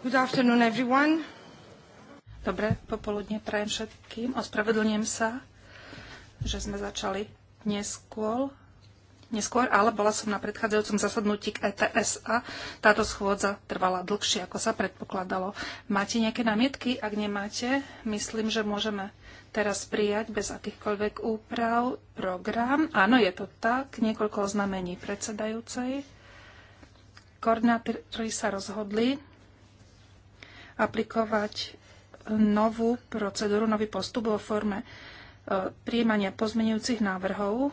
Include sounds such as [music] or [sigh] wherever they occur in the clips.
Good afternoon, everyone. Dobre, popoludne prajem všetkým. Ospravedlňujem sa, že sme začali neskôr, neskôr, ale bola som na predchádzajúcom zasadnutí k ETS a táto schôdza trvala dlhšie, ako sa predpokladalo. Máte nejaké námietky? Ak nemáte, myslím, že môžeme teraz prijať bez akýchkoľvek úprav program. Áno, je to tak. Niekoľko oznamení predsedajúcej. Koordinátori sa rozhodli, aplikovať e, novú procedúru, nový postup vo forme e, príjmania pozmenujúcich návrhov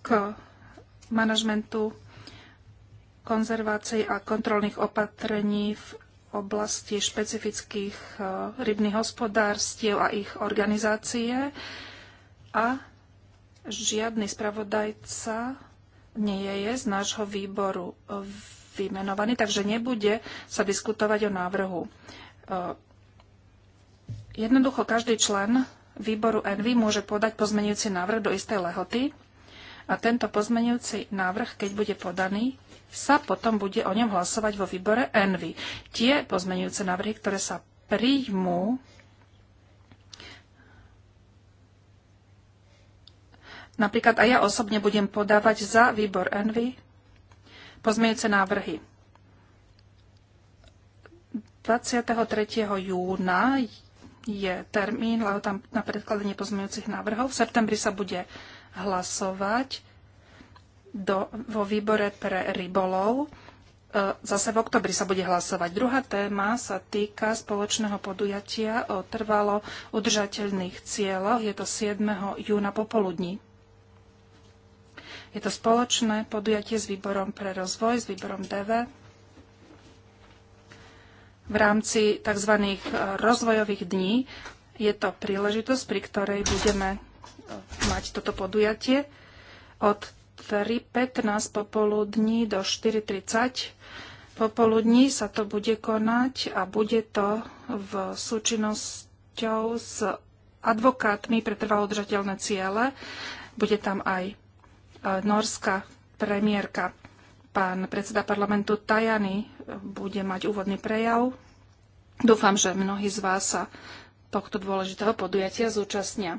k manažmentu konzervácií a kontrolných opatrení v oblasti špecifických e, rybných hospodárstiev a ich organizácie a žiadny spravodajca nie je z nášho výboru vymenovaný, takže nebude sa diskutovať o návrhu. E, jednoducho každý člen výboru ENVY môže podať pozmenujúci návrh do istej lehoty a tento pozmenujúci návrh, keď bude podaný, sa potom bude o ňom hlasovať vo výbore ENVY. Tie pozmenujúce návrhy, ktoré sa príjmú, napríklad aj ja osobne budem podávať za výbor ENVY pozmiece návrhy. 23. júna je termín tam na predkladanie pozmeňujúcich návrhov. V septembri sa bude hlasovať do, vo výbore pre rybolov. E, zase v oktobri sa bude hlasovať. Druhá téma sa týka spoločného podujatia o trvalo udržateľných cieľoch. Je to 7. júna popoludní. Je to spoločné podujatie s výborom pre rozvoj, s výborom DV v rámci tzv. E, rozvojových dní. Je to príležitosť, pri ktorej budeme e, mať toto podujatie od 3.15 popoludní do 4.30 popoludní sa to bude konať a bude to v súčinnosťou s advokátmi pre trvalo udržateľné ciele. Bude tam aj norská premiérka. Pán predseda parlamentu Tajany bude mať úvodný prejav. Dúfam, že mnohí z vás sa tohto dôležitého podujatia zúčastnia.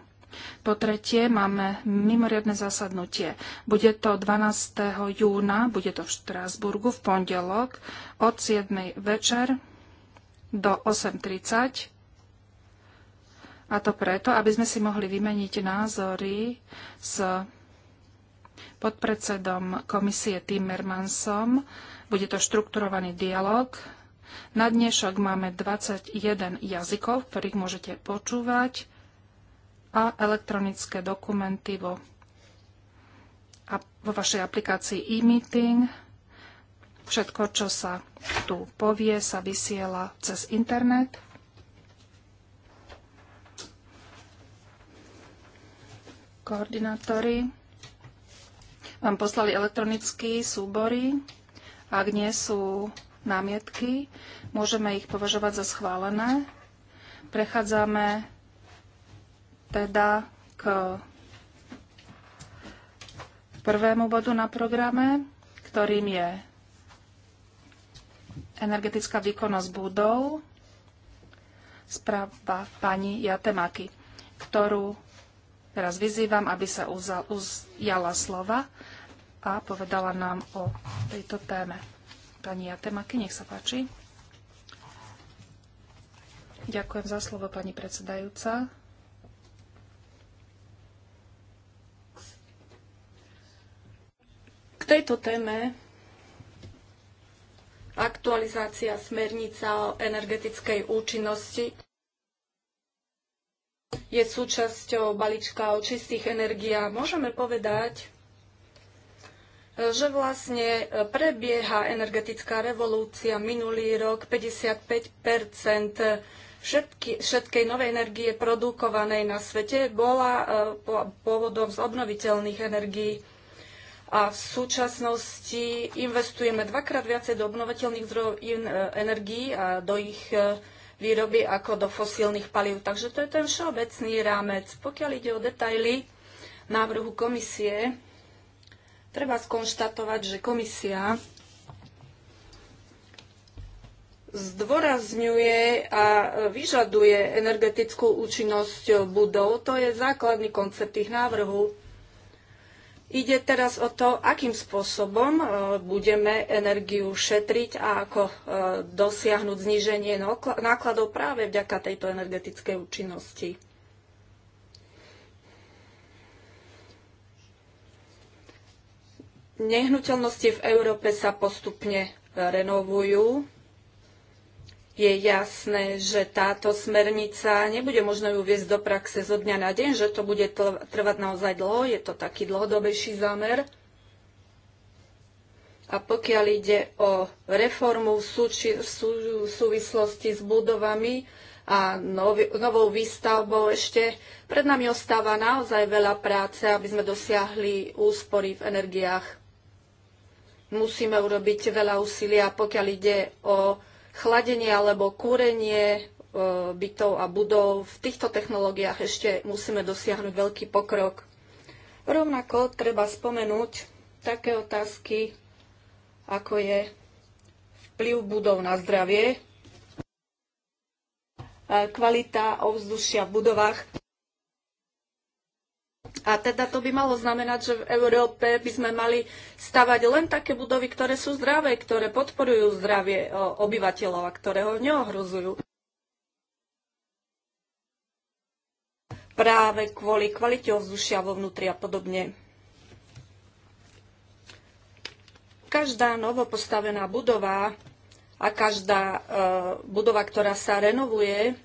Po tretie máme mimoriadne zasadnutie. Bude to 12. júna, bude to v Štrásburgu v pondelok od 7. večer do 8.30. A to preto, aby sme si mohli vymeniť názory s podpredsedom komisie Timmermansom. Bude to štrukturovaný dialog. Na dnešok máme 21 jazykov, ktorých môžete počúvať a elektronické dokumenty vo, a vo vašej aplikácii e-meeting. Všetko, čo sa tu povie, sa vysiela cez internet. Koordinátory vám poslali elektronicky súbory. Ak nie sú námietky, môžeme ich považovať za schválené. Prechádzame teda k prvému bodu na programe, ktorým je energetická výkonnosť budov, správa pani Jatemaky, ktorú Teraz vyzývam, aby sa uzal, uzjala slova a povedala nám o tejto téme. Pani Jatemaky, nech sa páči. Ďakujem za slovo, pani predsedajúca. K tejto téme aktualizácia smernica o energetickej účinnosti je súčasťou balíčka o čistých energiách. Môžeme povedať, že vlastne prebieha energetická revolúcia minulý rok 55 všetky, všetkej novej energie produkovanej na svete bola e, pôvodom z obnoviteľných energií a v súčasnosti investujeme dvakrát viacej do obnovateľných zdrojov e, energií a do ich e, výroby ako do fosílnych palív. Takže to je ten všeobecný rámec. Pokiaľ ide o detaily návrhu komisie, treba skonštatovať, že komisia zdôrazňuje a vyžaduje energetickú účinnosť budov. To je základný koncept tých návrhov. Ide teraz o to, akým spôsobom e, budeme energiu šetriť a ako e, dosiahnuť zníženie nákladov práve vďaka tejto energetickej účinnosti. Nehnuteľnosti v Európe sa postupne renovujú je jasné, že táto smernica nebude možno ju viesť do praxe zo dňa na deň, že to bude trvať naozaj dlho, je to taký dlhodobejší zámer. A pokiaľ ide o reformu v, súči, v, sú, v súvislosti s budovami a novou výstavbou, ešte pred nami ostáva naozaj veľa práce, aby sme dosiahli úspory v energiách. Musíme urobiť veľa úsilia, pokiaľ ide o chladenie alebo kúrenie e, bytov a budov. V týchto technológiách ešte musíme dosiahnuť veľký pokrok. Rovnako treba spomenúť také otázky, ako je vplyv budov na zdravie, kvalita ovzdušia v budovách a teda to by malo znamenať, že v Európe by sme mali stavať len také budovy, ktoré sú zdravé, ktoré podporujú zdravie e, obyvateľov a ktoré ho neohrozujú. Práve kvôli kvalite ovzdušia vo vnútri a podobne. Každá novopostavená budova a každá e, budova, ktorá sa renovuje,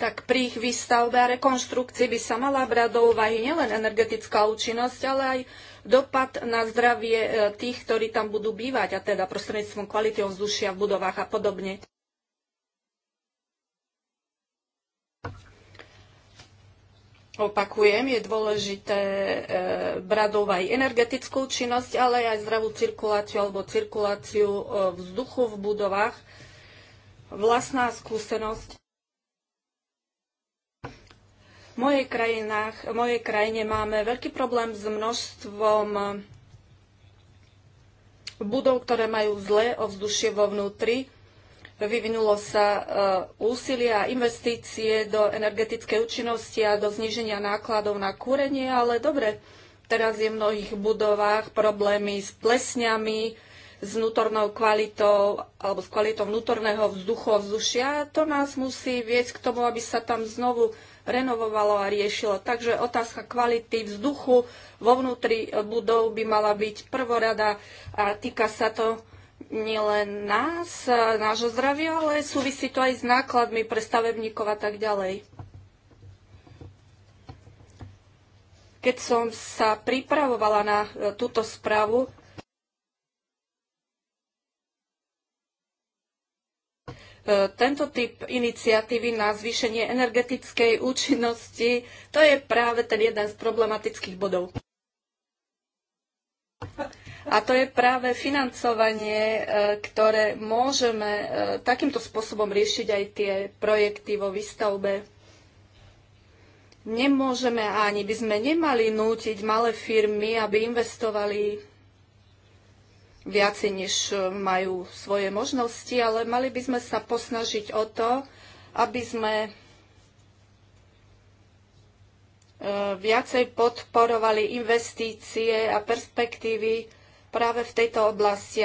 tak pri ich výstavbe a rekonštrukcii by sa mala brať do úvahy nielen energetická účinnosť, ale aj dopad na zdravie e, tých, ktorí tam budú bývať, a teda prostredníctvom kvality ovzdušia v budovách a podobne. Opakujem, je dôležité e, brať do úvahy energetickú činnosť, ale aj zdravú cirkuláciu alebo cirkuláciu e, vzduchu v budovách. Vlastná skúsenosť mojej, krajinách, v mojej krajine máme veľký problém s množstvom budov, ktoré majú zlé ovzdušie vo vnútri. Vyvinulo sa e, úsilie a investície do energetickej účinnosti a do zníženia nákladov na kúrenie, ale dobre, teraz je v mnohých budovách problémy s plesňami, s vnútornou kvalitou alebo s kvalitou vnútorného vzduchu, ovzdušia. To nás musí viesť k tomu, aby sa tam znovu renovovalo a riešilo. Takže otázka kvality vzduchu vo vnútri budov by mala byť prvorada a týka sa to nielen nás, nášho zdravia, ale súvisí to aj s nákladmi pre stavebníkov a tak ďalej. Keď som sa pripravovala na e, túto správu, E, tento typ iniciatívy na zvýšenie energetickej účinnosti, to je práve ten jeden z problematických bodov. A to je práve financovanie, e, ktoré môžeme e, takýmto spôsobom riešiť aj tie projekty vo výstavbe. Nemôžeme ani by sme nemali nútiť malé firmy, aby investovali viacej, než e, majú svoje možnosti, ale mali by sme sa posnažiť o to, aby sme e, viacej podporovali investície a perspektívy práve v tejto oblasti,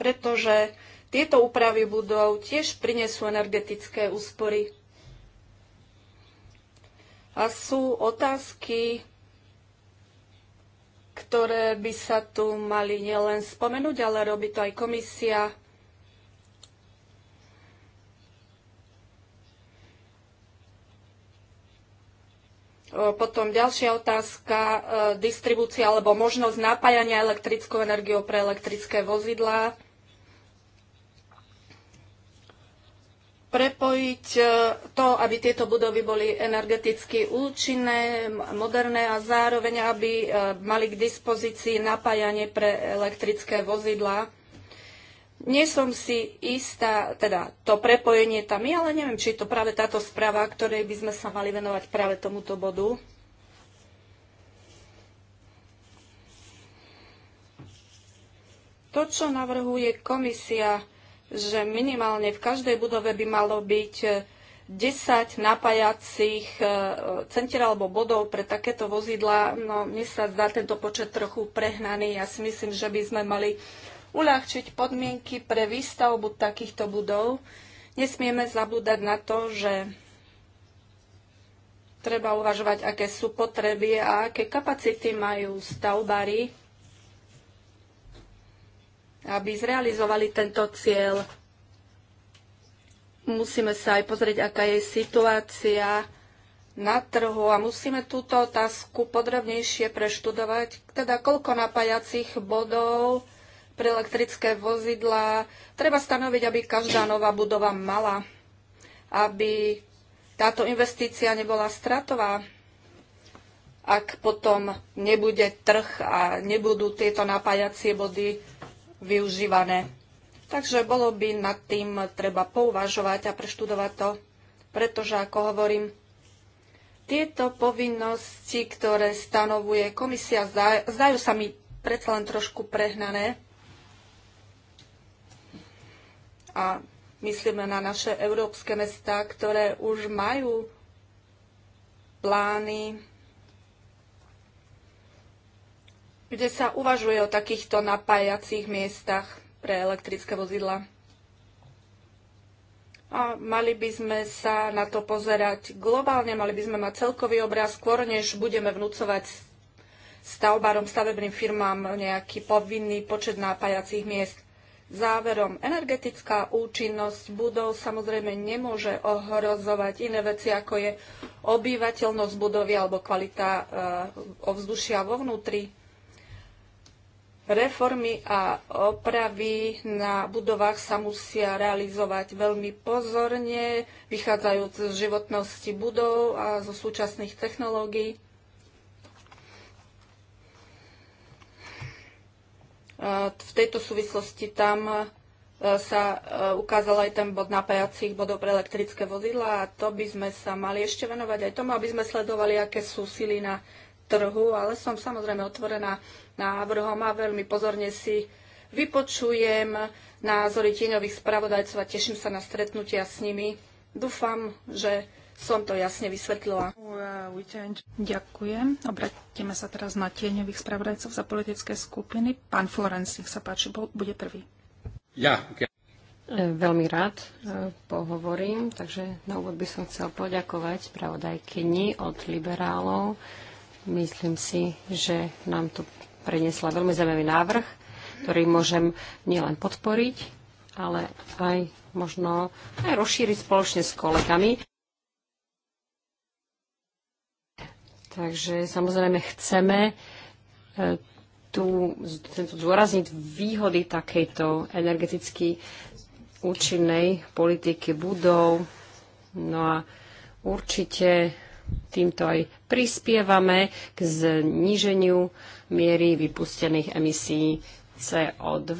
pretože tieto úpravy budov tiež prinesú energetické úspory. A sú otázky, ktoré by sa tu mali nielen spomenúť, ale robí to aj komisia. Potom ďalšia otázka, e, distribúcia alebo možnosť napájania elektrickou energiou pre elektrické vozidlá. prepojiť e, to, aby tieto budovy boli energeticky účinné, moderné a zároveň, aby e, mali k dispozícii napájanie pre elektrické vozidlá. Nie som si istá, teda to prepojenie tam je, ale neviem, či je to práve táto správa, ktorej by sme sa mali venovať práve tomuto bodu. To, čo navrhuje komisia, že minimálne v každej budove by malo byť 10 e, napájacích e, centier alebo bodov pre takéto vozidla. No, mne sa zdá tento počet trochu prehnaný. Ja si myslím, že by sme mali uľahčiť podmienky pre výstavbu takýchto budov. Nesmieme zabúdať na to, že treba uvažovať, aké sú potreby a aké kapacity majú stavbári aby zrealizovali tento cieľ. Musíme sa aj pozrieť, aká je situácia na trhu a musíme túto otázku podrobnejšie preštudovať, teda koľko napájacích bodov pre elektrické vozidlá treba stanoviť, aby každá nová budova mala, aby táto investícia nebola stratová ak potom nebude trh a nebudú tieto napájacie body využívané. Takže bolo by nad tým treba pouvažovať a preštudovať to, pretože, ako hovorím, tieto povinnosti, ktoré stanovuje komisia, zdajú sa mi predsa len trošku prehnané. A myslíme na naše európske mestá, ktoré už majú plány kde sa uvažuje o takýchto napájacích miestach pre elektrické vozidla. A mali by sme sa na to pozerať globálne, mali by sme mať celkový obraz, skôr než budeme vnúcovať stavbárom, stavebným firmám nejaký povinný počet nápajacích miest. Záverom, energetická účinnosť budov samozrejme nemôže ohrozovať iné veci, ako je obyvateľnosť budovy alebo kvalita e, ovzdušia vo vnútri. Reformy a opravy na budovách sa musia realizovať veľmi pozorne, vychádzajúc z životnosti budov a zo súčasných technológií. V tejto súvislosti tam e, sa e, ukázal aj ten bod napájacích bodov pre elektrické vozidla a to by sme sa mali ešte venovať aj tomu, aby sme sledovali, aké sú sily na trhu, ale som samozrejme otvorená návrhom a veľmi pozorne si vypočujem názory tieňových spravodajcov a teším sa na stretnutia s nimi. Dúfam, že som to jasne vysvetlila. Ďakujem. Obratíme sa teraz na tieňových spravodajcov za politické skupiny. Pán Florenc, nech sa páči, bude prvý. Ja, okay. E, veľmi rád e, pohovorím, takže na úvod by som chcel poďakovať spravodajkyni od liberálov Myslím si, že nám tu prenesla veľmi zaujímavý návrh, ktorý môžem nielen podporiť, ale aj možno aj rozšíriť spoločne s kolegami. Takže samozrejme chceme e, tu, tu zdôrazniť výhody takejto energeticky účinnej politiky budov. No a určite týmto aj prispievame k zníženiu miery vypustených emisí CO2.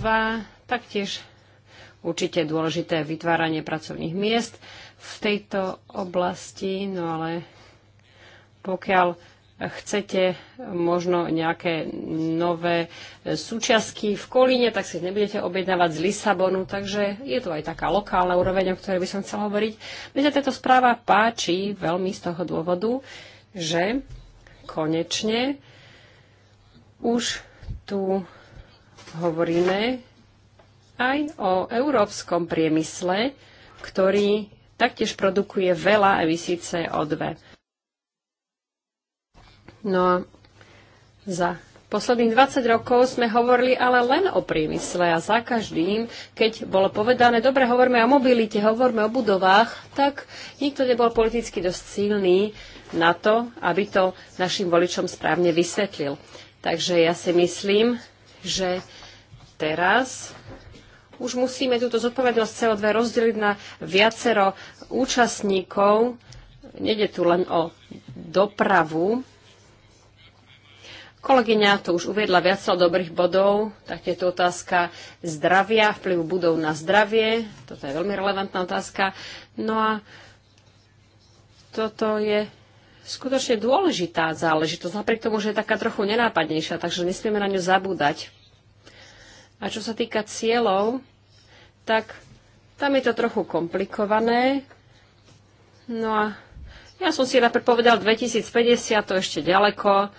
Taktiež určite dôležité vytváranie pracovných miest v tejto oblasti, no ale pokiaľ chcete možno nejaké nové súčiastky v Kolíne, tak si nebudete objednávať z Lisabonu, takže je to aj taká lokálna úroveň, o ktorej by som chcela hovoriť. Mne sa táto správa páči veľmi z toho dôvodu, že konečne už tu hovoríme aj o európskom priemysle, ktorý taktiež produkuje veľa emisí CO2. No a za posledných 20 rokov sme hovorili ale len o prímysle a za každým, keď bolo povedané, dobre, hovoríme o mobilite, hovoríme o budovách, tak nikto nebol politicky dosť silný na to, aby to našim voličom správne vysvetlil. Takže ja si myslím, že teraz už musíme túto zodpovednosť CO2 rozdeliť na viacero účastníkov. Nede tu len o dopravu, Kolegyňa to už uviedla viacero dobrých bodov, tak je to otázka zdravia, vplyvu budov na zdravie. Toto je veľmi relevantná otázka. No a toto je skutočne dôležitá záležitosť, napriek tomu, že je taká trochu nenápadnejšia, takže nesmieme na ňu zabúdať. A čo sa týka cieľov, tak tam je to trochu komplikované. No a ja som si napríklad povedal 2050, to ešte ďaleko,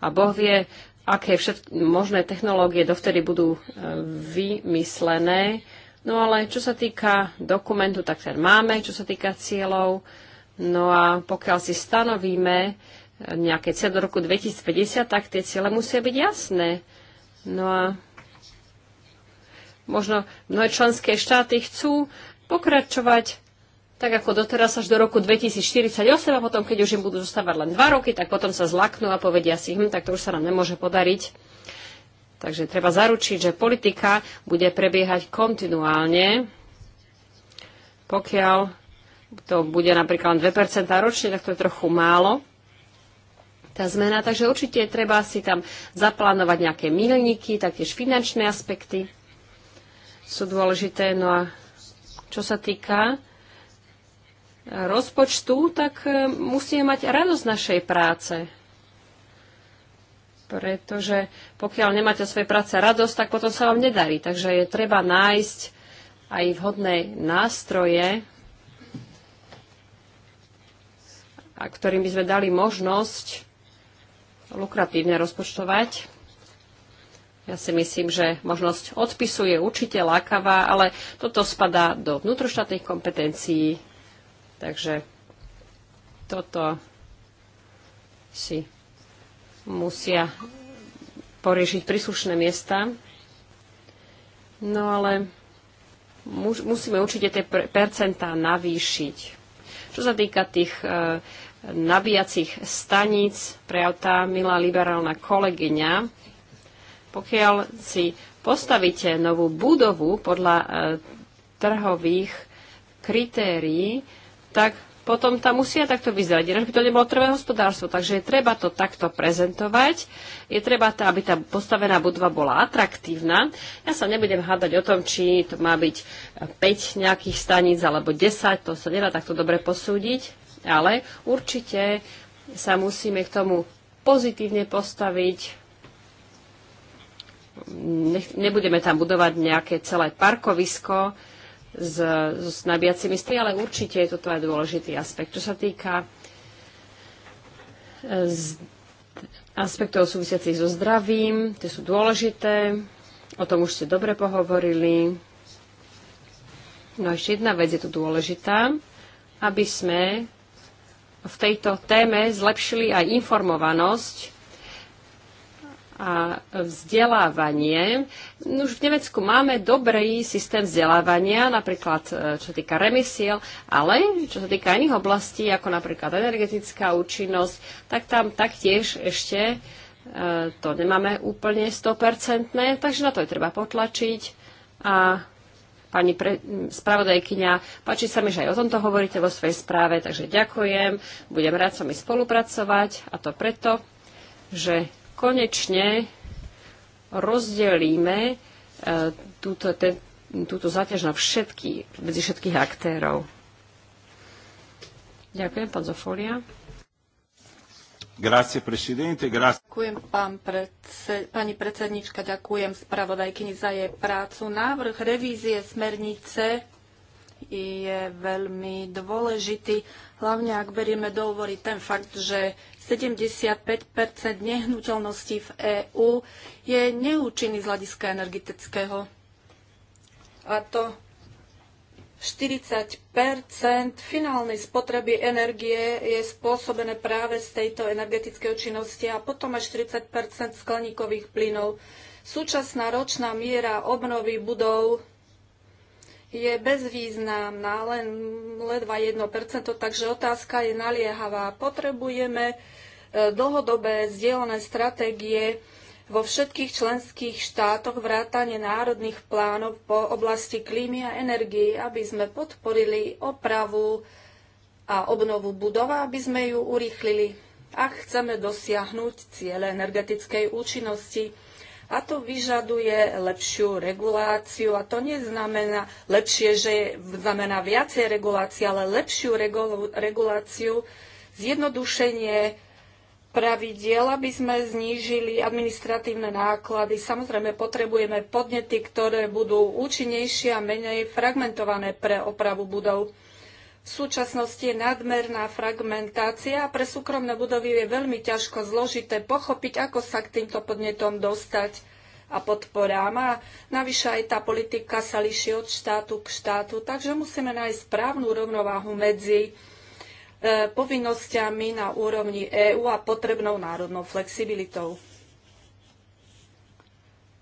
a Boh vie, aké všetky možné technológie dovtedy budú e, vymyslené. No ale čo sa týka dokumentu, tak ten máme, čo sa týka cieľov. No a pokiaľ si stanovíme e, nejaké cieľ do roku 2050, tak tie ciele musia byť jasné. No a možno mnohé členské štáty chcú pokračovať tak ako doteraz až do roku 2048 a potom, keď už im budú zostávať len 2 roky, tak potom sa zlaknú a povedia si, hm, tak to už sa nám nemôže podariť. Takže treba zaručiť, že politika bude prebiehať kontinuálne, pokiaľ to bude napríklad 2% ročne, tak to je trochu málo tá zmena. Takže určite treba si tam zaplánovať nejaké milníky, taktiež finančné aspekty sú dôležité. No a čo sa týka rozpočtu, tak e, musíme mať radosť našej práce. Pretože pokiaľ nemáte svoje práce radosť, tak potom sa vám nedarí. Takže je treba nájsť aj vhodné nástroje, a ktorým by sme dali možnosť lukratívne rozpočtovať. Ja si myslím, že možnosť odpisu je určite lákavá, ale toto spadá do vnútroštátnych kompetencií Takže toto si musia poriešiť príslušné miesta. No ale musíme určite tie percentá navýšiť. Čo sa týka tých e, nabíjacích staníc pre autá, milá liberálna kolegyňa, pokiaľ si postavíte novú budovu podľa e, trhových kritérií, tak potom tam musia takto vyzerať. Ináč by to nebolo trvé hospodárstvo. Takže je treba to takto prezentovať. Je treba, tá, aby tá postavená budova bola atraktívna. Ja sa nebudem hádať o tom, či to má byť 5 nejakých staníc alebo 10. To sa nedá takto dobre posúdiť. Ale určite sa musíme k tomu pozitívne postaviť. nebudeme tam budovať nejaké celé parkovisko, s, s nabíjacími stry, ale určite je toto aj teda dôležitý aspekt. Čo sa týka e, z, aspektov súvisiacich so zdravím, tie sú dôležité, o tom už ste dobre pohovorili. No a ešte jedna vec je tu dôležitá, aby sme v tejto téme zlepšili aj informovanosť a vzdelávanie. Už v Nemecku máme dobrý systém vzdelávania, napríklad e, čo sa týka remisiel, ale čo sa týka iných oblastí, ako napríklad energetická účinnosť, tak tam taktiež ešte e, to nemáme úplne 100%, takže na to je treba potlačiť. A pani pre, spravodajkyňa, páči sa mi, že aj o tomto hovoríte vo svojej správe, takže ďakujem, budem rád s vami spolupracovať a to preto, že konečne rozdelíme e, túto, ten, túto záťaž na všetky, medzi všetkých aktérov. Ďakujem, pán Zofolia. Grazie, presidente, grazie. Ďakujem, pán predse- pani predsednička, ďakujem spravodajkyni za jej prácu. Návrh revízie smernice je veľmi dôležitý, hlavne ak berieme do úvory ten fakt, že 75 nehnuteľností v EÚ je neúčinný z hľadiska energetického. A to 40 finálnej spotreby energie je spôsobené práve z tejto energetickej činnosti a potom až 40 skleníkových plynov. Súčasná ročná miera obnovy budov je bezvýznamná, len ledva 1%, takže otázka je naliehavá. Potrebujeme e, dlhodobé zdieľané stratégie vo všetkých členských štátoch vrátane národných plánov po oblasti klímy a energii, aby sme podporili opravu a obnovu budova, aby sme ju urýchlili. Ak chceme dosiahnuť ciele energetickej účinnosti, a to vyžaduje lepšiu reguláciu a to neznamená lepšie, že znamená viacej regulácie, ale lepšiu reguláciu, zjednodušenie pravidiel, aby sme znížili administratívne náklady. Samozrejme, potrebujeme podnety, ktoré budú účinnejšie a menej fragmentované pre opravu budov. V súčasnosti je nadmerná fragmentácia a pre súkromné budovy je veľmi ťažko zložité pochopiť, ako sa k týmto podnetom dostať a podporám. A navyše aj tá politika sa líši od štátu k štátu, takže musíme nájsť správnu rovnováhu medzi e, povinnosťami na úrovni EÚ a potrebnou národnou flexibilitou.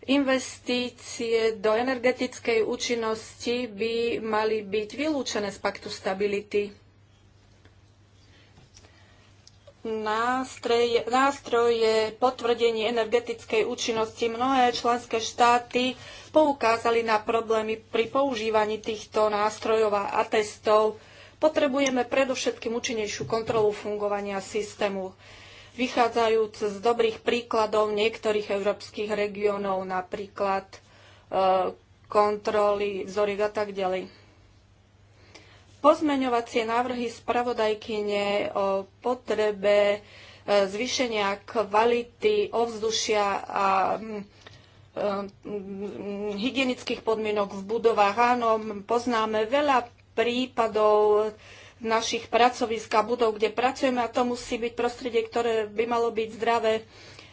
Investície do energetickej účinnosti by mali byť vylúčené z paktu stability. Nástroj, nástroj je potvrdenie energetickej účinnosti. Mnohé členské štáty poukázali na problémy pri používaní týchto nástrojov a testov. Potrebujeme predovšetkým účinnejšiu kontrolu fungovania systému vychádzajúc z dobrých príkladov niektorých európskych regiónov, napríklad e, kontroly vzoriek a tak ďalej. Pozmeňovacie návrhy spravodajkyne o potrebe e, zvýšenia kvality ovzdušia a mm, e, hygienických podmienok v budovách. Áno, poznáme veľa prípadov našich pracovisk a budov, kde pracujeme a to musí byť prostredie, ktoré by malo byť zdravé.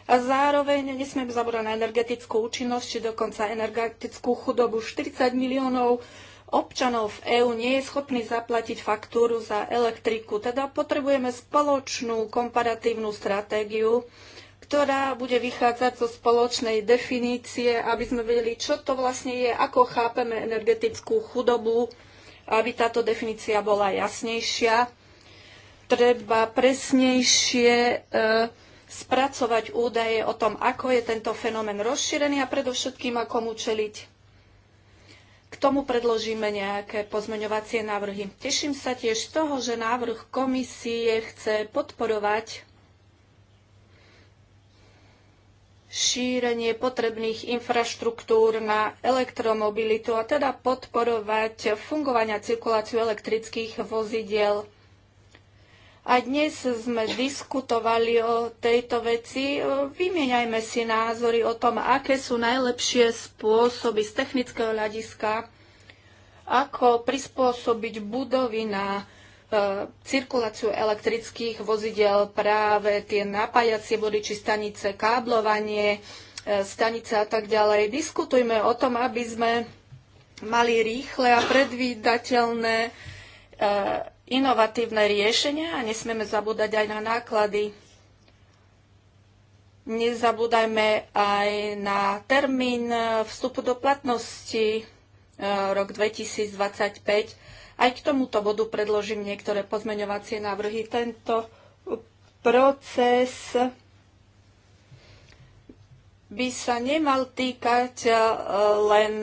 A zároveň nesmieme zabúdať na energetickú účinnosť, či dokonca energetickú chudobu. 40 miliónov občanov v EÚ nie je schopný zaplatiť faktúru za elektriku. Teda potrebujeme spoločnú komparatívnu stratégiu, ktorá bude vychádzať zo spoločnej definície, aby sme vedeli, čo to vlastne je, ako chápeme energetickú chudobu, aby táto definícia bola jasnejšia. Treba presnejšie e, spracovať údaje o tom, ako je tento fenomén rozšírený a predovšetkým, ako mu čeliť. K tomu predložíme nejaké pozmeňovacie návrhy. Teším sa tiež z toho, že návrh komisie chce podporovať šírenie potrebných infraštruktúr na elektromobilitu a teda podporovať fungovania cirkuláciu elektrických vozidiel. A dnes sme diskutovali o tejto veci. Vymieňajme si názory o tom, aké sú najlepšie spôsoby z technického hľadiska, ako prispôsobiť budovy na E, cirkuláciu elektrických vozidel, práve tie napájacie body či stanice, káblovanie, e, stanice a tak ďalej. Diskutujme o tom, aby sme mali rýchle a predvídateľné e, inovatívne riešenia a nesmieme zabúdať aj na náklady. Nezabúdajme aj na termín vstupu do platnosti rok 2025 aj k tomuto bodu predložím niektoré pozmeňovacie návrhy. Tento proces by sa nemal týkať e, len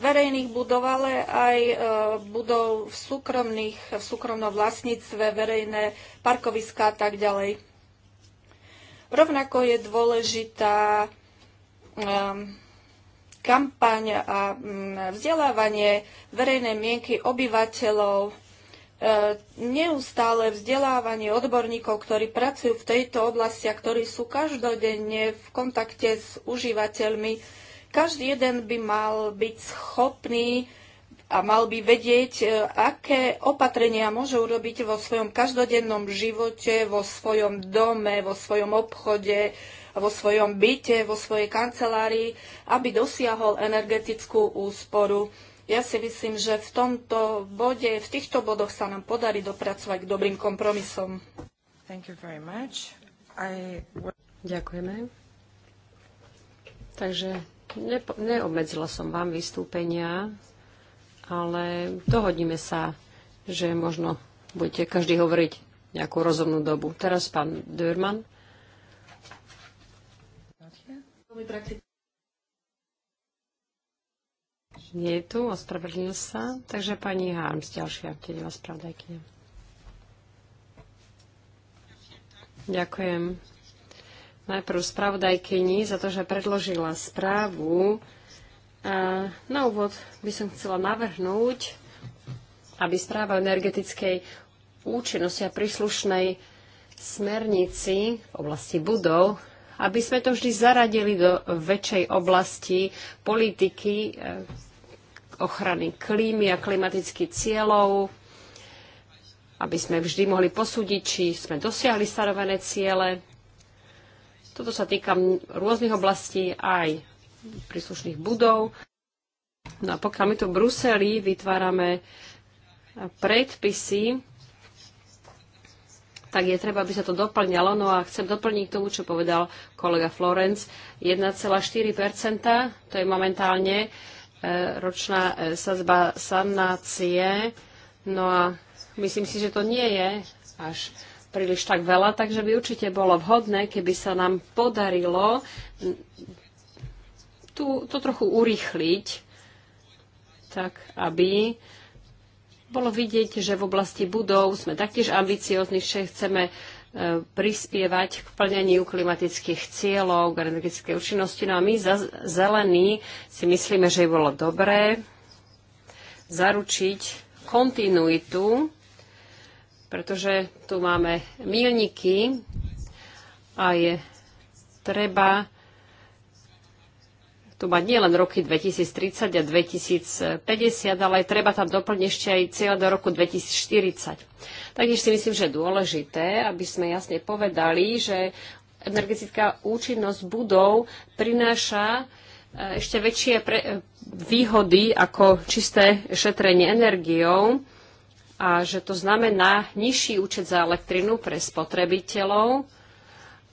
verejných budov, ale aj e, budov v, súkromných, v súkromnom vlastníctve, verejné parkoviská a tak ďalej. Rovnako je dôležitá um, kampaň a mm, vzdelávanie verejnej mienky obyvateľov, e, neustále vzdelávanie odborníkov, ktorí pracujú v tejto oblasti a ktorí sú každodenne v kontakte s užívateľmi. Každý jeden by mal byť schopný a mal by vedieť, e, aké opatrenia môže urobiť vo svojom každodennom živote, vo svojom dome, vo svojom obchode, vo svojom byte, vo svojej kancelárii, aby dosiahol energetickú úsporu. Ja si myslím, že v tomto bode, v týchto bodoch sa nám podarí dopracovať k dobrým kompromisom. Thank you very much. I... Ďakujeme. Takže nepo, neobmedzila som vám vystúpenia, ale dohodíme sa, že možno budete každý hovoriť nejakú rozumnú dobu. Teraz pán Dürman. Nie je tu, ospravedlnil sa. Takže pani Harms, ďalšia tenová spravodajkynia. Ďakujem najprv spravodajkyni za to, že predložila správu. A na úvod by som chcela navrhnúť, aby správa o energetickej účinnosti a príslušnej smernici v oblasti budov aby sme to vždy zaradili do väčšej oblasti politiky eh, ochrany klímy a klimatických cieľov, aby sme vždy mohli posúdiť, či sme dosiahli stanovené ciele. Toto sa týka rôznych oblastí aj príslušných budov. No a pokiaľ my tu v Bruseli vytvárame predpisy, tak je treba, aby sa to doplňalo. No a chcem doplniť k tomu, čo povedal kolega Florenc. 1,4 to je momentálne e, ročná e, sazba sanácie. No a myslím si, že to nie je až príliš tak veľa, takže by určite bolo vhodné, keby sa nám podarilo tú, to trochu urýchliť, tak aby bolo vidieť, že v oblasti budov sme taktiež ambiciozni, že chceme e, prispievať k plneniu klimatických cieľov, k energetickej účinnosti. No a my za zelení si myslíme, že by bolo dobré zaručiť kontinuitu, pretože tu máme milníky a je treba tu mať nielen roky 2030 a 2050, ale aj treba tam doplniť ešte aj cieľ do roku 2040. Taktiež si myslím, že je dôležité, aby sme jasne povedali, že energetická účinnosť budov prináša eh, ešte väčšie pre, eh, výhody ako čisté šetrenie energiou a že to znamená nižší účet za elektrinu pre spotrebiteľov,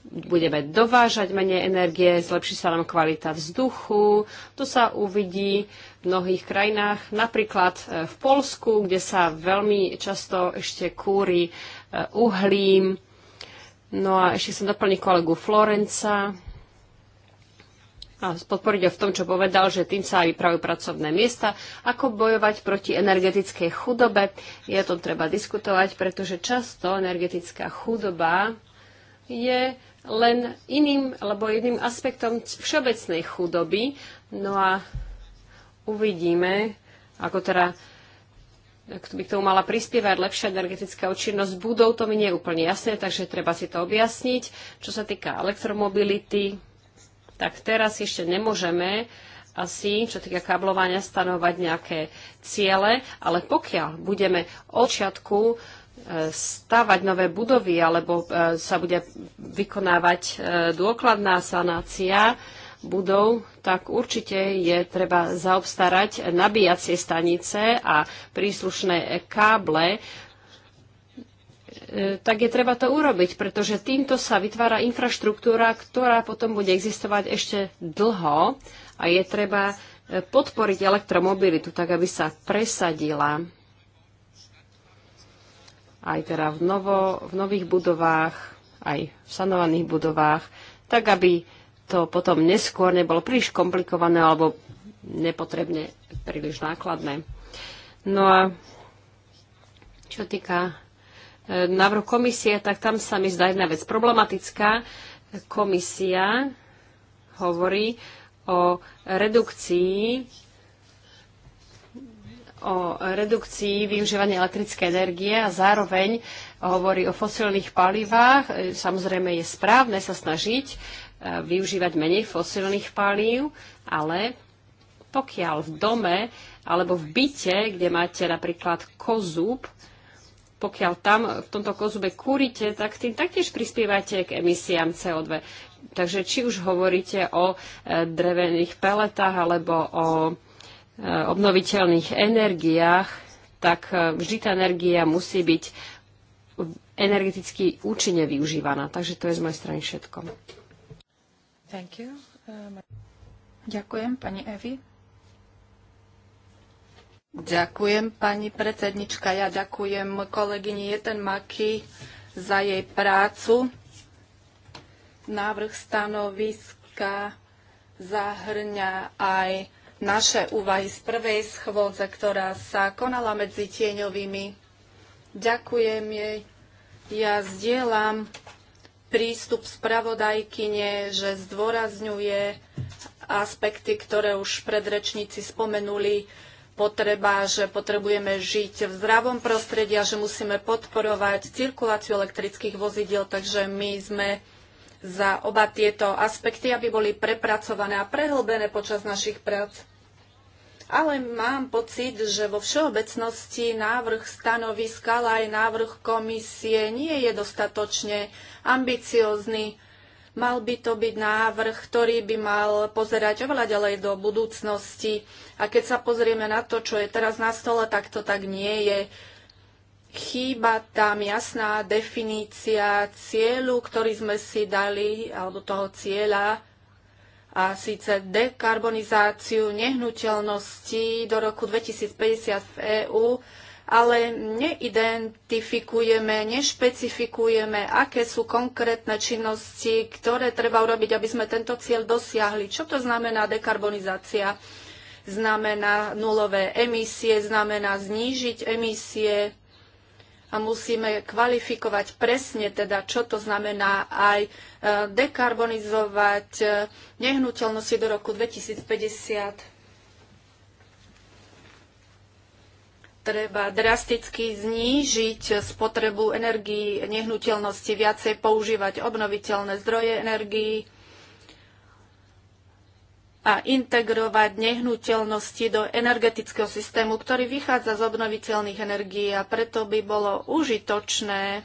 budeme dovážať menej energie, zlepší sa nám kvalita vzduchu. To sa uvidí v mnohých krajinách, napríklad e, v Polsku, kde sa veľmi často ešte kúri e, uhlím. No a ešte som doplnil kolegu Florenca a podporiť ho v tom, čo povedal, že tým sa aj vypravujú pracovné miesta. Ako bojovať proti energetickej chudobe? Je o tom treba diskutovať, pretože často energetická chudoba je len iným alebo jedným aspektom všeobecnej chudoby. No a uvidíme, ako teda by k tomu mala prispievať lepšia energetická účinnosť budov, to mi nie je úplne jasné, takže treba si to objasniť. Čo sa týka elektromobility, tak teraz ešte nemôžeme asi, čo týka kablovania, stanovať nejaké ciele, ale pokiaľ budeme od začiatku stavať nové budovy alebo e, sa bude vykonávať e, dôkladná sanácia budov, tak určite je treba zaobstarať nabíjacie stanice a príslušné káble, e, tak je treba to urobiť, pretože týmto sa vytvára infraštruktúra, ktorá potom bude existovať ešte dlho a je treba podporiť elektromobilitu, tak aby sa presadila aj teda v, novo, v nových budovách, aj v sanovaných budovách, tak aby to potom neskôr nebolo príliš komplikované alebo nepotrebne príliš nákladné. No a čo týka e, návrhu komisie, tak tam sa mi zdá jedna vec problematická. Komisia hovorí o redukcii o redukcii využívania elektrickej energie a zároveň hovorí o fosilných palivách. E, samozrejme je správne sa snažiť e, využívať menej fosilných palív, ale pokiaľ v dome alebo v byte, kde máte napríklad kozúb, pokiaľ tam v tomto kozube kúrite, tak tým taktiež prispievate k emisiám CO2. Takže či už hovoríte o e, drevených peletách alebo o Eh, obnoviteľných energiách, tak eh, vždy tá energia musí byť energeticky účinne využívaná. Takže to je z mojej strany všetko. Thank you. Um... Ďakujem, pani Evi. Ďakujem, pani predsednička. Ja ďakujem kolegyni Jeten Maki za jej prácu. Návrh stanoviska zahrňa aj naše úvahy z prvej schôdze, ktorá sa konala medzi tieňovými. Ďakujem jej. Ja zdieľam prístup spravodajkyne, že zdôrazňuje aspekty, ktoré už predrečníci spomenuli, potreba, že potrebujeme žiť v zdravom prostredí a že musíme podporovať cirkuláciu elektrických vozidiel, takže my sme za oba tieto aspekty, aby boli prepracované a prehlbené počas našich prác ale mám pocit, že vo všeobecnosti návrh stanoviska, ale aj návrh komisie nie je dostatočne ambiciózny. Mal by to byť návrh, ktorý by mal pozerať oveľa ďalej do budúcnosti. A keď sa pozrieme na to, čo je teraz na stole, tak to tak nie je. Chýba tam jasná definícia cieľu, ktorý sme si dali, alebo toho cieľa, a síce dekarbonizáciu nehnuteľností do roku 2050 v EÚ, ale neidentifikujeme, nešpecifikujeme, aké sú konkrétne činnosti, ktoré treba urobiť, aby sme tento cieľ dosiahli. Čo to znamená dekarbonizácia? Znamená nulové emisie, znamená znížiť emisie a musíme kvalifikovať presne teda, čo to znamená aj e, dekarbonizovať e, nehnuteľnosti do roku 2050. Treba drasticky znížiť spotrebu energii, nehnuteľnosti, viacej používať obnoviteľné zdroje energii a integrovať nehnuteľnosti do energetického systému, ktorý vychádza z obnoviteľných energií a preto by bolo užitočné,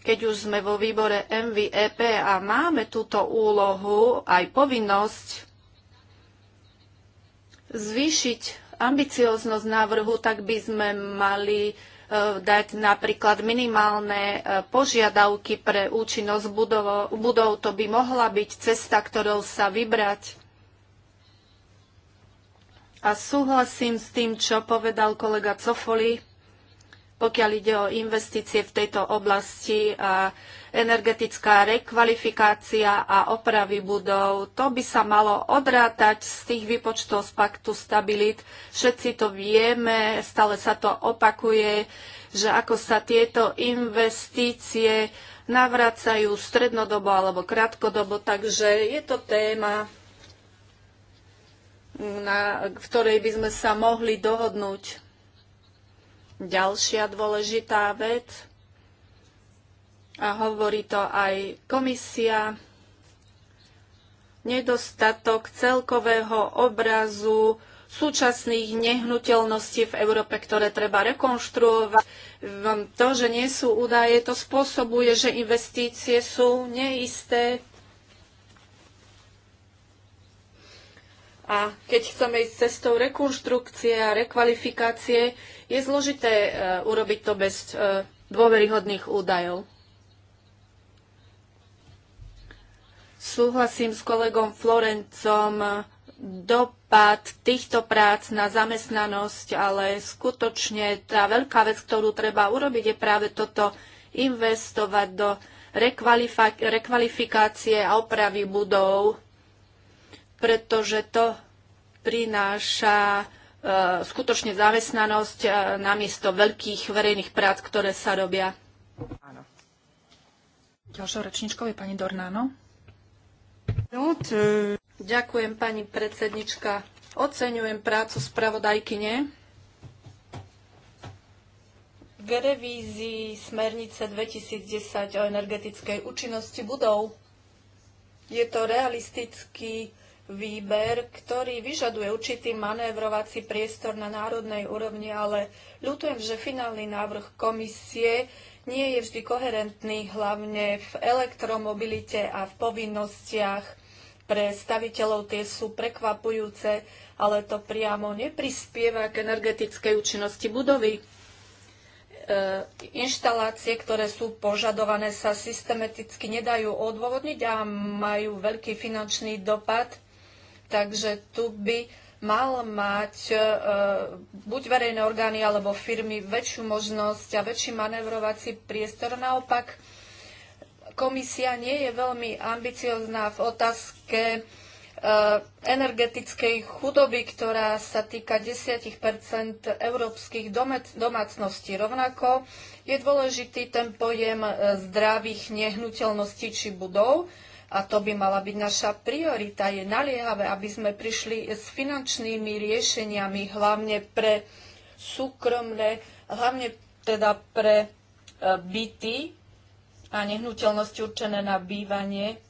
keď už sme vo výbore MVEP a máme túto úlohu aj povinnosť zvýšiť ambicioznosť návrhu, tak by sme mali e, dať napríklad minimálne e, požiadavky pre účinnosť budov, budov. To by mohla byť cesta, ktorou sa vybrať. A súhlasím s tým, čo povedal kolega Cofoli, pokiaľ ide o investície v tejto oblasti, a energetická rekvalifikácia a opravy budov. To by sa malo odrátať z tých výpočtov z paktu stabilit. Všetci to vieme, stále sa to opakuje, že ako sa tieto investície navracajú strednodobo alebo krátkodobo, takže je to téma, na ktorej by sme sa mohli dohodnúť. Ďalšia dôležitá vec, a hovorí to aj komisia, nedostatok celkového obrazu súčasných nehnuteľností v Európe, ktoré treba rekonštruovať. Hm, to, že nie sú údaje, to spôsobuje, že investície sú neisté, A keď chceme ísť cestou rekonštrukcie a rekvalifikácie, je zložité e, urobiť to bez e, dôveryhodných údajov. Súhlasím s kolegom Florencom, dopad týchto prác na zamestnanosť, ale skutočne tá veľká vec, ktorú treba urobiť, je práve toto investovať do rekvalifikácie a opravy budov pretože to prináša e, skutočne zamestnanosť e, namiesto veľkých verejných prác, ktoré sa robia. Áno. Ďalšou rečničkou je pani Dornáno. Ďakujem, pani predsednička. Oceňujem prácu spravodajkyne. K revízii smernice 2010 o energetickej účinnosti budov je to realistický výber, ktorý vyžaduje určitý manévrovací priestor na národnej úrovni, ale ľutujem, že finálny návrh komisie nie je vždy koherentný, hlavne v elektromobilite a v povinnostiach pre staviteľov tie sú prekvapujúce, ale to priamo neprispieva k energetickej účinnosti budovy e, inštalácie, ktoré sú požadované, sa systematicky nedajú odôvodniť a majú veľký finančný dopad. Takže tu by mal mať e, buď verejné orgány alebo firmy väčšiu možnosť a väčší manevrovací priestor. Naopak, komisia nie je veľmi ambiciozná v otázke e, energetickej chudoby, ktorá sa týka 10 európskych domácností. Rovnako je dôležitý ten pojem e, zdravých nehnuteľností či budov, a to by mala byť naša priorita. Je naliehavé, aby sme prišli s finančnými riešeniami, hlavne pre súkromné, hlavne teda pre e, byty a nehnuteľnosti určené na bývanie.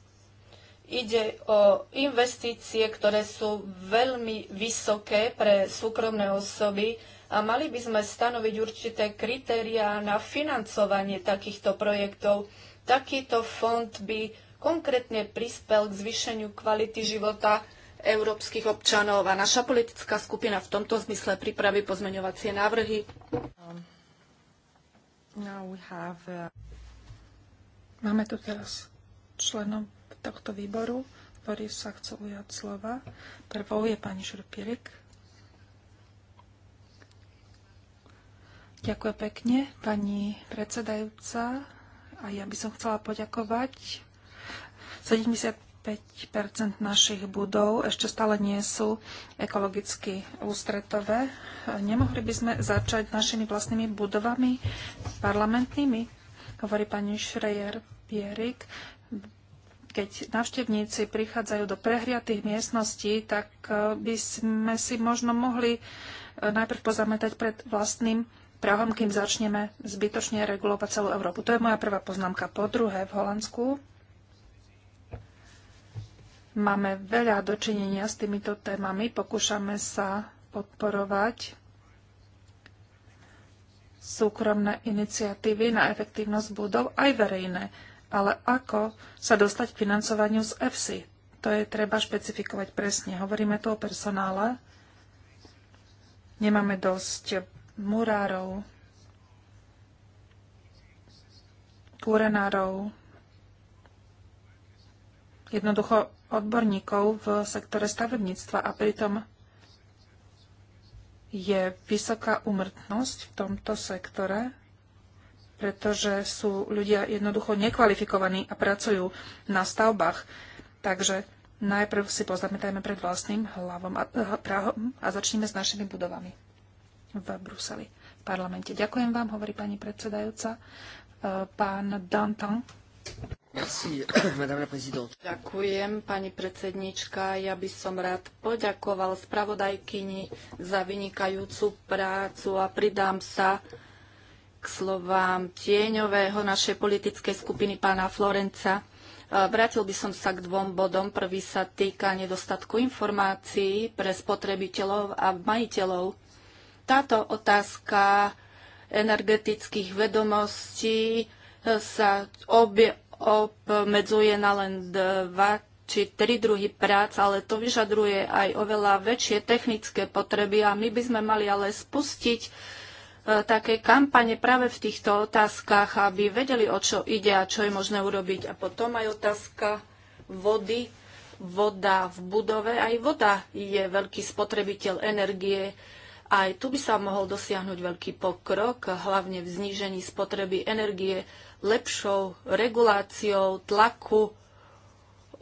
Ide o investície, ktoré sú veľmi vysoké pre súkromné osoby a mali by sme stanoviť určité kritériá na financovanie takýchto projektov. Takýto fond by konkrétne prispel k zvýšeniu kvality života európskych občanov a naša politická skupina v tomto zmysle pripraví pozmeňovacie návrhy. Um, uh, Máme tu teraz členom tohto výboru, ktorí sa chcú ujať slova. Prvou je pani Šurpirik. Ďakujem pekne, pani predsedajúca. A ja by som chcela poďakovať 75 našich budov ešte stále nie sú ekologicky ústretové. Nemohli by sme začať našimi vlastnými budovami parlamentnými, hovorí pani Šrejer Pierik. Keď navštevníci prichádzajú do prehriatých miestností, tak eh, by sme si možno mohli eh, najprv pozametať pred vlastným prahom, kým začneme zbytočne regulovať celú Európu. To je moja prvá poznámka. Po druhé, v Holandsku Máme veľa dočinenia s týmito témami. Pokúšame sa podporovať súkromné iniciatívy na efektívnosť budov, aj verejné. Ale ako sa dostať k financovaniu z EFSI? To je treba špecifikovať presne. Hovoríme tu o personále. Nemáme dosť murárov, kúrenárov. Jednoducho odborníkov v sektore stavebníctva a pritom je vysoká umrtnosť v tomto sektore, pretože sú ľudia jednoducho nekvalifikovaní a pracujú na stavbách. Takže najprv si pozamätajme pred vlastným hlavom a, eh, prahom a začneme s našimi budovami v Bruseli, v parlamente. Ďakujem vám, hovorí pani predsedajúca. Eh, pán Danton. [coughs] Ďakujem, pani predsednička. Ja by som rád poďakoval spravodajkyni za vynikajúcu prácu a pridám sa k slovám tieňového našej politickej skupiny pána Florenca. Vrátil by som sa k dvom bodom. Prvý sa týka nedostatku informácií pre spotrebiteľov a majiteľov. Táto otázka energetických vedomostí sa obie, obmedzuje na len dva či tri druhy prác, ale to vyžadruje aj oveľa väčšie technické potreby a my by sme mali ale spustiť e, také kampane práve v týchto otázkach, aby vedeli, o čo ide a čo je možné urobiť. A potom aj otázka vody. Voda v budove, aj voda je veľký spotrebiteľ energie. Aj tu by sa mohol dosiahnuť veľký pokrok, hlavne v znížení spotreby energie lepšou reguláciou tlaku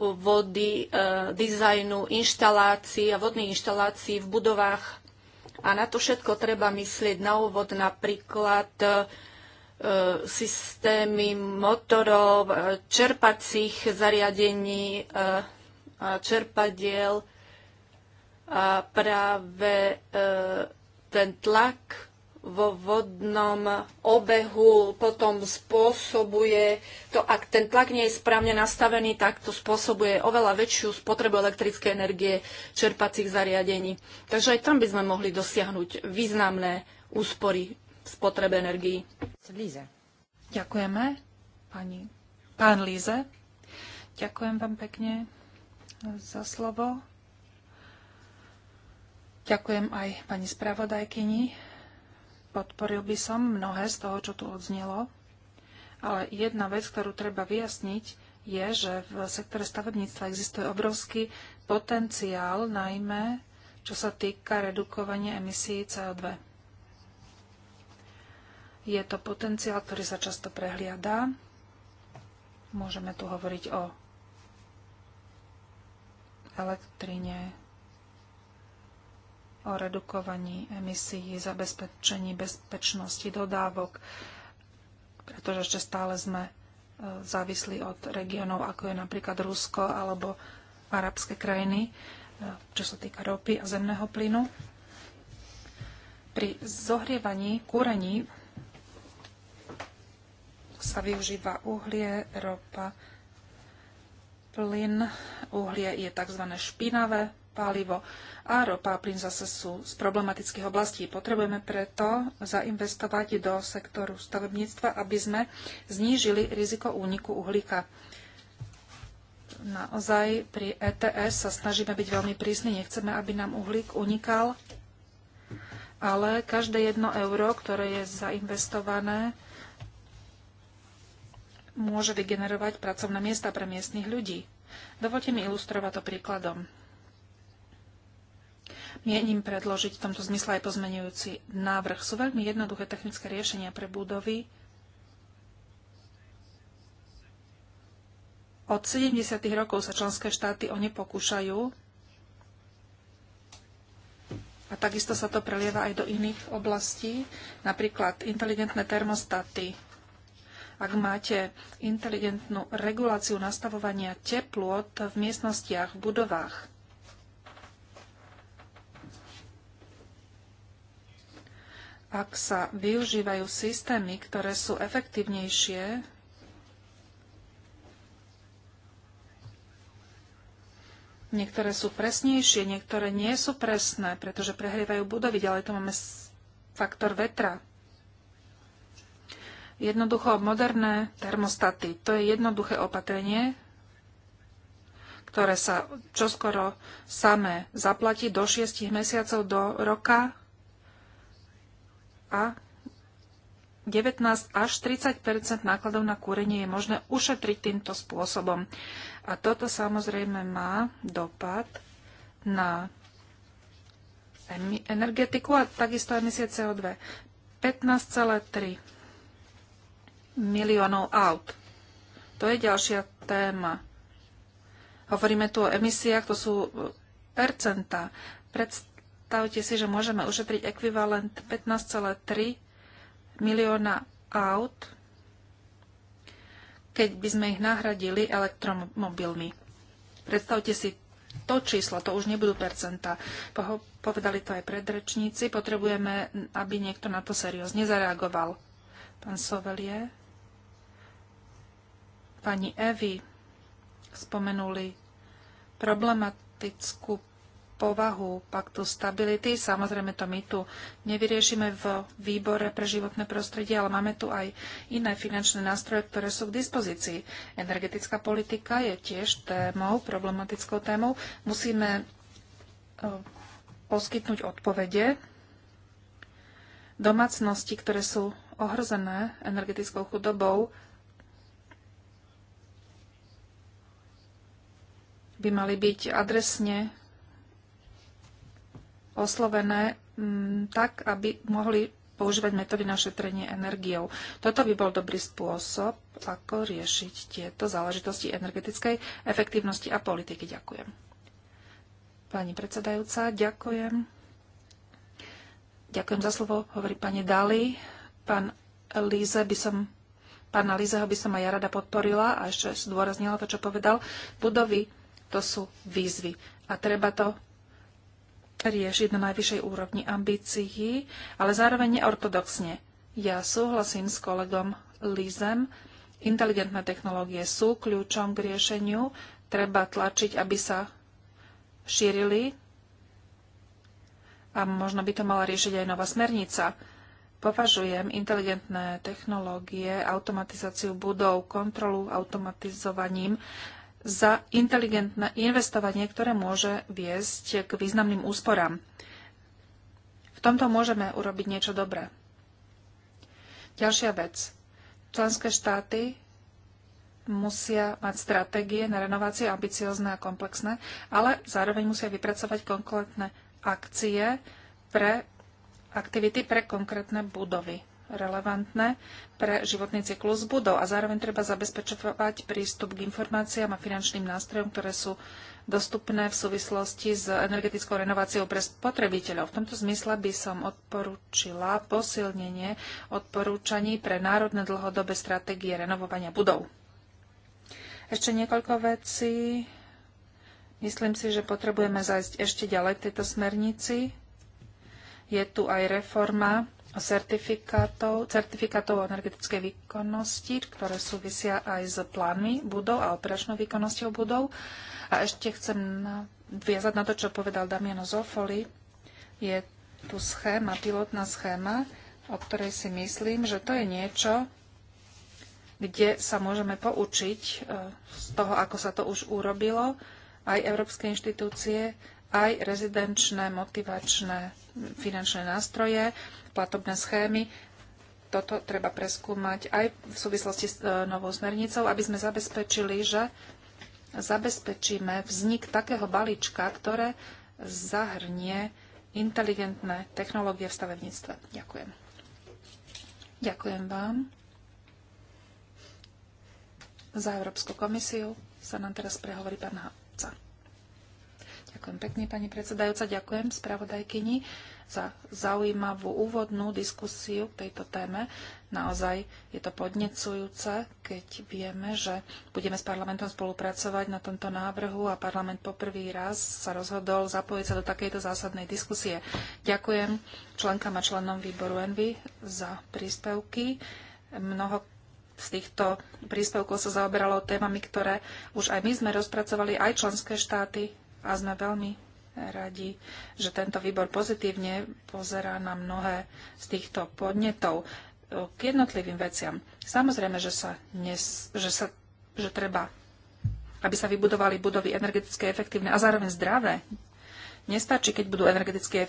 vody, e, dizajnu inštalácií a vodných inštalácií v budovách. A na to všetko treba myslieť na úvod napríklad e, systémy motorov, e, čerpacích zariadení, e, čerpadiel a práve e, ten tlak vo vodnom obehu potom spôsobuje to, ak ten tlak nie je správne nastavený, tak to spôsobuje oveľa väčšiu spotrebu elektrickej energie čerpacích zariadení. Takže aj tam by sme mohli dosiahnuť významné úspory v spotrebe energií. Líze. Ďakujeme, pani. Pán Líze. Ďakujem vám pekne za slovo. Ďakujem aj pani spravodajkyni Podporil by som mnohé z toho, čo tu odznelo, ale jedna vec, ktorú treba vyjasniť, je, že v sektore stavebníctva existuje obrovský potenciál, najmä čo sa týka redukovania emisí CO2. Je to potenciál, ktorý sa často prehliadá. Môžeme tu hovoriť o elektrine, o redukovaní emisí, zabezpečení bezpečnosti dodávok, pretože ešte stále sme e, závislí od regiónov, ako je napríklad Rusko alebo arabské krajiny, e, čo sa týka ropy a zemného plynu. Pri zohrievaní, kúrení sa využíva uhlie, ropa, plyn. Uhlie je tzv. špinavé, palivo a ropa a plyn zase sú z problematických oblastí. Potrebujeme preto zainvestovať do sektoru stavebníctva, aby sme znížili riziko úniku uhlíka. Naozaj pri ETS sa snažíme byť veľmi prísni, nechceme, aby nám uhlík unikal, ale každé jedno euro, ktoré je zainvestované, môže vygenerovať pracovné miesta pre miestnych ľudí. Dovolte mi ilustrovať to príkladom. Mienim predložiť v tomto zmysle aj pozmenujúci návrh. Sú veľmi jednoduché technické riešenia pre budovy. Od 70. rokov sa členské štáty o ne pokúšajú a takisto sa to prelieva aj do iných oblastí, napríklad inteligentné termostaty. Ak máte inteligentnú reguláciu nastavovania teplot v miestnostiach, v budovách, ak sa využívajú systémy, ktoré sú efektívnejšie, niektoré sú presnejšie, niektoré nie sú presné, pretože prehrievajú budovy, ale to máme faktor vetra. Jednoducho moderné termostaty. To je jednoduché opatrenie, ktoré sa čoskoro samé zaplatí do 6 mesiacov do roka a 19 až 30 nákladov na kúrenie je možné ušetriť týmto spôsobom. A toto samozrejme má dopad na energetiku a takisto emisie CO2. 15,3 miliónov aut. To je ďalšia téma. Hovoríme tu o emisiách, to sú e, percenta. Predst- predstavte si, že môžeme ušetriť ekvivalent 15,3 milióna aut, keď by sme ich nahradili elektromobilmi. Predstavte si to číslo, to už nebudú percenta. Povedali to aj predrečníci. Potrebujeme, aby niekto na to seriózne zareagoval. Pán Sovelie, pani Evi spomenuli problematickú povahu paktu stability. Samozrejme, to my tu nevyriešime v výbore pre životné prostredie, ale máme tu aj iné finančné nástroje, ktoré sú k dispozícii. Energetická politika je tiež témou, problematickou témou. Musíme e, poskytnúť odpovede domácnosti, ktoré sú ohrozené energetickou chudobou, by mali byť adresne oslovené mm, tak, aby mohli používať metódy na šetrenie energiou. Toto by bol dobrý spôsob, ako riešiť tieto záležitosti energetickej efektívnosti a politiky. Ďakujem. Pani predsedajúca, ďakujem. Ďakujem za slovo, hovorí pani Dali. Pán Líze by som pána Lízeho by som aj ja rada podporila a ešte zdôraznila to, čo povedal. Budovy to sú výzvy a treba to riešiť na najvyššej úrovni ambícií, ale zároveň neortodoxne. Ja súhlasím s kolegom Lízem, inteligentné technológie sú kľúčom k riešeniu, treba tlačiť, aby sa šírili a možno by to mala riešiť aj nová smernica. Považujem inteligentné technológie, automatizáciu budov, kontrolu automatizovaním za inteligentné investovanie, ktoré môže viesť k významným úsporám. V tomto môžeme urobiť niečo dobré. Ďalšia vec. Členské štáty musia mať stratégie na renovácie ambiciozne a komplexné, ale zároveň musia vypracovať konkrétne akcie pre aktivity pre konkrétne budovy relevantné pre životný cyklus budov a zároveň treba zabezpečovať prístup k informáciám a finančným nástrojom, ktoré sú dostupné v súvislosti s energetickou renováciou pre spotrebiteľov. V tomto zmysle by som odporúčila posilnenie odporúčaní pre národné dlhodobé stratégie renovovania budov. Ešte niekoľko vecí. Myslím si, že potrebujeme zajsť ešte ďalej v tejto smernici. Je tu aj reforma certifikátov, certifikátov o energetickej výkonnosti, ktoré súvisia aj s plánmi budov a operačnou výkonnosťou budov. A ešte chcem viazať na to, čo povedal Damiano Zofoli. Je tu schéma, pilotná schéma, o ktorej si myslím, že to je niečo, kde sa môžeme poučiť e, z toho, ako sa to už urobilo, aj európske inštitúcie, aj rezidenčné, motivačné, finančné nástroje platobné schémy. Toto treba preskúmať aj v súvislosti s e, novou smernicou, aby sme zabezpečili, že zabezpečíme vznik takého balíčka, ktoré zahrnie inteligentné technológie v stavebníctve. Ďakujem. Ďakujem vám. Za Európsku komisiu sa nám teraz prehovorí pán Háca. Ďakujem pekne, pani predsedajúca. Ďakujem spravodajkyni za zaujímavú úvodnú diskusiu k tejto téme. Naozaj je to podnecujúce, keď vieme, že budeme s parlamentom spolupracovať na tomto návrhu a parlament poprvý raz sa rozhodol zapojiť sa do takejto zásadnej diskusie. Ďakujem členkám a členom výboru Envy za príspevky. Mnoho z týchto príspevkov sa zaoberalo témami, ktoré už aj my sme rozpracovali, aj členské štáty a sme veľmi radi, že tento výbor pozitívne pozerá na mnohé z týchto podnetov k jednotlivým veciam. Samozrejme, že sa, nes, že sa že treba, aby sa vybudovali budovy energeticky efektívne a zároveň zdravé. Nestačí, keď budú energeticky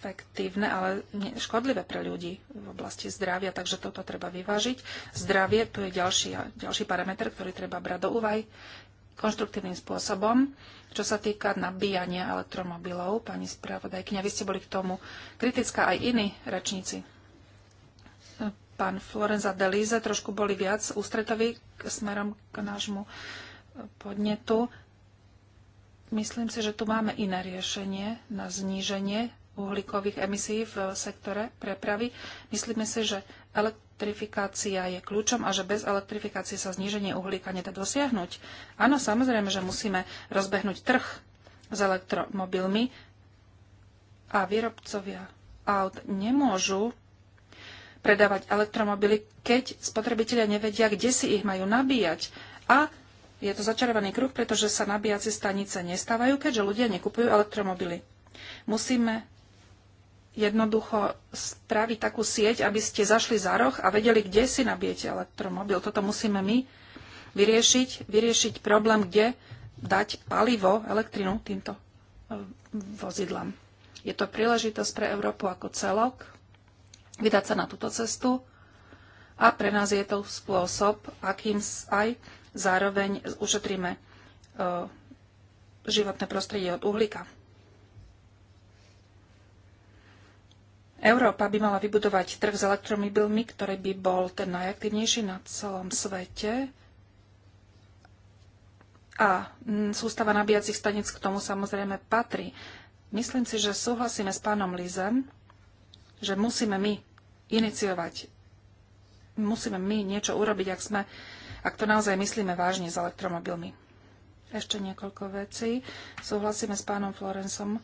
efektívne, ale škodlivé pre ľudí v oblasti zdravia, takže toto treba vyvážiť. Zdravie, tu je ďalší, ďalší parameter, ktorý treba brať do úvahy konštruktívnym spôsobom. Čo sa týka nabíjania elektromobilov, pani spravodajkňa, vy ste boli k tomu kritická aj iní rečníci. Pán Florenza Delize trošku boli viac ústretoví smerom k nášmu podnetu. Myslím si, že tu máme iné riešenie na zníženie uhlíkových emisí v sektore prepravy. Myslíme si, že elektrifikácia je kľúčom a že bez elektrifikácie sa zníženie uhlíka nedá dosiahnuť. Áno, samozrejme, že musíme rozbehnúť trh s elektromobilmi a výrobcovia aut nemôžu predávať elektromobily, keď spotrebitelia nevedia, kde si ich majú nabíjať. A je to začarovaný kruh, pretože sa nabíjacie stanice nestávajú, keďže ľudia nekupujú elektromobily. Musíme jednoducho spraviť takú sieť, aby ste zašli za roh a vedeli, kde si nabijete elektromobil. Toto musíme my vyriešiť, vyriešiť problém, kde dať palivo, elektrinu týmto eh, vozidlám. Je to príležitosť pre Európu ako celok vydať sa na túto cestu a pre nás je to spôsob, akým aj zároveň ušetríme eh, životné prostredie od uhlíka. Európa by mala vybudovať trh s elektromobilmi, ktorý by bol ten najaktívnejší na celom svete. A mm, sústava nabíjacích stanic k tomu samozrejme patrí. Myslím si, že súhlasíme s pánom Lizem, že musíme my iniciovať, musíme my niečo urobiť, ak, sme, ak to naozaj myslíme vážne s elektromobilmi. Ešte niekoľko vecí. Súhlasíme s pánom Florencom e,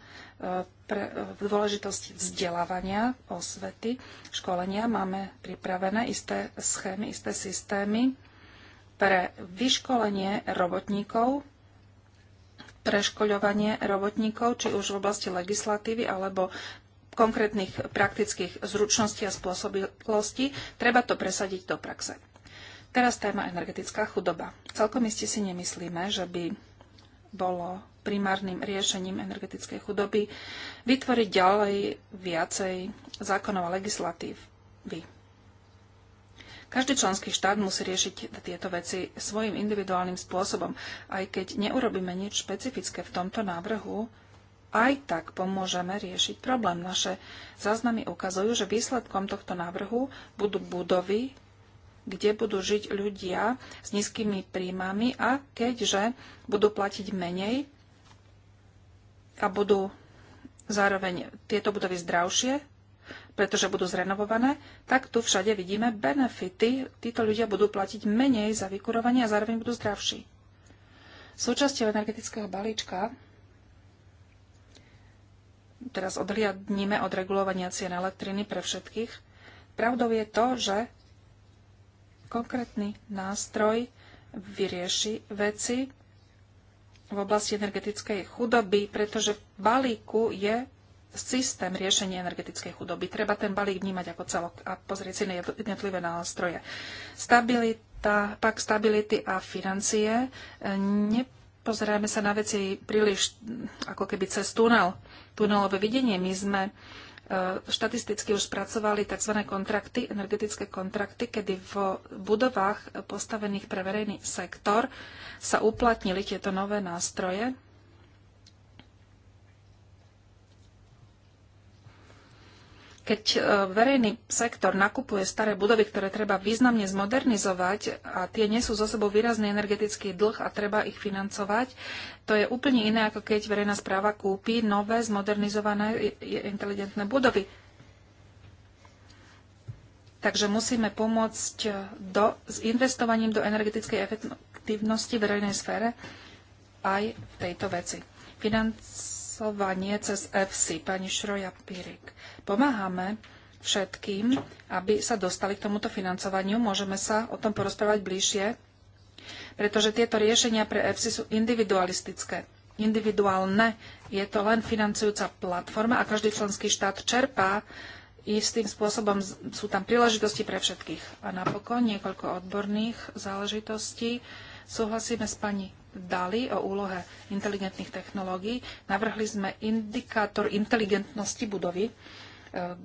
pre, e, v dôležitosti vzdelávania, osvety, školenia. Máme pripravené isté schémy, isté systémy pre vyškolenie robotníkov, preškoľovanie robotníkov, či už v oblasti legislatívy alebo konkrétnych praktických zručností a spôsobilostí. Treba to presadiť do praxe. Teraz téma energetická chudoba. Celkom iste si nemyslíme, že by bolo primárnym riešením energetickej chudoby vytvoriť ďalej viacej zákonov a legislatívy. Každý členský štát musí riešiť tieto veci svojim individuálnym spôsobom. Aj keď neurobíme nič špecifické v tomto návrhu, aj tak pomôžeme riešiť problém. Naše záznamy ukazujú, že výsledkom tohto návrhu budú budovy, kde budú žiť ľudia s nízkymi príjmami a keďže budú platiť menej a budú zároveň tieto budovy zdravšie, pretože budú zrenovované, tak tu všade vidíme benefity. Títo ľudia budú platiť menej za vykurovanie a zároveň budú zdravší. Súčasťou energetického balíčka teraz odhliadníme od regulovania cien elektriny pre všetkých. Pravdou je to, že konkrétny nástroj vyrieši veci v oblasti energetickej chudoby, pretože v balíku je systém riešenia energetickej chudoby. Treba ten balík vnímať ako celok a pozrieť si na jednotlivé nástroje. Stabilita, pak stability a financie. E, nepozerajme sa na veci príliš ako keby cez tunel, tunelové videnie. My sme E, štatisticky už spracovali tzv. kontrakty, energetické kontrakty, kedy v budovách postavených pre verejný sektor sa uplatnili tieto nové nástroje Keď e, verejný sektor nakupuje staré budovy, ktoré treba významne zmodernizovať a tie nesú zo sebou výrazný energetický dlh a treba ich financovať, to je úplne iné, ako keď verejná správa kúpi nové zmodernizované inteligentné budovy. Takže musíme pomôcť e, do, s investovaním do energetickej efektívnosti verejnej sfére aj v tejto veci. Financ- financovanie cez FC, pani Šroja Pirik. Pomáhame všetkým, aby sa dostali k tomuto financovaniu. Môžeme sa o tom porozprávať bližšie, pretože tieto riešenia pre FC sú individualistické. Individuálne je to len financujúca platforma a každý členský štát čerpá istým spôsobom sú tam príležitosti pre všetkých. A napokon niekoľko odborných záležitostí. Súhlasíme s pani dali o úlohe inteligentných technológií. Navrhli sme indikátor inteligentnosti budovy. E,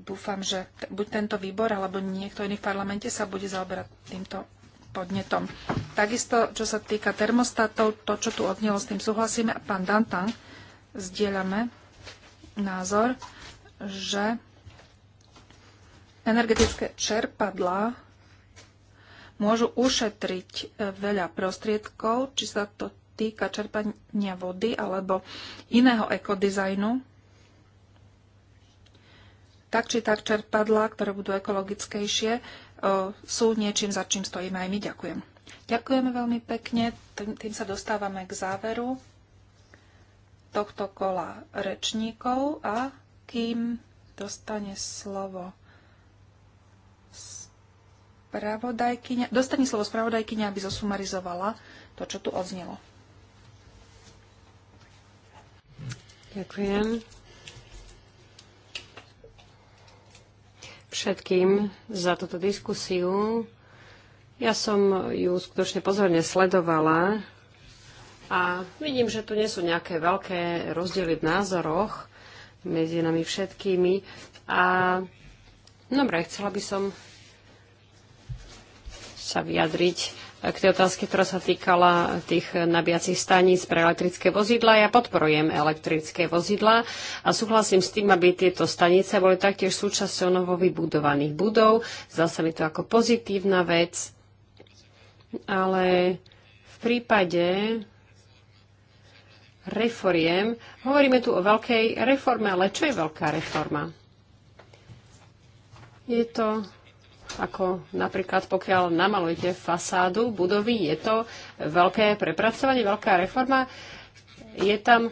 dúfam, že buď tento výbor alebo niekto iný v parlamente sa bude zaoberať týmto podnetom. Takisto, čo sa týka termostatov, to, čo tu odnelo, s tým súhlasíme. A pán Dantan, zdieľame názor, že energetické čerpadlá môžu ušetriť e, veľa prostriedkov, či sa to týka čerpania vody alebo iného ekodizajnu. Tak či tak čerpadlá, ktoré budú ekologickejšie, e, sú niečím, za čím stojíme aj my. Ďakujem. Ďakujeme veľmi pekne. Tým, tým sa dostávame k záveru tohto kola rečníkov a kým dostane slovo spravodajkyňa, dostane slovo spravodajkyňa, aby zosumarizovala to, čo tu odznelo. Ďakujem. Všetkým za túto diskusiu. Ja som ju skutočne pozorne sledovala a vidím, že tu nie sú nejaké veľké rozdiely v názoroch medzi nami všetkými. A dobre, chcela by som sa vyjadriť eh, k tej otázke, ktorá sa týkala tých nabíjacích staníc pre elektrické vozidla. Ja podporujem elektrické vozidla a súhlasím s tým, aby tieto stanice boli taktiež súčasťou novo vybudovaných budov. Zdá sa mi to ako pozitívna vec, ale v prípade reforiem, hovoríme tu o veľkej reforme, ale čo je veľká reforma? Je to ako napríklad pokiaľ namalujete fasádu budovy, je to veľké prepracovanie, veľká reforma. Je tam e,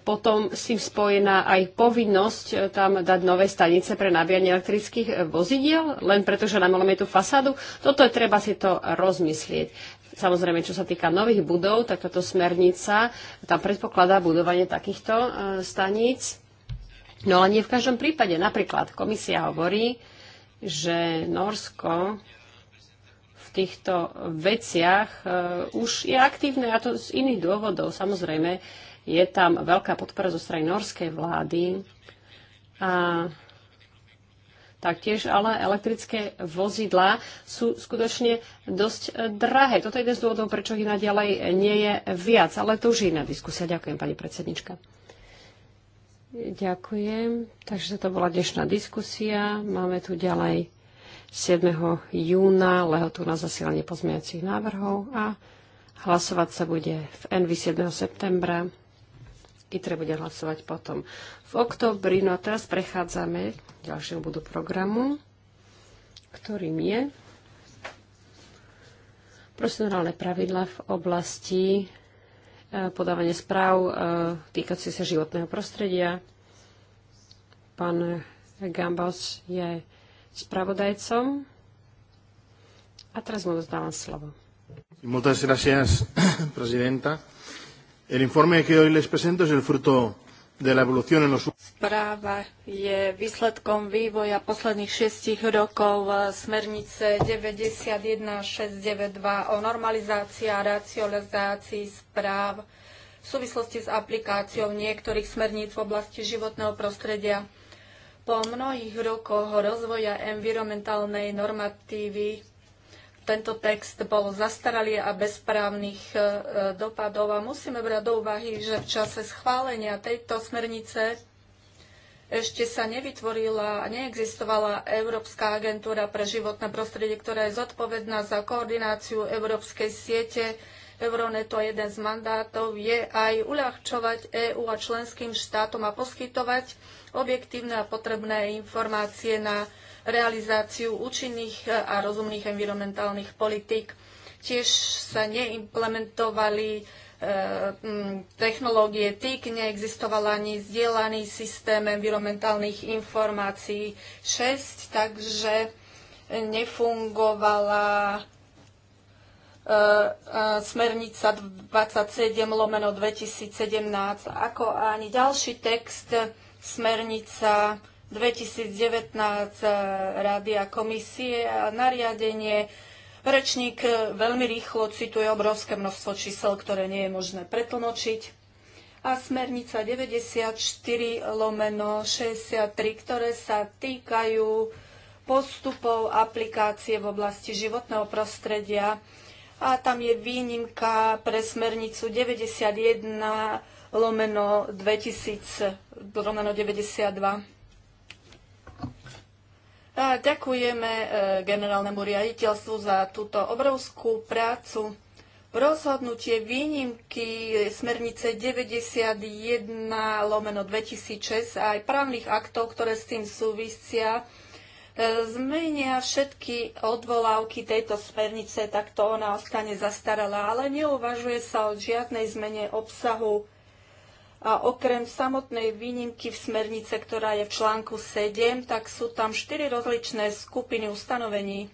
potom s tým spojená aj povinnosť e, tam dať nové stanice pre nabíjanie elektrických e, vozidiel, len preto, že namalujeme tú fasádu. Toto je treba si to rozmyslieť. Samozrejme, čo sa týka nových budov, tak táto smernica tam predpokladá budovanie takýchto staníc. No ale nie v každom prípade. Napríklad komisia hovorí, že Norsko v týchto veciach e, už je aktívne a to z iných dôvodov. Samozrejme, je tam veľká podpora zo strany norskej vlády a taktiež, ale elektrické vozidlá sú skutočne dosť e, drahé. Toto je jeden z dôvodov, prečo ich naďalej nie je viac, ale to už je iná diskusia. Ďakujem, pani predsednička. Ďakujem. Takže to bola dnešná diskusia. Máme tu ďalej 7. júna lehotu na zasielanie pozmeňacích návrhov a hlasovať sa bude v NV 7. septembra. ITRE bude hlasovať potom v oktobri. No a teraz prechádzame k ďalšiemu budu programu, ktorým je procedurálne pravidla v oblasti Eh, podávanie správ eh, týkajúci sa životného prostredia. Pán Gambos je spravodajcom. A teraz mu dávam slovo. Muchas gracias, [coughs] presidenta. El informe que hoy les presento es el fruto Správa je výsledkom vývoja posledných šiestich rokov eh, smernice 91692 o normalizácii a racionalizácii správ v súvislosti s aplikáciou niektorých smerníc v oblasti životného prostredia. Po mnohých rokoch rozvoja environmentálnej normatívy tento text bol zastaralý a bezprávnych e, dopadov a musíme brať do úvahy, že v čase schválenia tejto smernice ešte sa nevytvorila a neexistovala Európska agentúra pre životné prostredie, ktorá je zodpovedná za koordináciu európskej siete. Euroneto jeden z mandátov je aj uľahčovať EÚ a členským štátom a poskytovať objektívne a potrebné informácie na realizáciu účinných e, a rozumných environmentálnych politík. Tiež sa neimplementovali e, technológie TIC, neexistoval ani zdieľaný systém environmentálnych informácií 6, takže nefungovala e, smernica 27 lomeno 2017, ako ani ďalší text smernica 2019 eh, Rady a komisie a nariadenie. Rečník eh, veľmi rýchlo cituje obrovské množstvo čísel, ktoré nie je možné pretlnočiť. A smernica 94 lomeno 63, ktoré sa týkajú postupov aplikácie v oblasti životného prostredia. A tam je výnimka pre smernicu 91 lomeno 2000, lomeno 92 ďakujeme e, generálnemu riaditeľstvu za túto obrovskú prácu. Rozhodnutie výnimky smernice 91 lomeno 2006 a aj právnych aktov, ktoré s tým súvisia, e, zmenia všetky odvolávky tejto smernice, tak to ona ostane zastarala, ale neuvažuje sa o žiadnej zmene obsahu a okrem samotnej výnimky v smernice, ktorá je v článku 7, tak sú tam štyri rozličné skupiny ustanovení.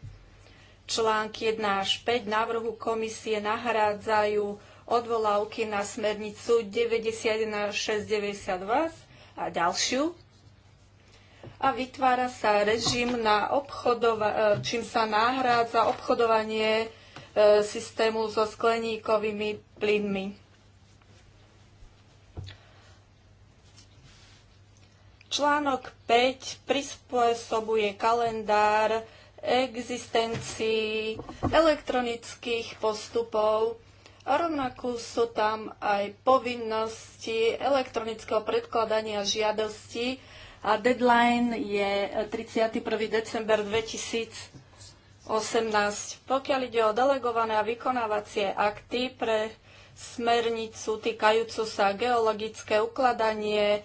Články 1 až 5 návrhu komisie nahrádzajú odvolávky na smernicu 91 692 a ďalšiu. A vytvára sa režim, na obchodova- e, čím sa nahrádza obchodovanie e, systému so skleníkovými plynmi. Článok 5 prispôsobuje kalendár existencii elektronických postupov a rovnako sú tam aj povinnosti elektronického predkladania žiadosti a deadline je 31. december 2018. Pokiaľ ide o delegované a vykonávacie akty pre smernicu týkajúcu sa geologické ukladanie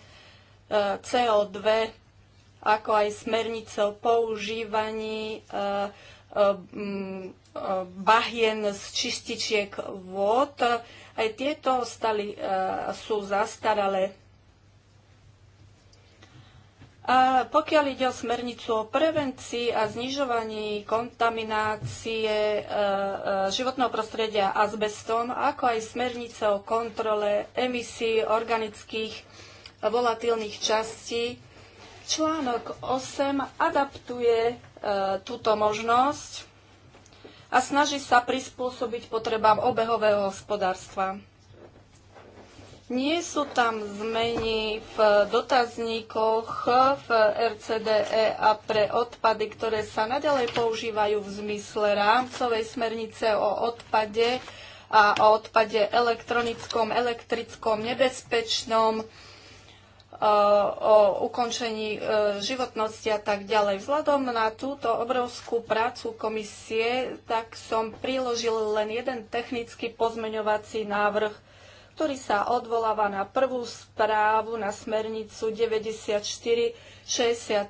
CO2, ako aj smernice o používaní e, e, e, bahien z čističiek vôd. Aj tieto stali, sú zastaralé. A pokiaľ ide o smernicu o prevencii a znižovaní kontaminácie životného prostredia azbestom, ako aj smernice o kontrole emisí organických volatilných častí. Článok 8 adaptuje e, túto možnosť a snaží sa prispôsobiť potrebám obehového hospodárstva. Nie sú tam zmeny v dotazníkoch v RCDE a pre odpady, ktoré sa nadalej používajú v zmysle rámcovej smernice o odpade a o odpade elektronickom, elektrickom, nebezpečnom, Eh, o ukončení eh, životnosti a tak ďalej. Vzhľadom na túto obrovskú prácu komisie, tak som priložil len jeden technický pozmeňovací návrh, ktorý sa odvoláva na prvú správu na smernicu 9463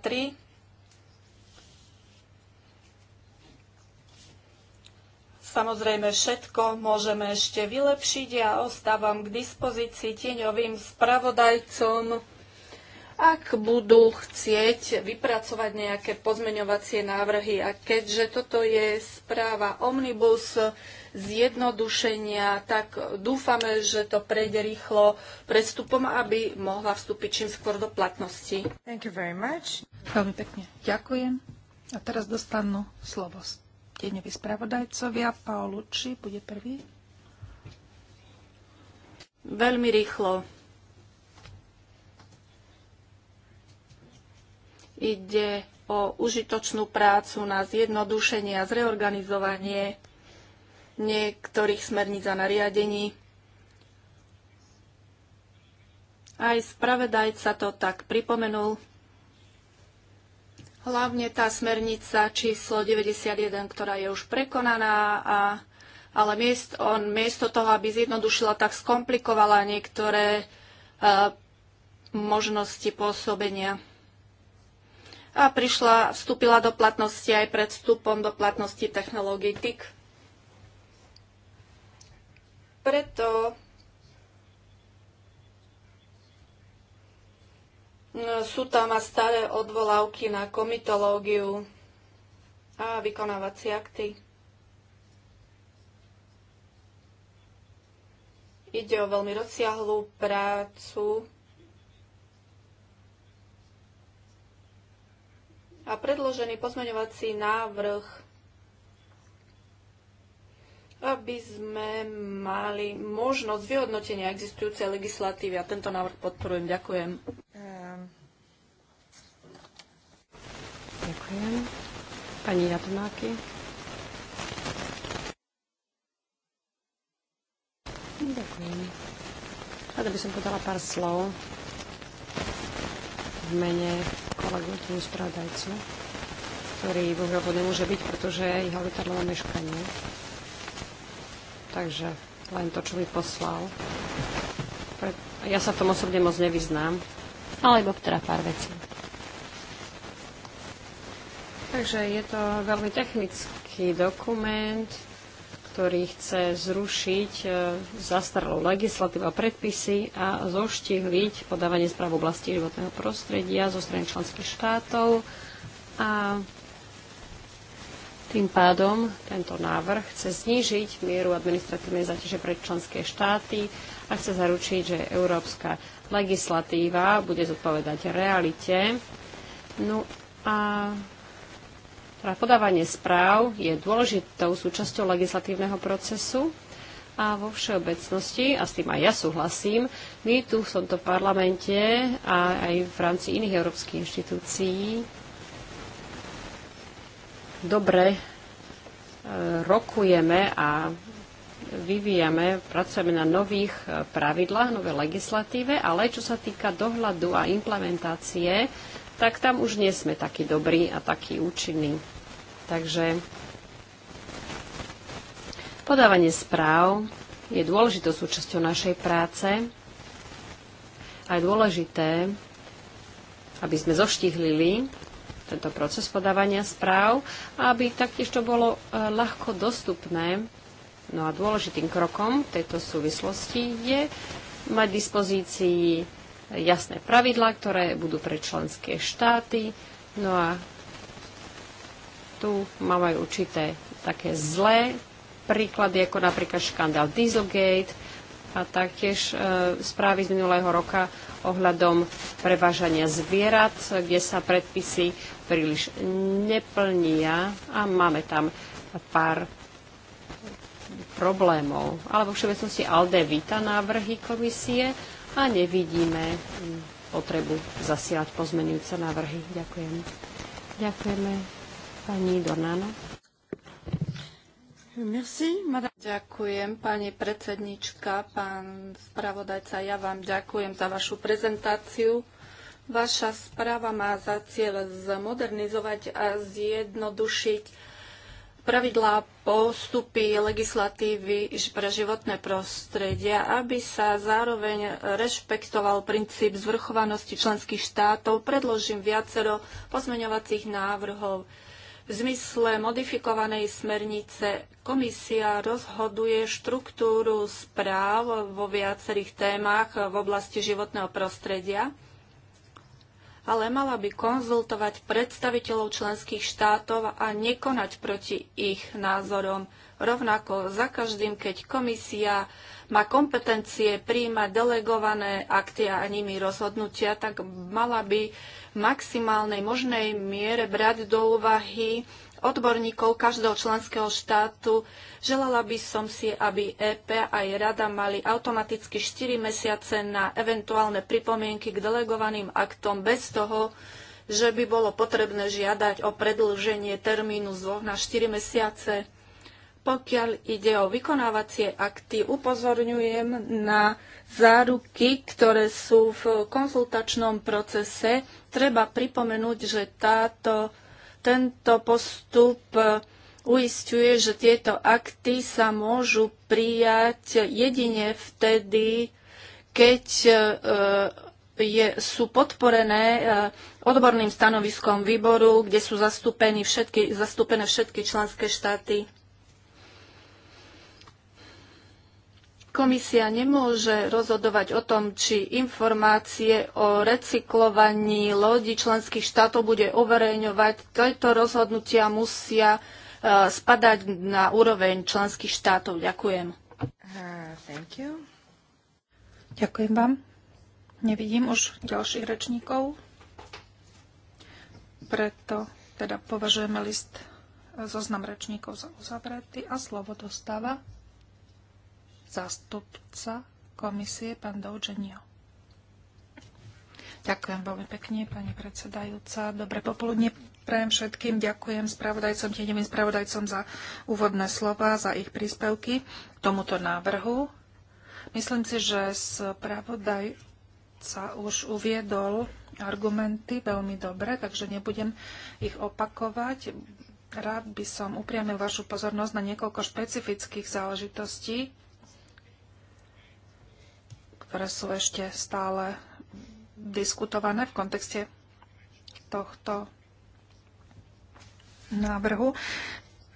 Samozrejme, všetko môžeme ešte vylepšiť. Ja ostávam k dispozícii tieňovým spravodajcom ak budú chcieť vypracovať nejaké pozmeňovacie návrhy. A keďže toto je správa Omnibus zjednodušenia, tak dúfame, že to prejde rýchlo predstupom, aby mohla vstúpiť čím skôr do platnosti. Thank you very much. Veľmi pekne ďakujem. A teraz dostanú slovo tieňoví spravodajcovia. Paolucci bude prvý. Veľmi rýchlo. Ide o užitočnú prácu na zjednodušenie a zreorganizovanie niektorých smerníc a nariadení. Aj spravedajca to tak pripomenul. Hlavne tá smernica číslo 91, ktorá je už prekonaná, a, ale miest, on miesto toho, aby zjednodušila, tak skomplikovala niektoré uh, možnosti pôsobenia a prišla, vstúpila do platnosti aj pred vstupom do platnosti technológií TIC. Preto sú tam a staré odvolávky na komitológiu a vykonávacie akty. Ide o veľmi rozsiahlú prácu, a predložený pozmeňovací návrh, aby sme mali možnosť vyhodnotenia existujúcej legislatívy. A tento návrh podporujem. Ďakujem. Ďakujem. Pani Jatonáky. Ďakujem. Rada by som podala pár slov mene kolegu tým spravodajcu, ktorý bohužiaľ tu nemôže byť, pretože je jeho letadlové meškanie. Takže len to, čo mi poslal. Ja sa v tom osobne moc nevyznám, ale iba teda pár vecí. Takže je to veľmi technický dokument, ktorý chce zrušiť e, zastaralú legislatívu a predpisy a zoštihliť podávanie správ v oblasti životného prostredia zo strany členských štátov. A tým pádom tento návrh chce znížiť mieru administratívnej záťaže pre členské štáty a chce zaručiť, že európska legislatíva bude zodpovedať realite. No a teda podávanie správ je dôležitou súčasťou legislatívneho procesu a vo všeobecnosti, a s tým aj ja súhlasím, my tu v tomto parlamente a aj v rámci iných európskych inštitúcií dobre e, rokujeme a vyvíjame, pracujeme na nových e, pravidlách, novej legislatíve, ale čo sa týka dohľadu a implementácie, tak tam už nie sme takí dobrí a takí účinní. Takže podávanie správ je dôležitou súčasťou našej práce a je dôležité, aby sme zoštihlili tento proces podávania správ a aby taktiež to bolo e, ľahko dostupné. No a dôležitým krokom tejto súvislosti je mať dispozícii jasné pravidlá, ktoré budú pre členské štáty. No a tu máme aj určité také zlé príklady, ako napríklad škandál Dieselgate a taktiež e, správy z minulého roka ohľadom prevážania zvierat, kde sa predpisy príliš neplnia a máme tam pár problémov. Ale vo všeobecnosti ALDE víta návrhy komisie a nevidíme potrebu zasielať pozmenujúce návrhy. Ďakujem. Ďakujeme pani Dornáno. Merci, madame. Ďakujem, pani predsednička, pán spravodajca. Ja vám ďakujem za vašu prezentáciu. Vaša správa má za cieľ zmodernizovať a zjednodušiť pravidlá postupy legislatívy pre životné prostredie, aby sa zároveň rešpektoval princíp zvrchovanosti členských štátov. Predložím viacero pozmeňovacích návrhov. V zmysle modifikovanej smernice komisia rozhoduje štruktúru správ vo viacerých témach v oblasti životného prostredia ale mala by konzultovať predstaviteľov členských štátov a nekonať proti ich názorom. Rovnako za každým, keď komisia má kompetencie príjmať delegované akty a nimi rozhodnutia, tak mala by v maximálnej možnej miere brať do úvahy odborníkov každého členského štátu. Želala by som si, aby EP aj Rada mali automaticky 4 mesiace na eventuálne pripomienky k delegovaným aktom bez toho, že by bolo potrebné žiadať o predlženie termínu z 2 na 4 mesiace. Pokiaľ ide o vykonávacie akty, upozorňujem na záruky, ktoré sú v konzultačnom procese. Treba pripomenúť, že táto tento postup e, uistuje, že tieto akty sa môžu prijať jedine vtedy, keď e, e, je, sú podporené odborným stanoviskom výboru, kde sú zastúpené všetky, zastúpené všetky členské štáty. Komisia nemôže rozhodovať o tom, či informácie o recyklovaní lodí členských štátov bude overejňovať. Tieto rozhodnutia musia e, spadať na úroveň členských štátov. Ďakujem. Uh, Ďakujem vám. Nevidím už ďalších rečníkov, preto teda považujeme list e, zoznam rečníkov za uzavretý a slovo dostáva zástupca komisie, pán Dougenio. Ďakujem veľmi pekne, pani predsedajúca. Dobre popoludne prajem všetkým. Ďakujem spravodajcom, tieňovým spravodajcom za úvodné slova, za ich príspevky k tomuto návrhu. Myslím si, že spravodajca už uviedol argumenty veľmi dobre, takže nebudem ich opakovať. Rád by som upriamil vašu pozornosť na niekoľko špecifických záležitostí, ktoré sú ešte stále diskutované v kontexte tohto návrhu.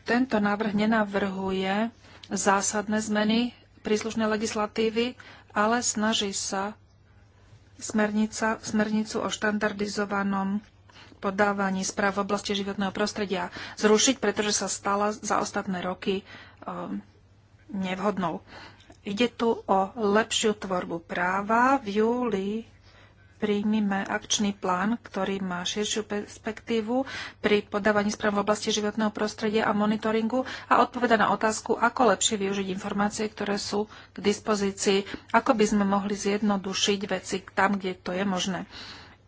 Tento návrh nenavrhuje zásadné zmeny príslušnej legislatívy, ale snaží sa smernica, smernicu o štandardizovanom podávaní správ v oblasti životného prostredia zrušiť, pretože sa stala za ostatné roky ehm, nevhodnou. Ide tu o lepšiu tvorbu práva. V júli príjmime akčný plán, ktorý má širšiu perspektívu pri podávaní správ v oblasti životného prostredia a monitoringu a odpoveda na otázku, ako lepšie využiť informácie, ktoré sú k dispozícii, ako by sme mohli zjednodušiť veci tam, kde to je možné.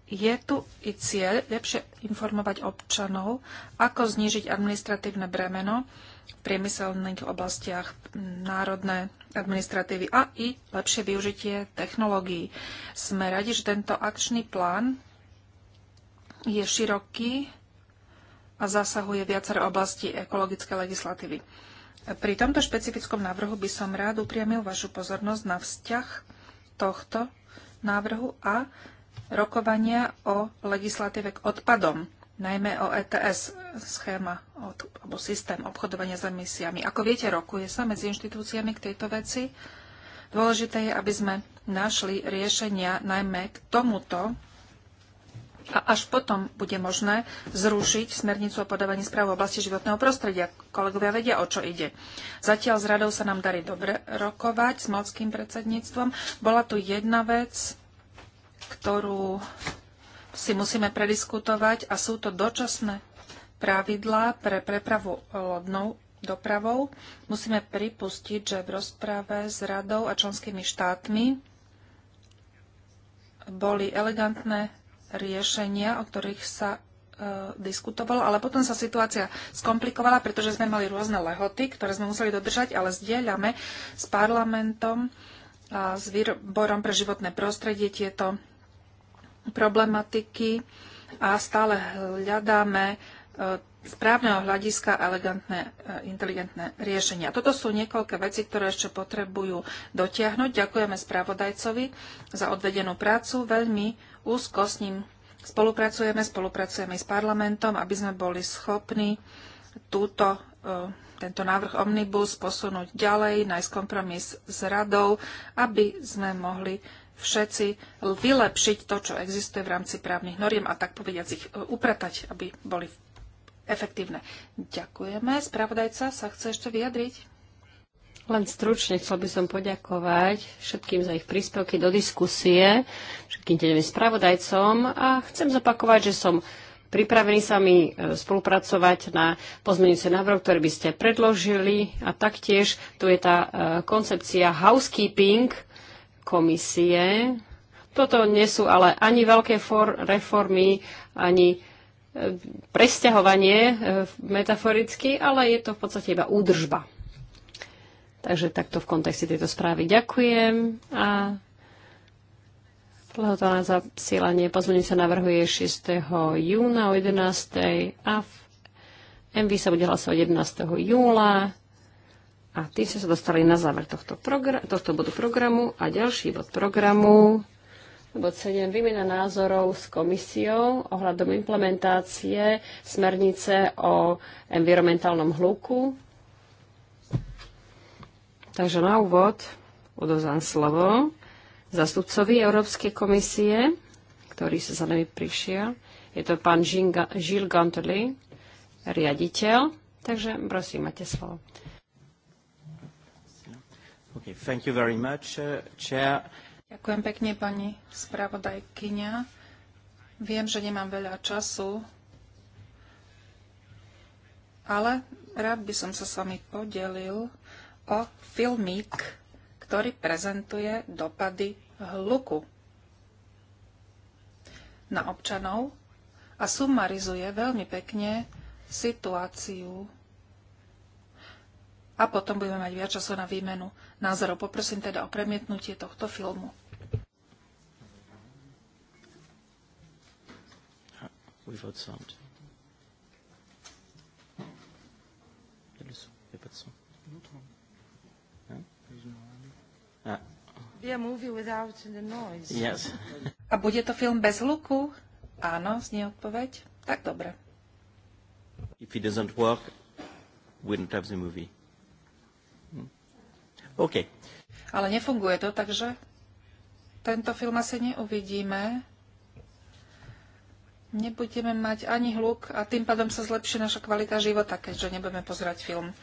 Je tu i cieľ lepšie informovať občanov, ako znížiť administratívne bremeno, v priemyselných oblastiach národné administratívy a i lepšie využitie technológií. Sme radi, že tento akčný plán je široký a zasahuje viacero oblasti ekologické legislatívy. Pri tomto špecifickom návrhu by som rád upriamil vašu pozornosť na vzťah tohto návrhu a rokovania o legislatíve k odpadom najmä o ETS, schéma od, alebo systém obchodovania s emisiami. Ako viete, rokuje sa medzi inštitúciami k tejto veci. Dôležité je, aby sme našli riešenia najmä k tomuto a až potom bude možné zrušiť smernicu o podávaní správ v oblasti životného prostredia. Kolegovia vedia, o čo ide. Zatiaľ s radou sa nám darí dobre rokovať s malským predsedníctvom. Bola tu jedna vec, ktorú si musíme prediskutovať a sú to dočasné pravidlá pre prepravu lodnou dopravou. Musíme pripustiť, že v rozprave s radou a členskými štátmi boli elegantné riešenia, o ktorých sa e, diskutovalo, ale potom sa situácia skomplikovala, pretože sme mali rôzne lehoty, ktoré sme museli dodržať, ale zdieľame s parlamentom a s výborom pre životné prostredie tieto problematiky a stále hľadáme e, správneho hľadiska elegantné, e, inteligentné riešenia. Toto sú niekoľké veci, ktoré ešte potrebujú dotiahnuť. Ďakujeme spravodajcovi za odvedenú prácu. Veľmi úzko s ním spolupracujeme, spolupracujeme s parlamentom, aby sme boli schopní túto, e, tento návrh Omnibus posunúť ďalej, nájsť kompromis s radou, aby sme mohli všetci vylepšiť to, čo existuje v rámci právnych noriem a tak povediať ich e, upratať, aby boli efektívne. Ďakujeme. Spravodajca sa chce ešte vyjadriť. Len stručne chcel by som poďakovať všetkým za ich príspevky do diskusie, všetkým tým spravodajcom a chcem zopakovať, že som pripravený sa mi e, spolupracovať na pozmeňujúce návrh, ktoré by ste predložili. A taktiež tu je tá e, koncepcia housekeeping, komisie. Toto nie sú ale ani veľké reformy, ani e, presťahovanie e, metaforicky, ale je to v podstate iba údržba. Takže takto v kontexte tejto správy ďakujem a na zasielanie pozvanie sa navrhuje 6. júna o 11. a v MV sa bude hlasovať 11. júla. A tým sme sa dostali na záver tohto, progr- tohto bodu programu a ďalší bod programu, bod 7, výmena názorov s komisiou ohľadom implementácie smernice o environmentálnom hluku. Takže na úvod odozám slovo zastupcovi Európskej komisie, ktorý sa za nami prišiel. Je to pán Gilles Gantoli, riaditeľ. Takže prosím, máte slovo thank you very much, uh, chair. Ďakujem pekne, pani spravodajkyňa. Viem, že nemám veľa času, ale rád by som sa s vami podelil o filmík, ktorý prezentuje dopady hluku na občanov a sumarizuje veľmi pekne situáciu a potom budeme mať viac času na výmenu názorov. Poprosím teda o premietnutie tohto filmu. A bude to film bez hluku? Áno, znie odpoveď. Tak dobre. If it doesn't work, we don't have the movie. OK. Ale nefunguje to, takže tento film asi neuvidíme. Nebudeme mať ani hluk a tým pádom sa zlepší naša kvalita života, keďže nebudeme pozerať film.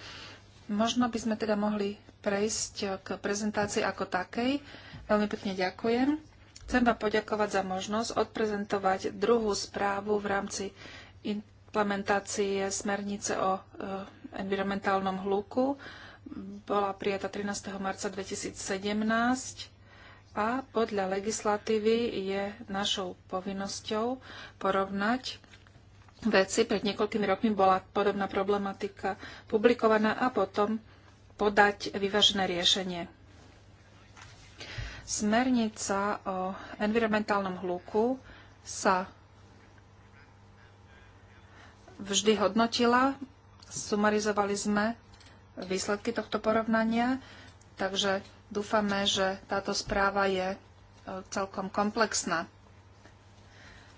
Možno by sme teda mohli prejsť k prezentácii ako takej. Veľmi pekne ďakujem. Chcem vám poďakovať za možnosť odprezentovať druhú správu v rámci implementácie smernice o eh, environmentálnom hluku bola prijata 13. marca 2017 a podľa legislatívy je našou povinnosťou porovnať veci. Pred niekoľkými rokmi bola podobná problematika publikovaná a potom podať vyvážené riešenie. Smernica o environmentálnom hluku sa vždy hodnotila. Sumarizovali sme výsledky tohto porovnania. Takže dúfame, že táto správa je e, celkom komplexná.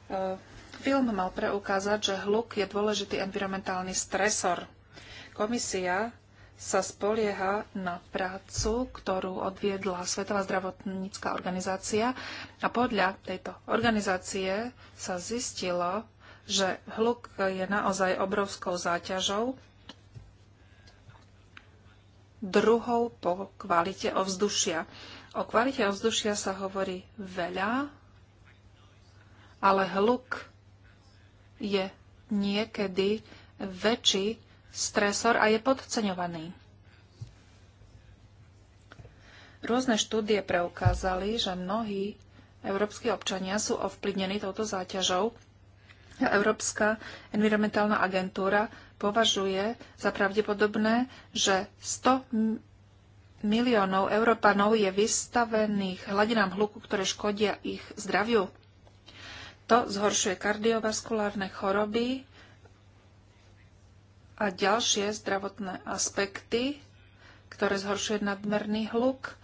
E, film mal preukázať, že hluk je dôležitý environmentálny stresor. Komisia sa spolieha na prácu, ktorú odviedla Svetová zdravotnícká organizácia a podľa tejto organizácie sa zistilo, že hluk je naozaj obrovskou záťažou druhou po kvalite ovzdušia. O kvalite ovzdušia sa hovorí veľa, ale hluk je niekedy väčší stresor a je podceňovaný. Rôzne štúdie preukázali, že mnohí európsky občania sú ovplyvnení touto záťažou Európska environmentálna agentúra považuje za pravdepodobné, že 100 miliónov Európanov je vystavených hladinám hluku, ktoré škodia ich zdraviu. To zhoršuje kardiovaskulárne choroby a ďalšie zdravotné aspekty, ktoré zhoršuje nadmerný hluk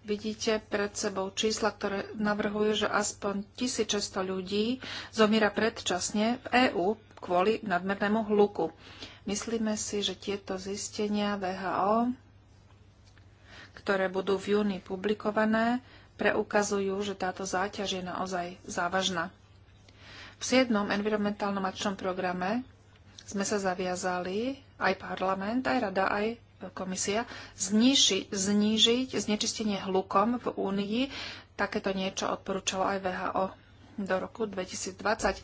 Vidíte pred sebou čísla, ktoré navrhujú, že aspoň 1600 ľudí zomiera predčasne v EÚ kvôli nadmernému hluku. Myslíme si, že tieto zistenia VHO, ktoré budú v júni publikované, preukazujú, že táto záťaž je naozaj závažná. V 7. environmentálnom akčnom programe sme sa zaviazali aj parlament, aj rada, aj komisia, zniži, znižiť znečistenie hlukom v Únii. Takéto niečo odporúčalo aj VHO do roku 2020.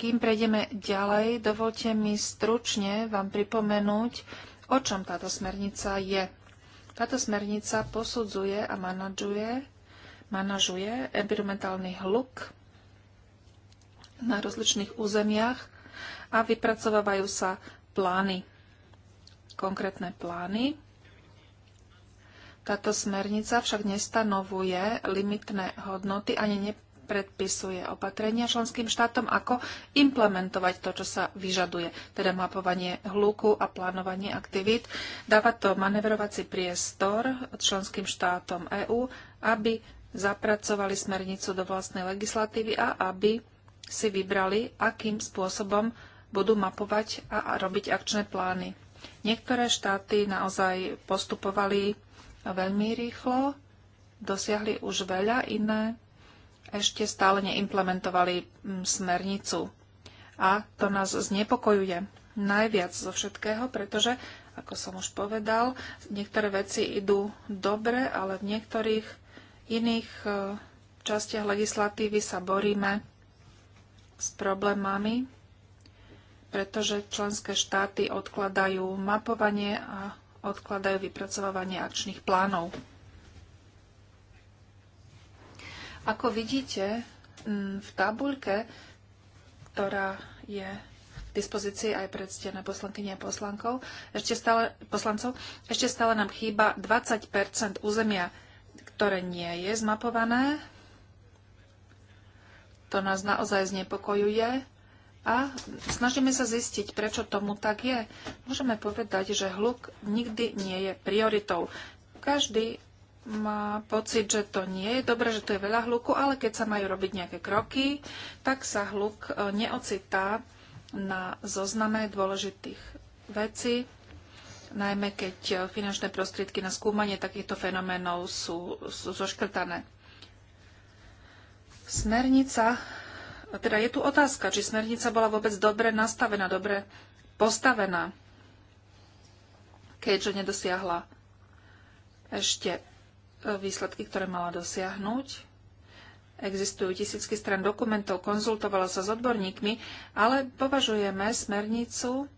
Kým prejdeme ďalej, dovolte mi stručne vám pripomenúť, o čom táto smernica je. Táto smernica posudzuje a manažuje, manažuje environmentálny hluk na rozličných územiach a vypracovávajú sa plány konkrétne plány. Táto smernica však nestanovuje limitné hodnoty ani nepredpisuje opatrenia členským štátom, ako implementovať to, čo sa vyžaduje, teda mapovanie hluku a plánovanie aktivít. Dáva to manevrovací priestor členským štátom EÚ, aby zapracovali smernicu do vlastnej legislatívy a aby si vybrali, akým spôsobom budú mapovať a robiť akčné plány. Niektoré štáty naozaj postupovali veľmi rýchlo, dosiahli už veľa, iné ešte stále neimplementovali mm, smernicu. A to nás znepokojuje najviac zo všetkého, pretože, ako som už povedal, niektoré veci idú dobre, ale v niektorých iných e, častiach legislatívy sa boríme s problémami, pretože členské štáty odkladajú mapovanie a odkladajú vypracovávanie akčných plánov. Ako vidíte v tabuľke, ktorá je k dispozícii aj pred ctené poslankyne a poslankov, ešte stále, poslancov, ešte stále nám chýba 20 územia, ktoré nie je zmapované. To nás naozaj znepokojuje a snažíme sa zistiť, prečo tomu tak je. Môžeme povedať, že hluk nikdy nie je prioritou. Každý má pocit, že to nie je dobré, že tu je veľa hluku, ale keď sa majú robiť nejaké kroky, tak sa hluk e, neocitá na zozname dôležitých vecí, najmä keď e, finančné prostriedky na skúmanie takýchto fenoménov sú, sú zoškrtané. Smernica teda je tu otázka, či smernica bola vôbec dobre nastavená, dobre postavená, keďže nedosiahla ešte výsledky, ktoré mala dosiahnuť. Existujú tisícky stran dokumentov, konzultovala sa s odborníkmi, ale považujeme smernicu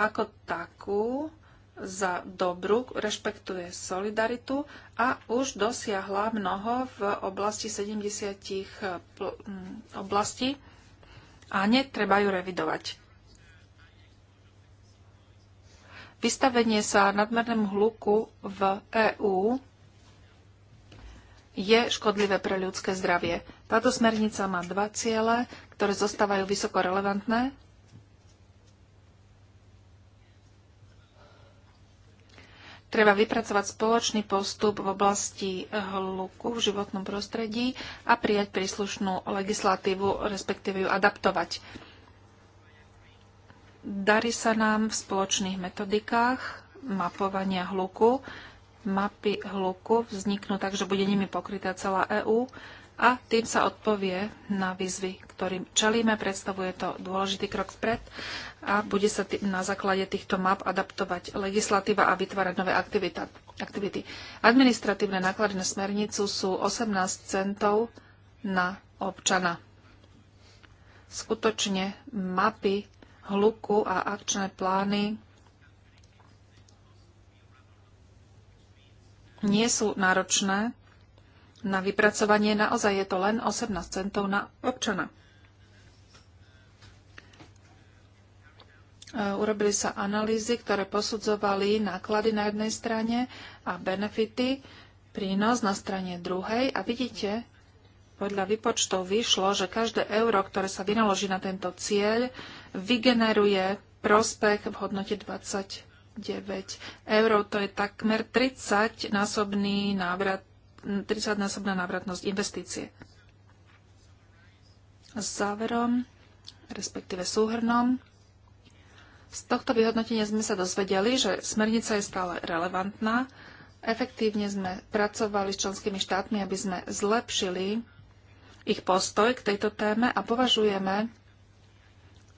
ako takú za dobru, rešpektuje solidaritu a už dosiahla mnoho v oblasti 70 oblastí a netreba ju revidovať. Vystavenie sa nadmernému hluku v EÚ je škodlivé pre ľudské zdravie. Táto smernica má dva ciele, ktoré zostávajú vysoko relevantné Treba vypracovať spoločný postup v oblasti eh, hluku v životnom prostredí a prijať príslušnú legislatívu, respektíve ju adaptovať. Darí sa nám v spoločných metodikách mapovania hluku. Mapy hluku vzniknú tak, že bude nimi pokrytá celá EÚ a tým sa odpovie na výzvy, ktorým čelíme. Predstavuje to dôležitý krok vpred a bude sa tý, na základe týchto map adaptovať legislatíva a vytvárať nové aktivita, aktivity. Administratívne náklady na smernicu sú 18 centov na občana. Skutočne mapy hluku a akčné plány nie sú náročné na vypracovanie. Naozaj je to len 18 centov na občana. E, urobili sa analýzy, ktoré posudzovali náklady na jednej strane a benefity, prínos na strane druhej a vidíte, podľa výpočtov vyšlo, že každé euro, ktoré sa vynaloží na tento cieľ, vygeneruje prospech v hodnote 29 eur. To je takmer 30-násobný návrat, 30-násobná návratnosť investície. S záverom, respektíve súhrnom, z tohto vyhodnotenia sme sa dozvedeli, že smernica je stále relevantná. Efektívne sme pracovali s členskými štátmi, aby sme zlepšili ich postoj k tejto téme a považujeme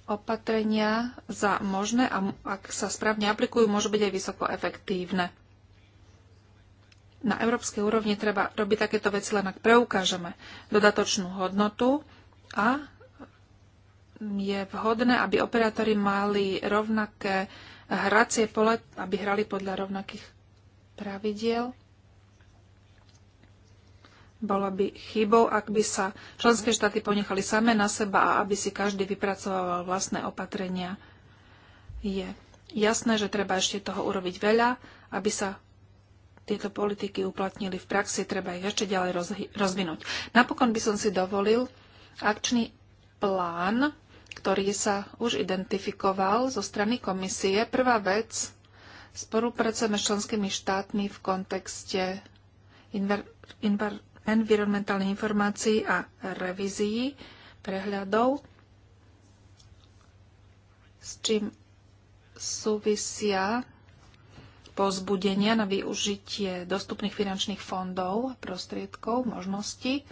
opatrenia za možné a ak sa správne aplikujú, môžu byť aj vysoko efektívne. Na európskej úrovni treba robiť takéto veci len ak preukážeme dodatočnú hodnotu a je vhodné, aby operátori mali rovnaké hracie pole, aby hrali podľa rovnakých pravidiel. Bolo by chybou, ak by sa členské štáty ponechali samé na seba a aby si každý vypracovával vlastné opatrenia. Je jasné, že treba ešte toho urobiť veľa, aby sa tieto politiky uplatnili v praxi, treba ich ešte ďalej rozvinúť. Napokon by som si dovolil akčný plán ktorý sa už identifikoval zo strany komisie. Prvá vec, spolupracujeme s členskými štátmi v kontekste environmentálnych informácií a revízií prehľadov, s čím súvisia pozbudenia na využitie dostupných finančných fondov, prostriedkov, možností.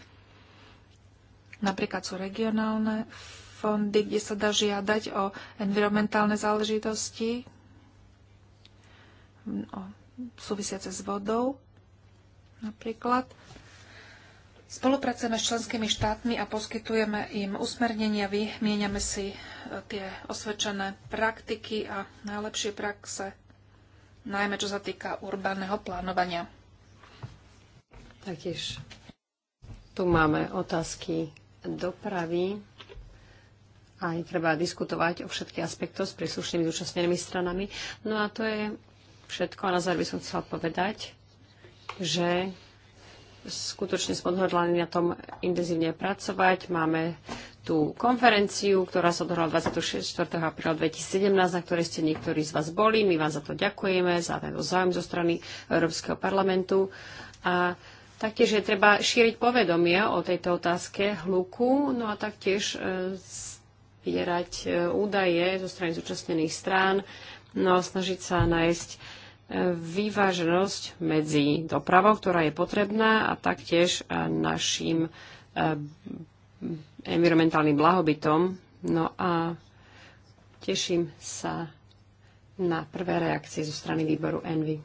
Napríklad sú regionálne fondy, kde sa dá žiadať o environmentálne záležitosti o súvisiace s vodou napríklad. Spolupracujeme s členskými štátmi a poskytujeme im usmernenia, vymieňame si e, tie osvedčené praktiky a najlepšie praxe, najmä čo sa týka urbánneho plánovania. Taktiež tu máme otázky dopravy a treba diskutovať o všetkých aspektoch s príslušnými zúčastnenými stranami. No a to je všetko. A na záver by som chcela povedať, že skutočne sme odhodlani na tom intenzívne pracovať. Máme tú konferenciu, ktorá sa odhrala 24. apríla 2017, na ktorej ste niektorí z vás boli. My vám za to ďakujeme, za tento záujem zo strany Európskeho parlamentu. A taktiež je treba šíriť povedomie o tejto otázke hluku, no a taktiež e, zbierať e, údaje zo strany zúčastnených strán, no a snažiť sa nájsť e, vyváženosť medzi dopravou, ktorá je potrebná a taktiež e, našim environmentálnym blahobytom. No a teším sa na prvé reakcie zo strany výboru Envy.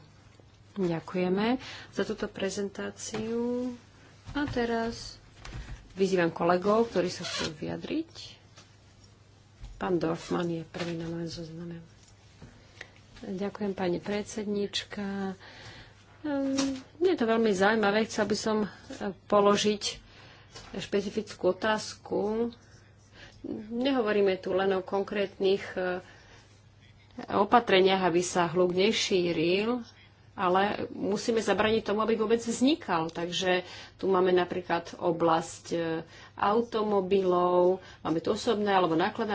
Ďakujeme za túto prezentáciu. A teraz vyzývam kolegov, ktorí sa chcú vyjadriť. Pán Dorfman je prvý na mojom zozname. Ďakujem, pani predsednička. Ehm, je to veľmi zaujímavé. Chcel by som e, položiť špecifickú otázku. Nehovoríme tu len o konkrétnych e, opatreniach, aby sa hluk nešíril, ale musíme zabraniť tomu, aby vôbec vznikal. Takže tu máme napríklad oblasť e, automobilov, máme tu osobné alebo nákladné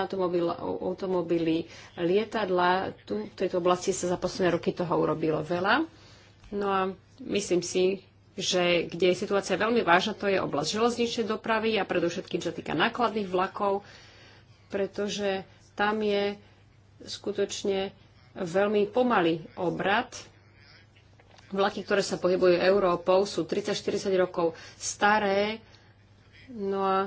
automobily, lietadla. Tu v tejto oblasti sa za posledné roky toho urobilo veľa. No a myslím si, že kde je situácia veľmi vážna, to je oblasť železničnej dopravy a predovšetkým, čo týka nákladných vlakov, pretože tam je skutočne veľmi pomalý obrad Vlaky, ktoré sa pohybujú Európou, sú 30-40 rokov staré, no a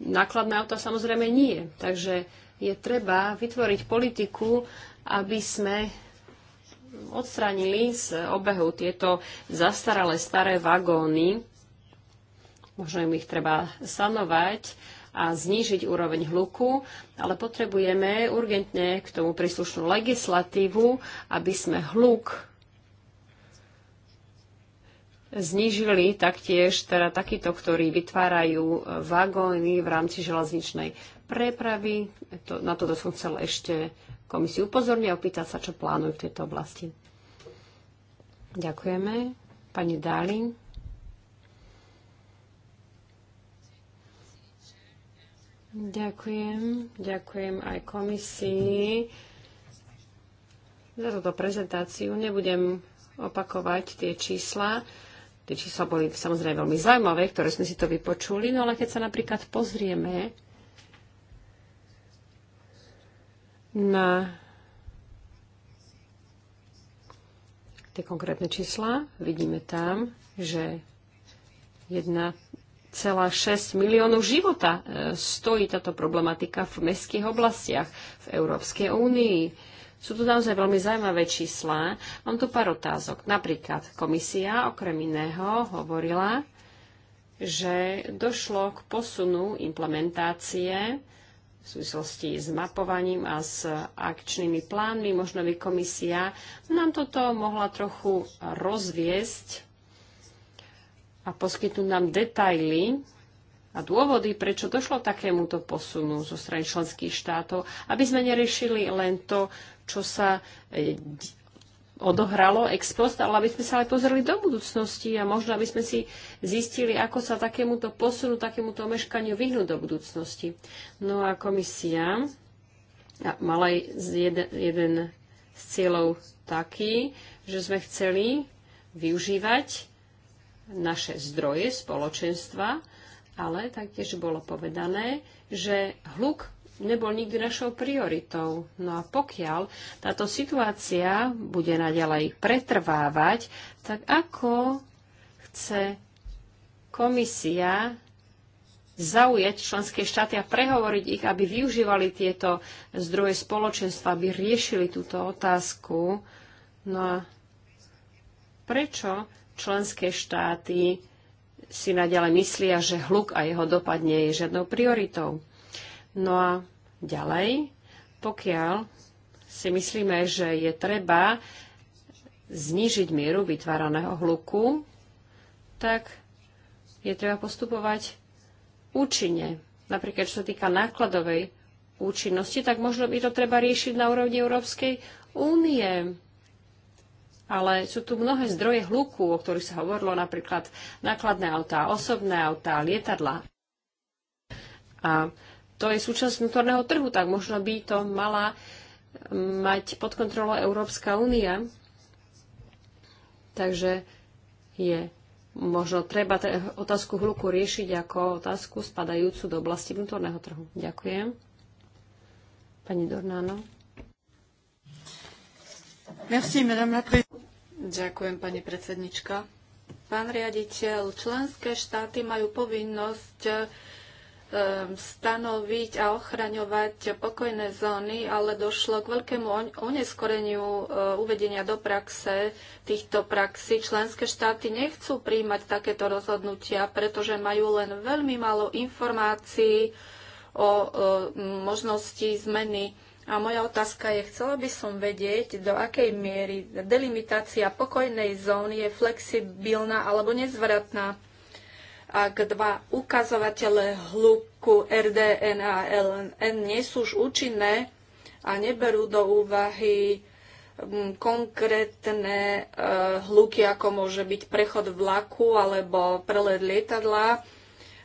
nákladné auta samozrejme nie. Takže je treba vytvoriť politiku, aby sme odstránili z obehu tieto zastaralé staré vagóny. Možno im ich treba sanovať a znížiť úroveň hluku, ale potrebujeme urgentne k tomu príslušnú legislatívu, aby sme hluk znížili taktiež teda takýto, ktorí vytvárajú e, vagóny v rámci železničnej prepravy. To, na toto som chcel ešte komisiu upozorniť a opýtať sa, čo plánujú v tejto oblasti. Ďakujeme. Pani Dálin. Ďakujem. Ďakujem aj komisii za túto prezentáciu. Nebudem opakovať tie čísla. Tie čísla boli samozrejme veľmi zaujímavé, ktoré sme si to vypočuli, no ale keď sa napríklad pozrieme na tie konkrétne čísla, vidíme tam, že 1,6 miliónov života e, stojí táto problematika v mestských oblastiach v Európskej únii sú tu naozaj veľmi zaujímavé čísla. Mám tu pár otázok. Napríklad komisia okrem iného hovorila, že došlo k posunu implementácie v súvislosti s mapovaním a s akčnými plánmi. Možno by komisia nám toto mohla trochu rozviesť a poskytnúť nám detaily a dôvody, prečo došlo takémuto posunu zo strany členských štátov, aby sme neriešili len to, čo sa e, odohralo ex post, ale aby sme sa aj pozreli do budúcnosti a možno, aby sme si zistili, ako sa takémuto posunu, takémuto omeškaniu vyhnúť do budúcnosti. No a komisia mala jeden, jeden z cieľov taký, že sme chceli využívať naše zdroje spoločenstva, ale taktiež bolo povedané, že hluk nebol nikdy našou prioritou. No a pokiaľ táto situácia bude naďalej pretrvávať, tak ako chce komisia zaujať členské štáty a prehovoriť ich, aby využívali tieto zdroje spoločenstva, aby riešili túto otázku. No a prečo členské štáty si naďalej myslia, že hluk a jeho dopad nie je žiadnou prioritou. No a ďalej, pokiaľ si myslíme, že je treba znížiť mieru vytváraného hluku, tak je treba postupovať účinne. Napríklad, čo sa týka nákladovej účinnosti, tak možno by to treba riešiť na úrovni Európskej únie ale sú tu mnohé zdroje hluku, o ktorých sa hovorilo, napríklad nákladné autá, osobné autá, lietadla. A to je súčasť vnútorného trhu, tak možno by to mala mať pod kontrolou Európska únia. Takže je možno treba otázku hluku riešiť ako otázku spadajúcu do oblasti vnútorného trhu. Ďakujem. Pani Dornáno. Merci, madame la Ďakujem, pani predsednička. Pán riaditeľ, členské štáty majú povinnosť e, stanoviť a ochraňovať pokojné zóny, ale došlo k veľkému oneskoreniu e, uvedenia do praxe týchto praxí. Členské štáty nechcú príjmať takéto rozhodnutia, pretože majú len veľmi málo informácií o e, možnosti zmeny a moja otázka je, chcela by som vedieť, do akej miery delimitácia pokojnej zóny je flexibilná alebo nezvratná. Ak dva ukazovatele hĺbku RDN a LNN nie sú už účinné a neberú do úvahy mm, konkrétne eh, hluky, ako môže byť prechod vlaku alebo prelet lietadla,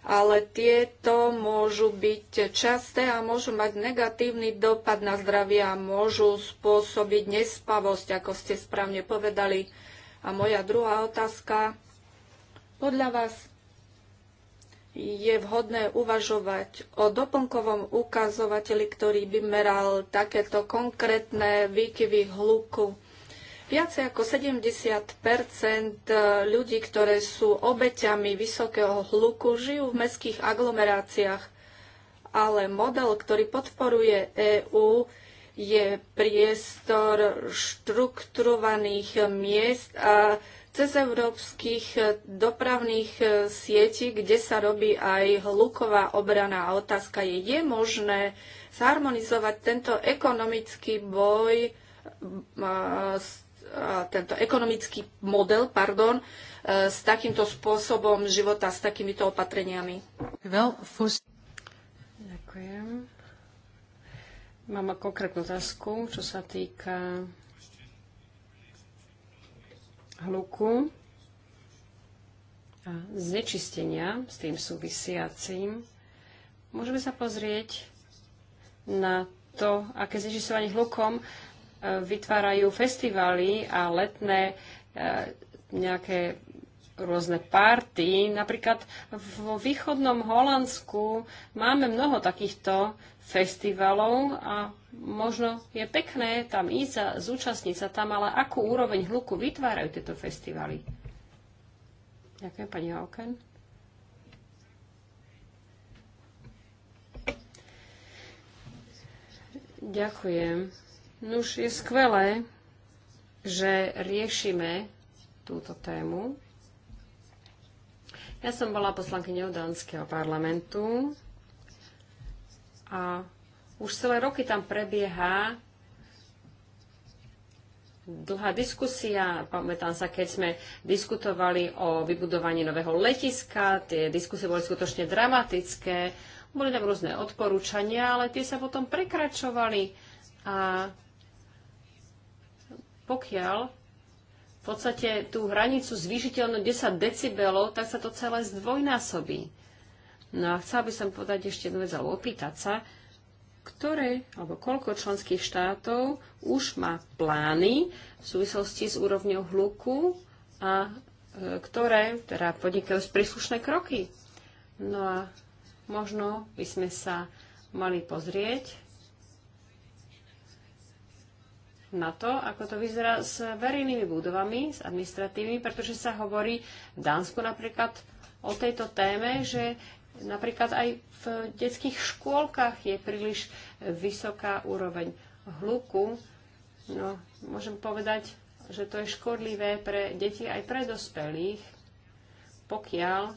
ale tieto môžu byť časté a môžu mať negatívny dopad na zdravie a môžu spôsobiť nespavosť, ako ste správne povedali. A moja druhá otázka. Podľa vás je vhodné uvažovať o doplnkovom ukazovateli, ktorý by meral takéto konkrétne výkyvy hluku Viacej ako 70 eh, ľudí, ktoré sú obeťami vysokého hluku, žijú v mestských aglomeráciách, ale model, ktorý podporuje EÚ, je priestor štrukturovaných miest a cez európskych eh, dopravných eh, sietí, kde sa robí aj hluková obrana. A otázka je, je možné zharmonizovať tento ekonomický boj s tento ekonomický model pardon, e, s takýmto spôsobom života, s takýmito opatreniami. Ďakujem. Mám konkrétnu otázku, čo sa týka hluku a znečistenia s tým súvisiacím. Môžeme sa pozrieť na to, aké znečistovanie hlukom E, vytvárajú festivály a letné e, nejaké rôzne párty. Napríklad vo východnom Holandsku máme mnoho takýchto festivalov a možno je pekné tam ísť a zúčastniť sa tam, ale akú úroveň hluku vytvárajú tieto festivaly? Ďakujem, pani Hauken. Ďakujem. Nuž je skvelé, že riešime túto tému. Ja som bola poslankyňou Dánskeho parlamentu a už celé roky tam prebieha dlhá diskusia. Pamätám sa, keď sme diskutovali o vybudovaní nového letiska, tie diskusie boli skutočne dramatické, boli tam rôzne odporúčania, ale tie sa potom prekračovali a pokiaľ v podstate tú hranicu zvýšiteľnú 10 decibelov, tak sa to celé zdvojnásobí. No a chcela by som podať ešte jednu vec, alebo opýtať sa, ktoré alebo koľko členských štátov už má plány v súvislosti s úrovňou hluku a e, ktoré teda podnikajú príslušné kroky. No a možno by sme sa mali pozrieť na to, ako to vyzerá s verejnými budovami, s administratívnymi, pretože sa hovorí v Dánsku napríklad o tejto téme, že napríklad aj v detských škôlkach je príliš vysoká úroveň hluku. No, môžem povedať, že to je škodlivé pre deti aj pre dospelých, pokiaľ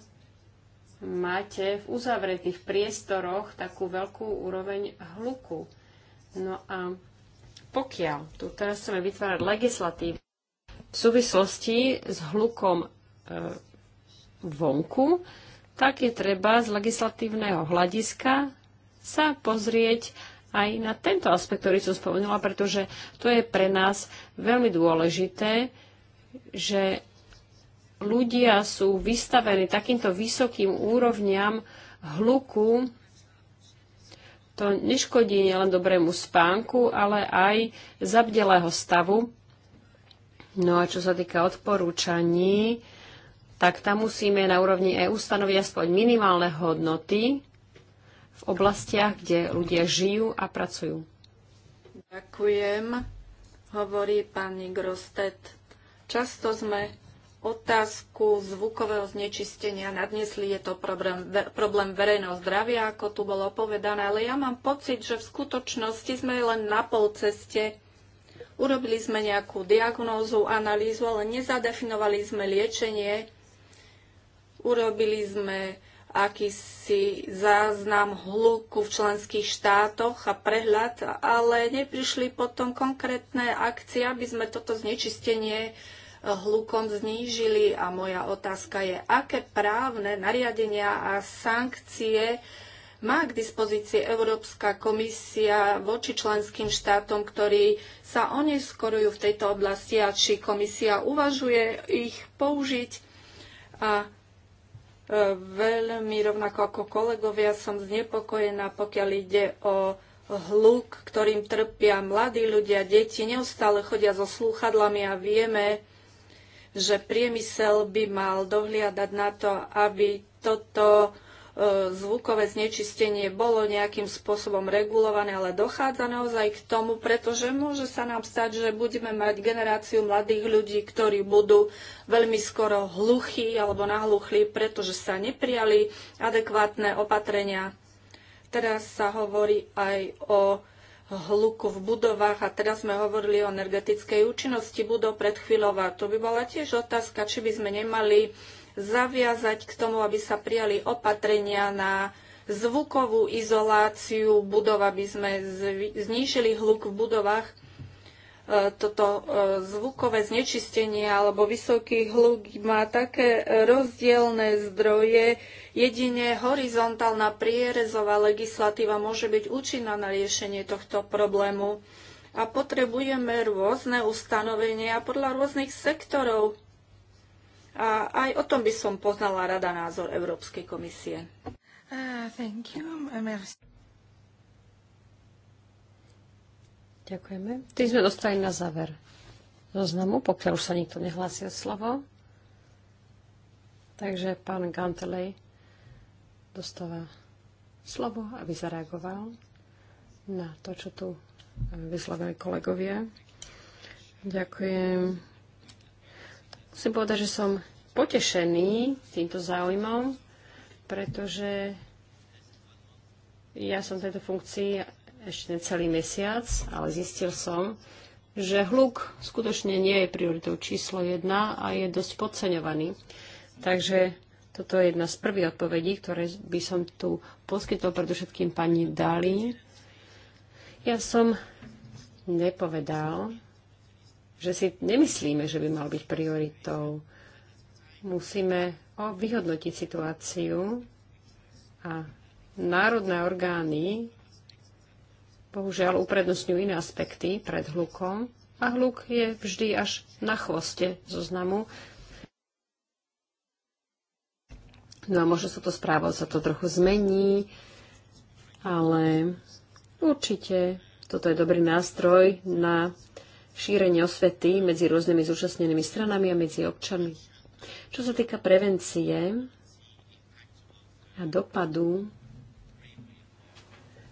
máte v uzavretých priestoroch takú veľkú úroveň hluku. No a pokiaľ tu teraz chceme vytvárať legislatívu v súvislosti s hlukom e, vonku, tak je treba z legislatívneho hľadiska sa pozrieť aj na tento aspekt, ktorý som spomenula, pretože to je pre nás veľmi dôležité, že ľudia sú vystavení takýmto vysokým úrovňam hluku to neškodí nielen dobrému spánku, ale aj zabdelého stavu. No a čo sa týka odporúčaní, tak tam musíme na úrovni EU stanoviť aspoň minimálne hodnoty v oblastiach, kde ľudia žijú a pracujú. Ďakujem, hovorí pani Grostet. Často sme otázku zvukového znečistenia nadnesli. Je to problém, problém verejného zdravia, ako tu bolo povedané, ale ja mám pocit, že v skutočnosti sme len na pol ceste. Urobili sme nejakú diagnózu, analýzu, ale nezadefinovali sme liečenie. Urobili sme akýsi záznam hluku v členských štátoch a prehľad, ale neprišli potom konkrétne akcie, aby sme toto znečistenie hlukom znížili. A moja otázka je, aké právne nariadenia a sankcie má k dispozícii Európska komisia voči členským štátom, ktorí sa oneskorujú v tejto oblasti a či komisia uvažuje ich použiť. A e, veľmi rovnako ako kolegovia som znepokojená, pokiaľ ide o hluk, ktorým trpia mladí ľudia, deti neustále chodia so slúchadlami a vieme, že priemysel by mal dohliadať na to, aby toto e, zvukové znečistenie bolo nejakým spôsobom regulované, ale dochádza naozaj k tomu, pretože môže sa nám stať, že budeme mať generáciu mladých ľudí, ktorí budú veľmi skoro hluchí alebo nahluchlí, pretože sa neprijali adekvátne opatrenia. Teraz sa hovorí aj o hluku v budovách a teraz sme hovorili o energetickej účinnosti budov pred chvíľou to by bola tiež otázka, či by sme nemali zaviazať k tomu, aby sa prijali opatrenia na zvukovú izoláciu budov, aby sme znížili hluk v budovách E, toto e, zvukové znečistenie alebo vysoký hluk má také rozdielne zdroje. Jedine horizontálna prierezová legislatíva môže byť účinná na riešenie tohto problému. A potrebujeme rôzne ustanovenia podľa rôznych sektorov. A aj o tom by som poznala rada názor Európskej komisie. Uh, Ďakujeme. Tým sme dostali na záver zoznamu, pokiaľ už sa nikto nehlási o slovo. Takže pán Gantelej dostáva slovo, aby zareagoval na to, čo tu vyslovili kolegovia. Ďakujem. Musím povedať, že som potešený týmto záujmom, pretože ja som v tejto funkcii ešte ten celý mesiac, ale zistil som, že hluk skutočne nie je prioritou číslo 1 a je dosť podceňovaný. Takže toto je jedna z prvých odpovedí, ktoré by som tu poskytol predovšetkým pani Dali. Ja som nepovedal, že si nemyslíme, že by mal byť prioritou. Musíme vyhodnotiť situáciu a národné orgány bohužiaľ uprednostňujú iné aspekty pred hlukom a hluk je vždy až na chvoste zoznamu. No a možno sa to správa, sa to trochu zmení, ale určite toto je dobrý nástroj na šírenie osvety medzi rôznymi zúčastnenými stranami a medzi občanmi. Čo sa týka prevencie a dopadu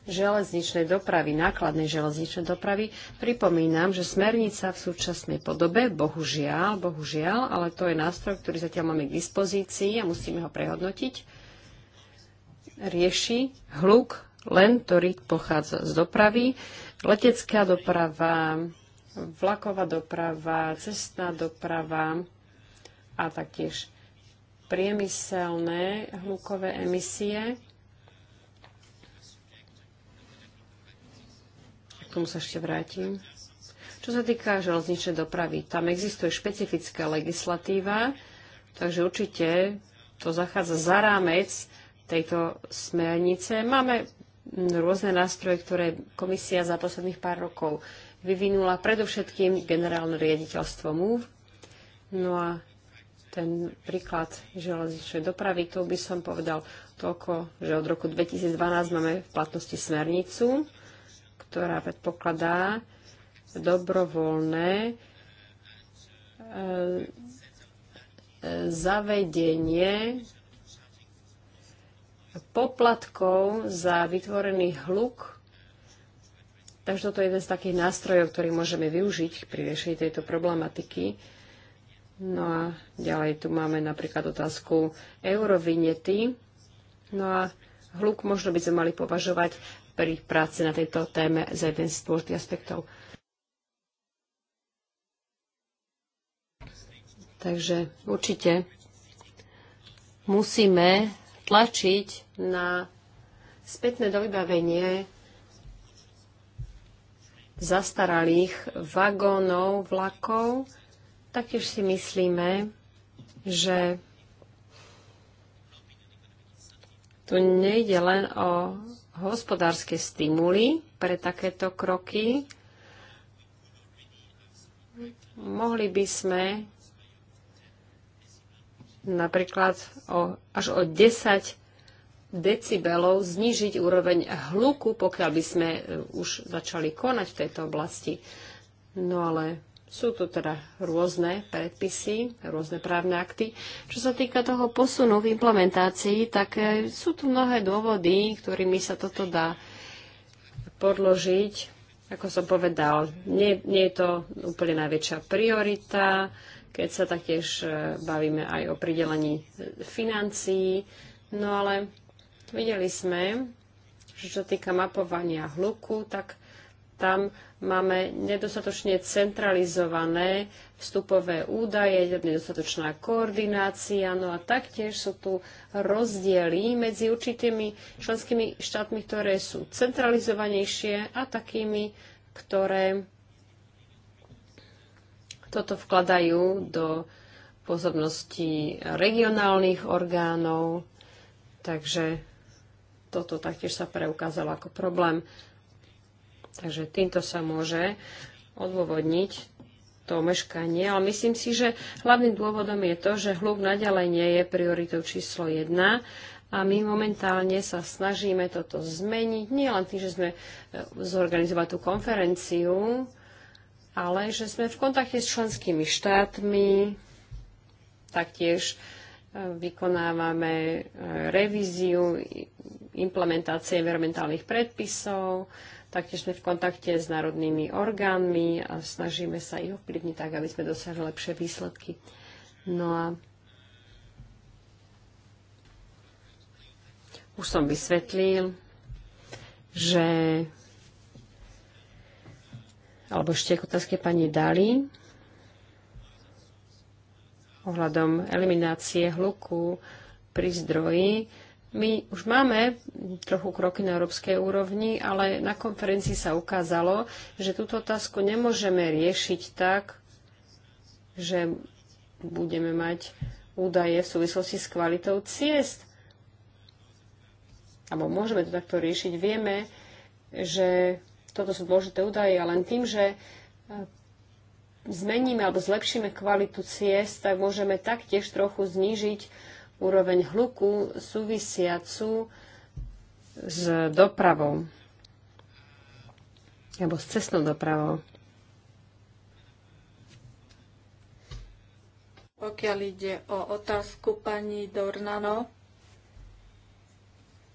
železničnej dopravy, nákladnej železničnej dopravy. Pripomínam, že smernica v súčasnej podobe, bohužiaľ, bohužiaľ, ale to je nástroj, ktorý zatiaľ máme k dispozícii a musíme ho prehodnotiť, rieši hluk len, ktorý pochádza z dopravy. Letecká doprava, vlaková doprava, cestná doprava a taktiež priemyselné hlukové emisie tomu sa ešte vrátim. Čo sa týka železničnej dopravy, tam existuje špecifická legislatíva, takže určite to zachádza za rámec tejto smernice. Máme rôzne nástroje, ktoré komisia za posledných pár rokov vyvinula predovšetkým generálne riaditeľstvo MÚV. No a ten príklad železničnej dopravy, to by som povedal toľko, že od roku 2012 máme v platnosti smernicu, ktorá predpokladá dobrovoľné e, e, zavedenie poplatkov za vytvorený hluk. Takže toto je jeden z takých nástrojov, ktorý môžeme využiť pri riešení tejto problematiky. No a ďalej tu máme napríklad otázku eurovinety. No a hluk možno by sme mali považovať pri práci na tejto téme za jeden z dôležitých aspektov. Takže určite musíme tlačiť na spätné dovybavenie zastaralých vagónov, vlakov. Taktiež si myslíme, že tu nejde len o hospodárske stimuly pre takéto kroky. Mohli by sme napríklad o, až o 10 decibelov znižiť úroveň hluku, pokiaľ by sme e, už začali konať v tejto oblasti. No ale sú tu teda rôzne predpisy, rôzne právne akty. Čo sa týka toho posunu v implementácii, tak e, sú tu mnohé dôvody, ktorými sa toto dá podložiť. Ako som povedal, nie, nie je to úplne najväčšia priorita, keď sa taktiež e, bavíme aj o pridelení e, financií. No ale videli sme, že čo týka mapovania hluku, tak tam máme nedostatočne centralizované vstupové údaje, nedostatočná koordinácia, no a taktiež sú tu rozdiely medzi určitými členskými štátmi, ktoré sú centralizovanejšie a takými, ktoré toto vkladajú do pozornosti regionálnych orgánov, takže toto taktiež sa preukázalo ako problém. Takže týmto sa môže odôvodniť to meškanie, ale myslím si, že hlavným dôvodom je to, že hluk naďalej nie je prioritou číslo 1 a my momentálne sa snažíme toto zmeniť, nie len tým, že sme e, zorganizovali tú konferenciu, ale že sme v kontakte s členskými štátmi, taktiež e, vykonávame e, revíziu implementácie environmentálnych predpisov, Taktiež sme v kontakte s národnými orgánmi a snažíme sa ich ovplyvniť tak, aby sme dosiahli lepšie výsledky. No a už som vysvetlil, že alebo ešte k otázke pani Dali ohľadom eliminácie hluku pri zdroji. My už máme trochu kroky na európskej úrovni, ale na konferencii sa ukázalo, že túto otázku nemôžeme riešiť tak, že budeme mať údaje v súvislosti s kvalitou ciest. Alebo môžeme to takto riešiť. Vieme, že toto sú dôležité údaje a len tým, že e, zmeníme alebo zlepšíme kvalitu ciest, tak môžeme taktiež trochu znížiť úroveň hluku súvisiacu s dopravou alebo s cestnou dopravou. Pokiaľ ide o otázku pani Dornano,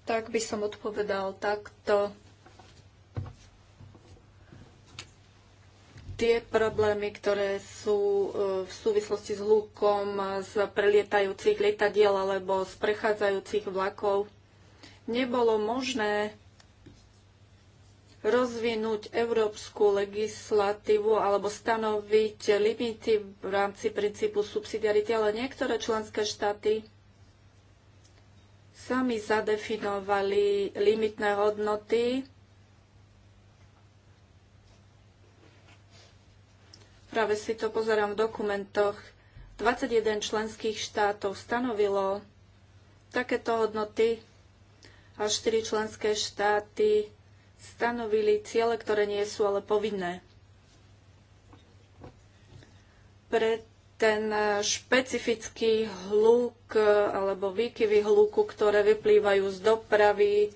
tak by som odpovedal takto. tie problémy, ktoré sú e, v súvislosti s hľukom z prelietajúcich lietadiel alebo z prechádzajúcich vlakov, nebolo možné rozvinúť európsku legislatívu alebo stanoviť limity v rámci princípu subsidiarity, ale niektoré členské štáty sami zadefinovali limitné hodnoty Práve si to pozerám v dokumentoch. 21 členských štátov stanovilo takéto hodnoty a 4 členské štáty stanovili ciele, ktoré nie sú ale povinné. Pre ten e, špecifický hluk e, alebo výkyvy hluku, ktoré vyplývajú z dopravy,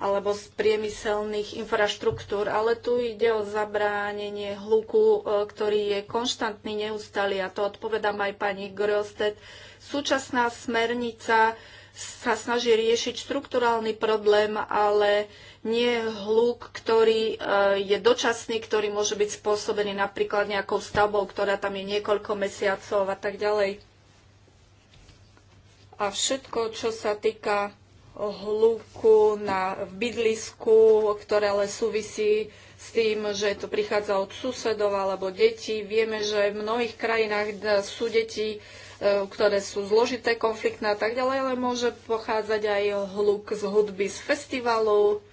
alebo z priemyselných infraštruktúr, ale tu ide o zabránenie hluku, e, ktorý je konštantný, neustály a to odpovedám aj pani Grosted. Súčasná smernica sa snaží riešiť štrukturálny problém, ale nie hluk, ktorý e, je dočasný, ktorý môže byť spôsobený napríklad nejakou stavbou, ktorá tam je niekoľko mesiacov a tak ďalej. A všetko, čo sa týka hluku na bydlisku, ktoré ale súvisí s tým, že to prichádza od susedov alebo detí. Vieme, že v mnohých krajinách e, sú deti, e, ktoré sú zložité, konfliktné a tak ďalej, ale môže pochádzať aj hluk z hudby, z festivalov.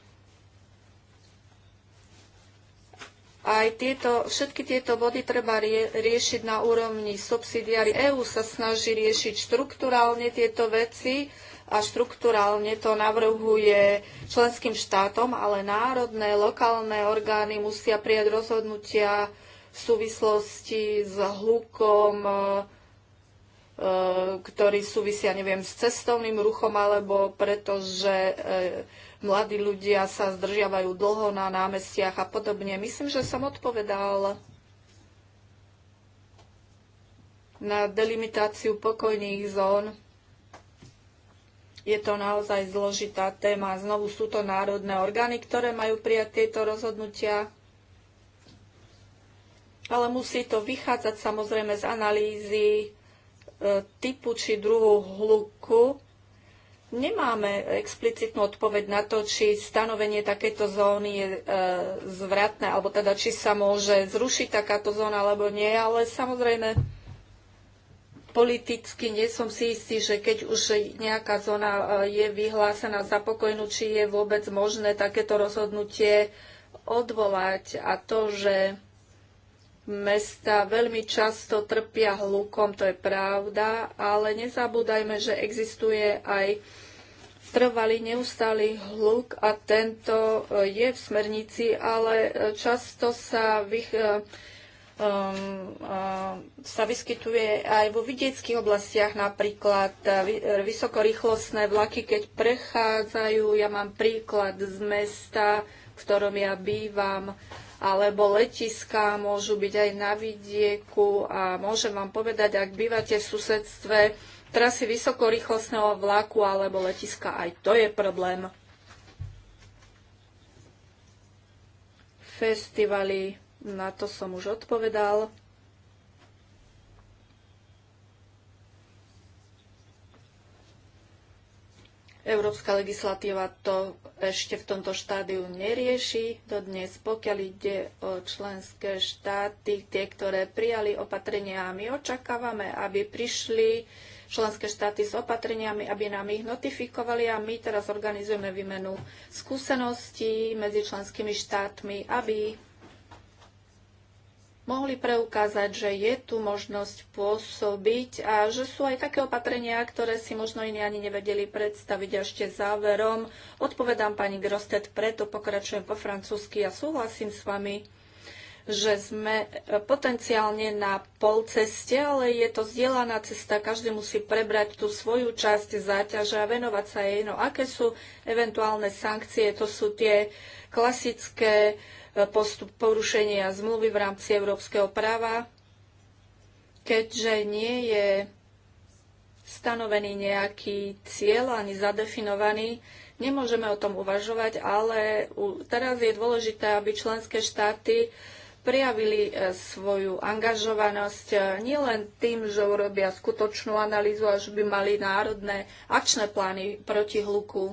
Aj tieto, všetky tieto body treba rie, riešiť na úrovni subsidiary. EÚ sa snaží riešiť štruktúrálne tieto veci, a štruktúralne to navrhuje členským štátom, ale národné, lokálne orgány musia prijať rozhodnutia v súvislosti s hlukom, e, e, ktorý súvisia, neviem, s cestovným ruchom, alebo pretože e, mladí ľudia sa zdržiavajú dlho na námestiach a podobne. Myslím, že som odpovedal na delimitáciu pokojných zón. Je to naozaj zložitá téma. Znovu sú to národné orgány, ktoré majú prijať tieto rozhodnutia. Ale musí to vychádzať samozrejme z analýzy e, typu či druhu hluku. Nemáme explicitnú odpoveď na to, či stanovenie takéto zóny je e, zvratné, alebo teda či sa môže zrušiť takáto zóna alebo nie, ale samozrejme politicky nie som si istý, že keď už nejaká zóna e, je vyhlásená za pokojnú, či je vôbec možné takéto rozhodnutie odvolať. A to, že mesta veľmi často trpia hlukom, to je pravda, ale nezabúdajme, že existuje aj trvalý neustály hluk a tento e, je v smernici, ale e, často sa vych, um, uh, sa vyskytuje aj vo vidieckých oblastiach, napríklad uh, uh, vysokorýchlostné vlaky, keď prechádzajú. Ja mám príklad z mesta, v ktorom ja bývam, alebo letiská môžu byť aj na vidieku a môžem vám povedať, ak bývate v susedstve trasy vysokorýchlostného vlaku alebo letiska, aj to je problém. Festivaly na to som už odpovedal. Európska legislatíva to ešte v tomto štádiu nerieši dodnes, pokiaľ ide o členské štáty, tie, ktoré prijali opatrenia. My očakávame, aby prišli členské štáty s opatreniami, aby nám ich notifikovali a my teraz organizujeme výmenu skúseností medzi členskými štátmi, aby mohli preukázať, že je tu možnosť pôsobiť a že sú aj také opatrenia, ktoré si možno iní ani nevedeli predstaviť. ešte záverom odpovedám pani Grostet, preto pokračujem po francúzsky a súhlasím s vami, že sme potenciálne na pol ceste, ale je to zdieľaná cesta, každý musí prebrať tú svoju časť záťaže a venovať sa jej. No aké sú eventuálne sankcie? To sú tie klasické postup porušenia zmluvy v rámci európskeho práva, keďže nie je stanovený nejaký cieľ ani zadefinovaný, nemôžeme o tom uvažovať, ale teraz je dôležité, aby členské štáty prijavili e, svoju angažovanosť e, nielen tým, že urobia skutočnú analýzu, až by mali národné akčné plány proti hluku.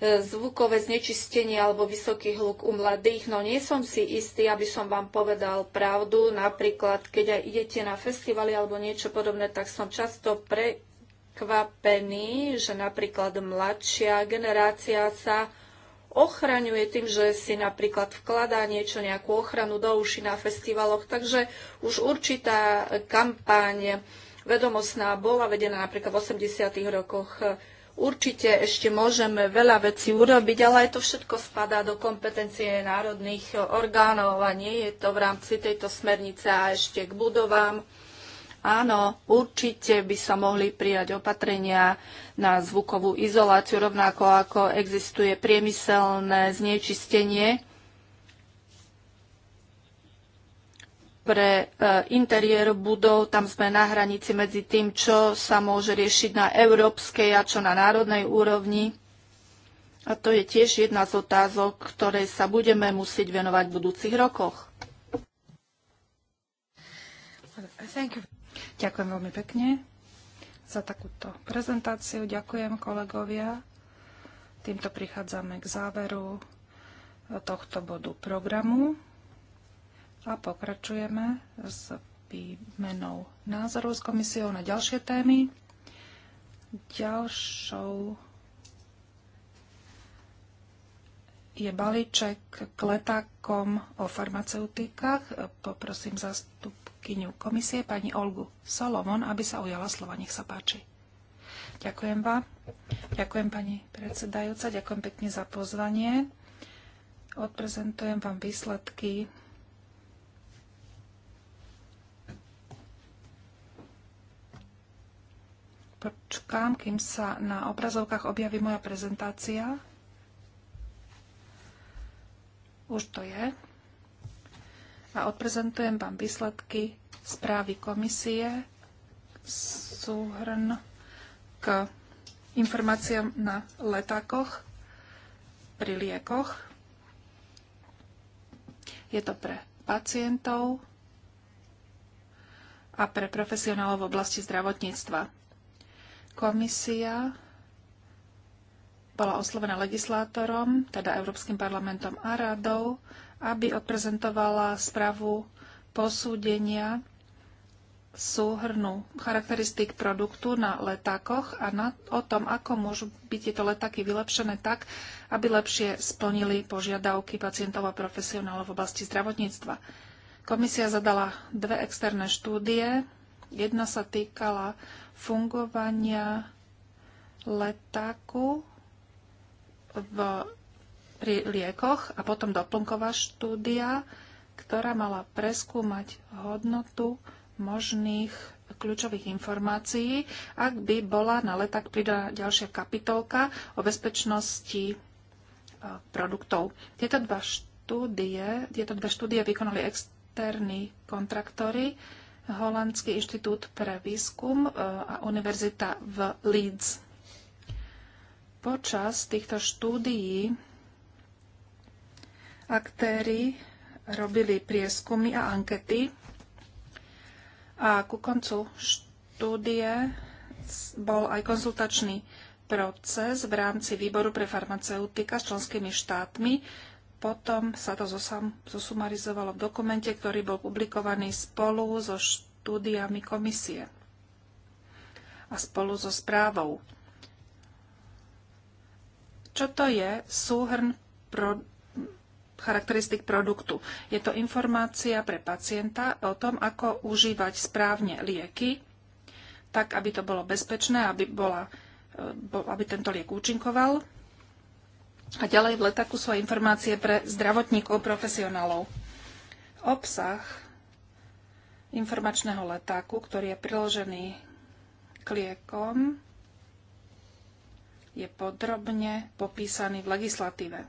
E, zvukové znečistenie alebo vysoký hluk u mladých, no nie som si istý, aby som vám povedal pravdu. Napríklad, keď aj idete na festivaly alebo niečo podobné, tak som často prekvapený, že napríklad mladšia generácia sa ochraňuje tým, že si napríklad vkladá niečo, nejakú ochranu do uši na festivaloch. Takže už určitá kampáň vedomostná bola vedená napríklad v 80. rokoch Určite ešte môžeme veľa vecí urobiť, ale aj to všetko spadá do kompetencie národných orgánov a nie je to v rámci tejto smernice a ešte k budovám. Áno, určite by sa mohli prijať opatrenia na zvukovú izoláciu, rovnako ako existuje priemyselné znečistenie. pre e, interiér budov. Tam sme na hranici medzi tým, čo sa môže riešiť na európskej a čo na národnej úrovni. A to je tiež jedna z otázok, ktorej sa budeme musieť venovať v budúcich rokoch. Ďakujem veľmi pekne za takúto prezentáciu. Ďakujem kolegovia. Týmto prichádzame k záveru tohto bodu programu a pokračujeme s výmenou názorov s komisiou na ďalšie témy. Ďalšou je balíček k letákom o farmaceutikách. Poprosím zastupkyňu komisie, pani Olgu Solomon, aby sa ujala slova. Nech sa páči. Ďakujem vám. Ďakujem pani predsedajúca, ďakujem pekne za pozvanie. Odprezentujem vám výsledky Počkám, kým sa na obrazovkách objaví moja prezentácia. Už to je. A odprezentujem vám výsledky správy komisie súhrn k informáciám na letákoch pri liekoch. Je to pre pacientov a pre profesionálov v oblasti zdravotníctva. Komisia bola oslovená legislátorom, teda Európskym parlamentom a radou, aby odprezentovala správu posúdenia súhrnu charakteristík produktu na letákoch a na, o tom, ako môžu byť tieto letáky vylepšené tak, aby lepšie splnili požiadavky pacientov a profesionálov v oblasti zdravotníctva. Komisia zadala dve externé štúdie Jedna sa týkala fungovania letáku v, pri liekoch a potom doplnková štúdia, ktorá mala preskúmať hodnotu možných kľúčových informácií, ak by bola na leták pridaná ďalšia kapitolka o bezpečnosti e, produktov. Tieto, dva štúdie, tieto dve štúdie vykonali externí kontraktory Holandský inštitút pre výskum e, a univerzita v Leeds. Počas týchto štúdií aktéry robili prieskumy a ankety a ku koncu štúdie bol aj konzultačný proces v rámci výboru pre farmaceutika s členskými štátmi, potom sa to zosumarizovalo v dokumente, ktorý bol publikovaný spolu so štúdiami komisie a spolu so správou. Čo to je súhrn pro, charakteristik produktu? Je to informácia pre pacienta o tom, ako užívať správne lieky, tak aby to bolo bezpečné, aby, bola, e, aby tento liek účinkoval a ďalej v letaku sú aj informácie pre zdravotníkov, profesionálov. Obsah informačného letáku, ktorý je priložený k liekom, je podrobne popísaný v legislatíve.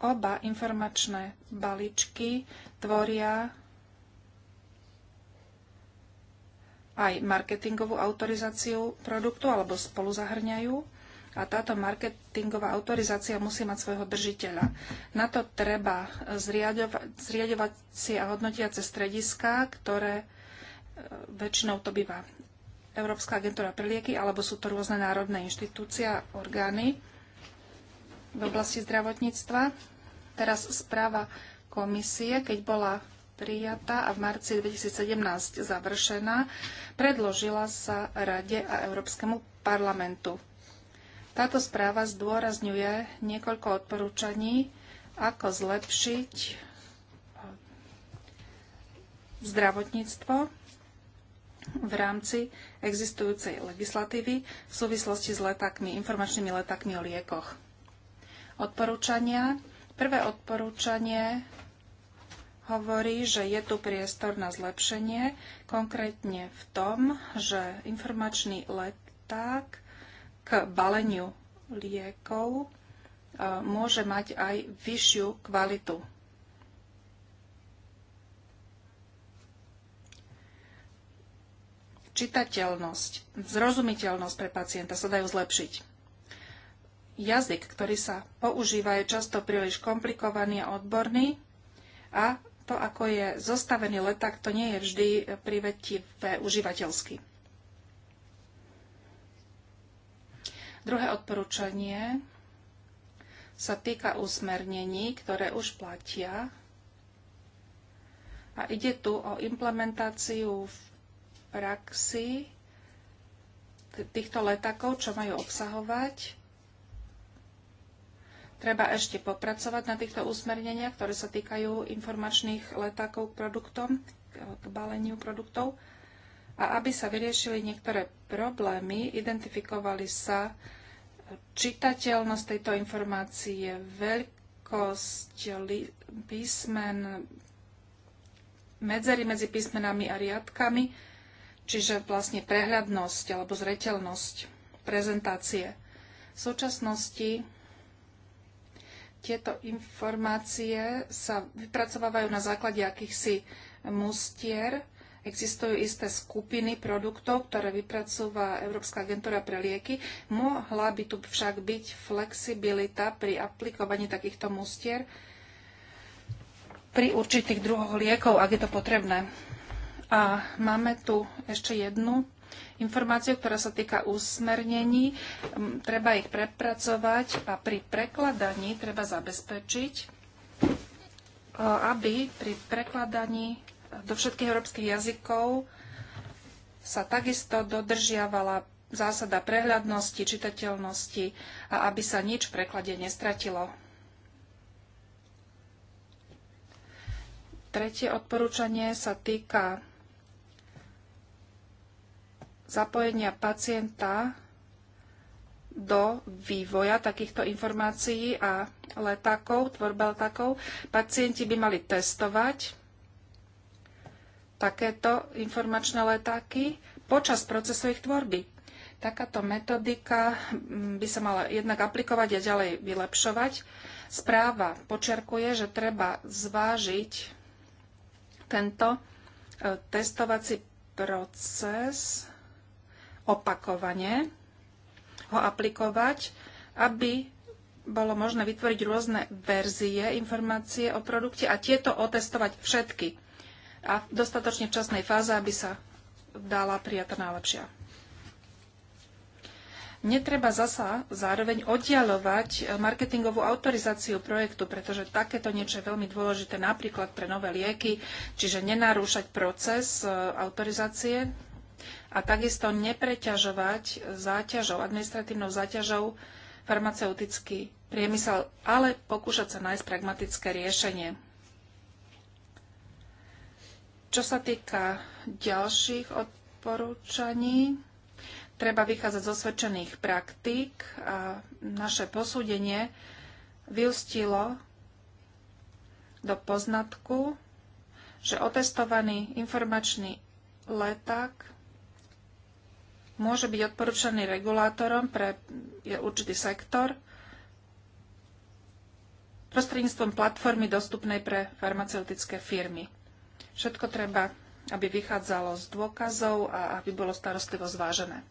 Oba informačné balíčky tvoria aj marketingovú autorizáciu produktu alebo spolu zahrňajú a táto marketingová autorizácia musí mať svojho držiteľa. Na to treba zriadovať zriadovacie a hodnotiace strediská, ktoré e, väčšinou to býva Európska agentúra pre lieky, alebo sú to rôzne národné inštitúcie a orgány v oblasti zdravotníctva. Teraz správa komisie, keď bola prijatá a v marci 2017 završená, predložila sa Rade a Európskemu parlamentu. Táto správa zdôrazňuje niekoľko odporúčaní, ako zlepšiť eh, zdravotníctvo v rámci existujúcej legislatívy v súvislosti s letakmi, informačnými letákmi o liekoch. Odporúčania. Prvé odporúčanie hovorí, že je tu priestor na zlepšenie, konkrétne v tom, že informačný leták k baleniu liekov e, môže mať aj vyššiu kvalitu. Čitateľnosť, zrozumiteľnosť pre pacienta sa dajú zlepšiť. Jazyk, ktorý sa používa, je často príliš komplikovaný a odborný a to, ako je zostavený leták, to nie je vždy privetivé užívateľsky. Druhé odporúčanie sa týka usmernení, ktoré už platia. A ide tu o implementáciu v praxi týchto letakov, čo majú obsahovať Treba ešte popracovať na týchto usmerneniach, ktoré sa týkajú informačných letákov k produktom, k baleniu produktov. A aby sa vyriešili niektoré problémy, identifikovali sa čitateľnosť tejto informácie, veľkosť písmen, medzery medzi písmenami a riadkami, čiže vlastne prehľadnosť alebo zreteľnosť prezentácie. V súčasnosti tieto informácie sa vypracovávajú na základe akýchsi mustier. Existujú isté skupiny produktov, ktoré vypracúva Európska agentúra pre lieky. Mohla by tu však byť flexibilita pri aplikovaní takýchto mustier pri určitých druhoch liekov, ak je to potrebné. A máme tu ešte jednu informáciu, ktorá sa týka usmernení. Treba ich prepracovať a pri prekladaní treba zabezpečiť, e, aby pri prekladaní do všetkých európskych jazykov sa takisto dodržiavala zásada prehľadnosti, čitateľnosti a aby sa nič v preklade nestratilo. Tretie odporúčanie sa týka zapojenia pacienta do vývoja takýchto informácií a letákov, tvorba letákov. Pacienti by mali testovať takéto informačné letáky počas procesu ich tvorby. Takáto metodika mm, by sa mala jednak aplikovať a ďalej vylepšovať. Správa počerkuje, že treba zvážiť tento e, testovací proces opakovane ho aplikovať, aby bolo možné vytvoriť rôzne verzie informácie o produkte a tieto otestovať všetky a v dostatočne včasnej fáze, aby sa dala prijatá najlepšia. Netreba zasa zároveň oddialovať marketingovú autorizáciu projektu, pretože takéto niečo je veľmi dôležité napríklad pre nové lieky, čiže nenarúšať proces e, autorizácie a takisto nepreťažovať záťažou, administratívnou záťažou farmaceutický priemysel, ale pokúšať sa nájsť pragmatické riešenie. Čo sa týka ďalších odporúčaní, treba vychádzať z osvedčených praktík a naše posúdenie vyústilo do poznatku, že otestovaný informačný leták môže byť odporúčaný regulátorom pre určitý sektor prostredníctvom platformy dostupnej pre farmaceutické firmy. Všetko treba, aby vychádzalo z dôkazov a aby bolo starostlivo zvážené.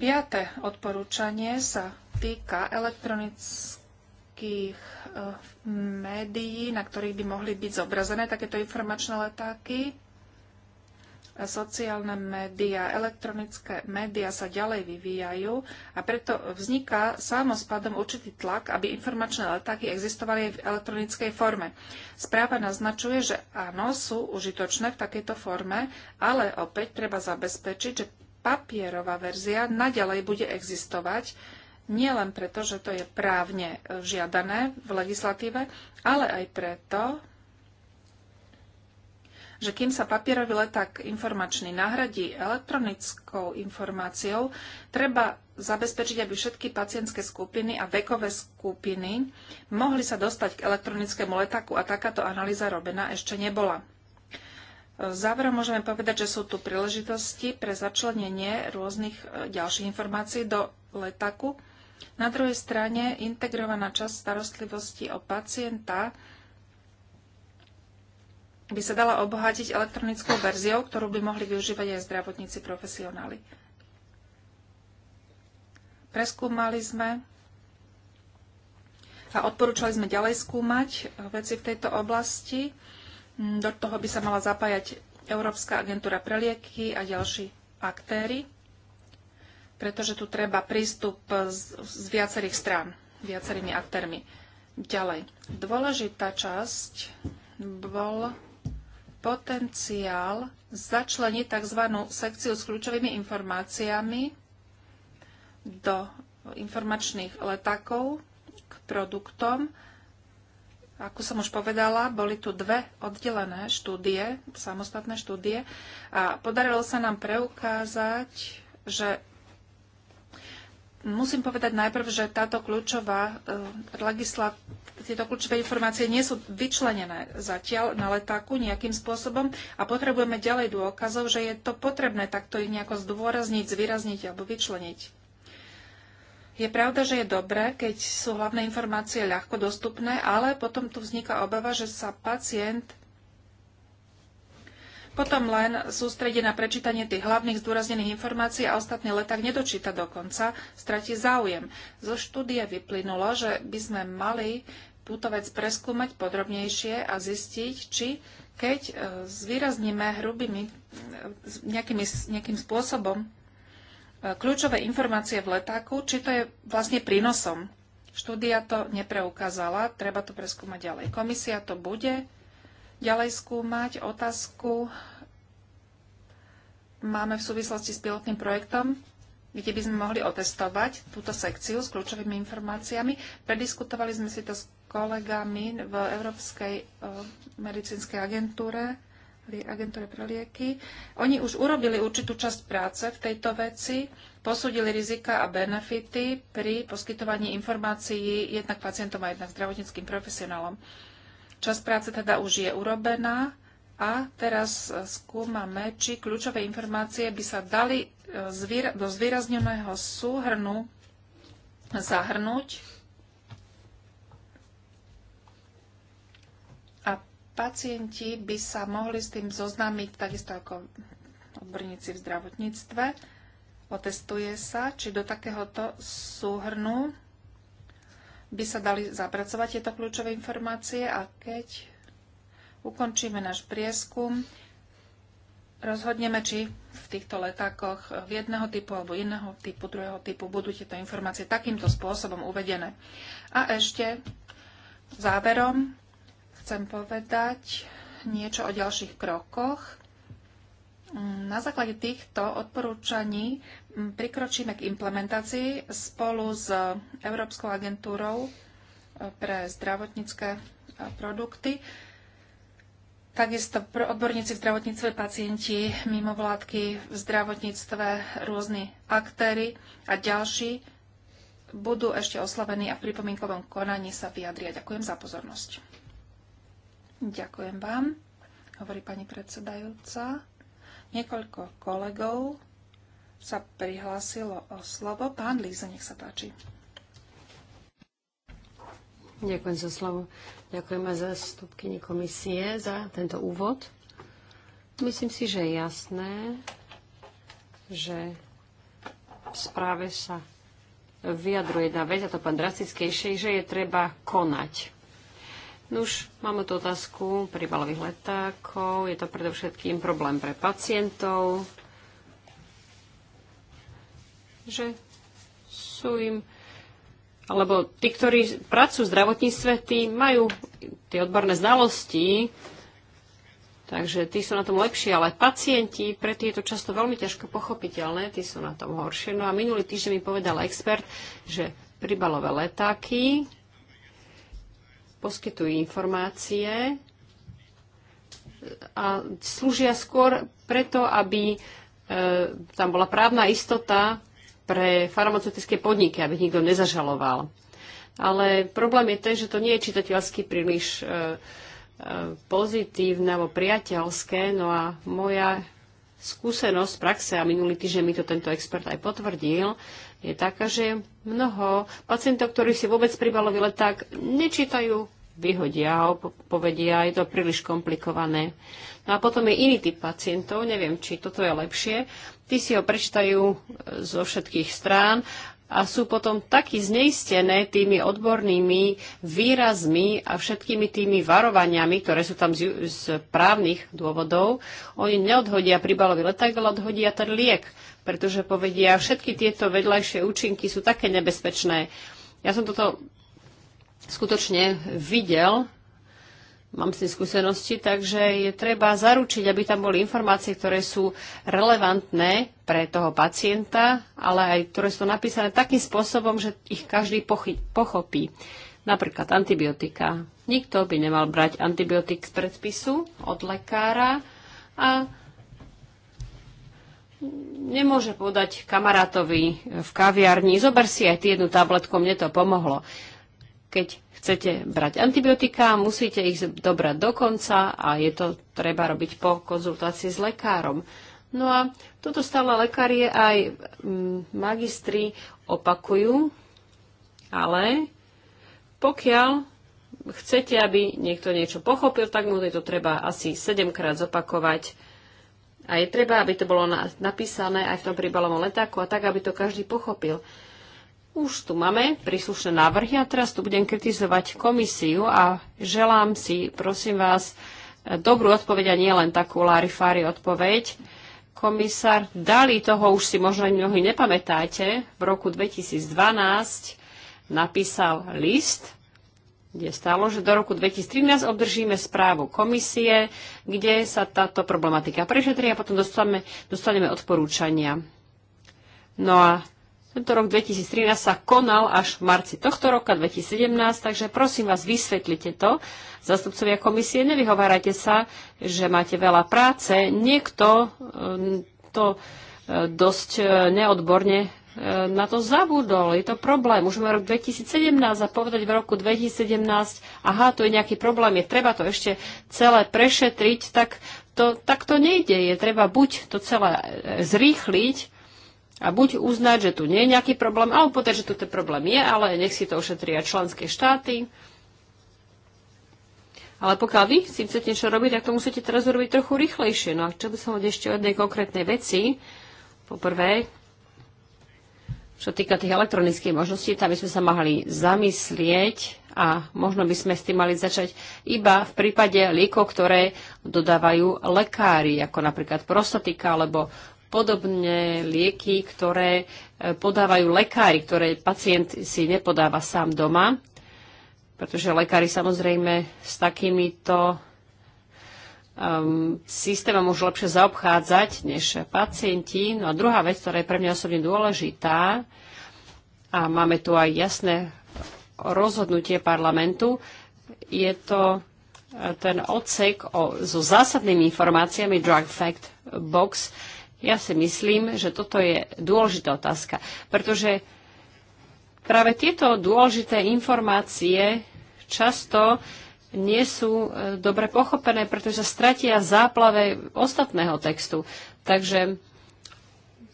Piaté odporúčanie sa týka elektronických eh, médií, na ktorých by mohli byť zobrazené takéto informačné letáky sociálne médiá, elektronické médiá sa ďalej vyvíjajú a preto vzniká samospadom určitý tlak, aby informačné letáky existovali aj v elektronickej forme. Správa naznačuje, že áno, sú užitočné v takejto forme, ale opäť treba zabezpečiť, že papierová verzia naďalej bude existovať, nielen preto, že to je právne žiadané v legislatíve, ale aj preto, že kým sa papierový leták informačný nahradí elektronickou informáciou, treba zabezpečiť, aby všetky pacientské skupiny a vekové skupiny mohli sa dostať k elektronickému letáku a takáto analýza robená ešte nebola. E, záverom môžeme povedať, že sú tu príležitosti pre začlenenie rôznych e, ďalších informácií do letaku. Na druhej strane integrovaná časť starostlivosti o pacienta by sa dala obohatiť elektronickou verziou, ktorú by mohli využívať aj zdravotníci profesionáli. Preskúmali sme a odporúčali sme ďalej skúmať veci v tejto oblasti. Do toho by sa mala zapájať Európska agentúra pre lieky a ďalší aktéry, pretože tu treba prístup z, z viacerých strán, viacerými aktérmi. Ďalej. Dôležitá časť bol potenciál začleniť tzv. sekciu s kľúčovými informáciami do informačných letákov k produktom. Ako som už povedala, boli tu dve oddelené štúdie, samostatné štúdie a podarilo sa nám preukázať, že Musím povedať najprv, že táto kľúčová, e, tieto kľúčové informácie nie sú vyčlenené zatiaľ na letáku nejakým spôsobom a potrebujeme ďalej dôkazov, že je to potrebné takto ich nejako zdôrazniť, zvýrazniť alebo vyčleniť. Je pravda, že je dobré, keď sú hlavné informácie ľahko dostupné, ale potom tu vzniká obava, že sa pacient potom len sústredie na prečítanie tých hlavných zdôraznených informácií a ostatný leták nedočíta dokonca, stratí záujem. Zo štúdie vyplynulo, že by sme mali túto vec preskúmať podrobnejšie a zistiť, či keď e, zvýrazníme hrubými e, nejakými, nejakým spôsobom e, kľúčové informácie v letáku, či to je vlastne prínosom. Štúdia to nepreukázala, treba to preskúmať ďalej. Komisia to bude ďalej skúmať otázku máme v súvislosti s pilotným projektom, kde by sme mohli otestovať túto sekciu s kľúčovými informáciami. Prediskutovali sme si to s kolegami v Európskej eh, medicínskej agentúre, agentúre pre lieky. Oni už urobili určitú časť práce v tejto veci, posúdili rizika a benefity pri poskytovaní informácií jednak pacientom a jednak zdravotníckým profesionálom. Čas práce teda už je urobená a teraz e, skúmame, či kľúčové informácie by sa dali e, do zvýrazneného súhrnu zahrnúť a pacienti by sa mohli s tým zoznámiť takisto ako odborníci v zdravotníctve. Otestuje sa, či do takéhoto súhrnu by sa dali zapracovať tieto kľúčové informácie a keď ukončíme náš prieskum, rozhodneme, či v týchto letákoch v jedného typu alebo iného typu, druhého typu budú tieto informácie takýmto spôsobom uvedené. A ešte záverom chcem povedať niečo o ďalších krokoch. Na základe týchto odporúčaní Mm, prikročíme k implementácii spolu s Európskou agentúrou e, pre zdravotnícke e, produkty. Takisto odborníci v zdravotníctve, pacienti, mimovládky v zdravotníctve, rôzni aktéry a ďalší budú ešte oslavení a v pripomínkovom konaní sa vyjadria. Ďakujem za pozornosť. Ďakujem vám, hovorí pani predsedajúca. Niekoľko kolegov sa prihlásilo o slovo. Pán Líza, nech sa páči. Ďakujem za slovo. Ďakujem aj stupkyni komisie za tento úvod. Myslím si, že je jasné, že v správe sa vyjadruje jedna vec, a to pán drastickejšie, že je treba konať. Nuž, máme tu otázku pri balových letákov. Je to predovšetkým problém pre pacientov, že sú im alebo tí, ktorí pracujú v zdravotníctve, tí majú tie odborné znalosti, takže tí sú na tom lepšie, ale pacienti, pre tí je to často veľmi ťažko pochopiteľné, tí sú na tom horšie. No a minulý týždeň mi povedal expert, že príbalové letáky poskytujú informácie a slúžia skôr preto, aby e, tam bola právna istota pre farmaceutické podniky, aby nikto nezažaloval. Ale problém je ten, že to nie je čitateľsky príliš e, e pozitívne alebo priateľské. No a moja skúsenosť praxe, a minulý týždeň mi to tento expert aj potvrdil, je taká, že mnoho pacientov, ktorí si vôbec pribalovi leták, nečítajú, vyhodia ho, povedia, je to príliš komplikované. No a potom je iný typ pacientov, neviem, či toto je lepšie. Tí si ho prečtajú e, zo všetkých strán a sú potom takí zneistené tými odbornými výrazmi a všetkými tými varovaniami, ktoré sú tam z, z právnych dôvodov. Oni neodhodia príbalový leták, ale odhodia ten liek, pretože povedia, všetky tieto vedľajšie účinky sú také nebezpečné. Ja som toto skutočne videl mám s tým skúsenosti, takže je treba zaručiť, aby tam boli informácie, ktoré sú relevantné pre toho pacienta, ale aj ktoré sú napísané takým spôsobom, že ich každý pochopí. Napríklad antibiotika. Nikto by nemal brať antibiotik z predpisu od lekára a nemôže podať kamarátovi v kaviarni, zober si aj ty jednu tabletku, mne to pomohlo. Keď chcete brať antibiotika, musíte ich dobrať do konca a je to treba robiť po konzultácii s lekárom. No a toto stále lekári aj mm, magistri opakujú, ale pokiaľ chcete, aby niekto niečo pochopil, tak mu to treba asi 7 krát zopakovať. A je treba, aby to bolo napísané aj v tom príbalovom letáku a tak, aby to každý pochopil. Už tu máme príslušné návrhy a teraz tu budem kritizovať komisiu a želám si, prosím vás, dobrú odpoveď a nie len takú larifári odpoveď. Komisár Dali, toho už si možno mnohí nepamätáte, v roku 2012 napísal list, kde stalo, že do roku 2013 obdržíme správu komisie, kde sa táto problematika prešetrí a potom dostaneme, dostaneme odporúčania. No a tento rok 2013 sa konal až v marci tohto roka 2017, takže prosím vás, vysvetlite to. Zastupcovia komisie, nevyhovárajte sa, že máte veľa práce. Niekto e, to e, dosť e, neodborne na to zabudol. Je to problém. Už rok 2017 a povedať v roku 2017, aha, to je nejaký problém, je treba to ešte celé prešetriť, tak to, tak to nejde. Je treba buď to celé zrýchliť, a buď uznať, že tu nie je nejaký problém, alebo povedať, že tu ten problém je, ale nech si to ošetria členské štáty. Ale pokiaľ vy si chcete niečo robiť, tak to musíte teraz urobiť trochu rýchlejšie. No a čo by som hovoril ešte o jednej konkrétnej veci. Poprvé, čo týka tých elektronických možností, tam by sme sa mohli zamyslieť a možno by sme s tým mali začať iba v prípade liekov, ktoré dodávajú lekári, ako napríklad prostatika alebo Podobne lieky, ktoré e, podávajú lekári, ktoré pacient si nepodáva sám doma, pretože lekári samozrejme s takýmito um, systémom môžu lepšie zaobchádzať než pacienti. No a druhá vec, ktorá je pre mňa osobne dôležitá, a máme tu aj jasné rozhodnutie parlamentu, je to e, ten odsek o, so zásadnými informáciami Drug Fact Box, ja si myslím, že toto je dôležitá otázka, pretože práve tieto dôležité informácie často nie sú eh, dobre pochopené, pretože sa stratia záplave ostatného textu. Takže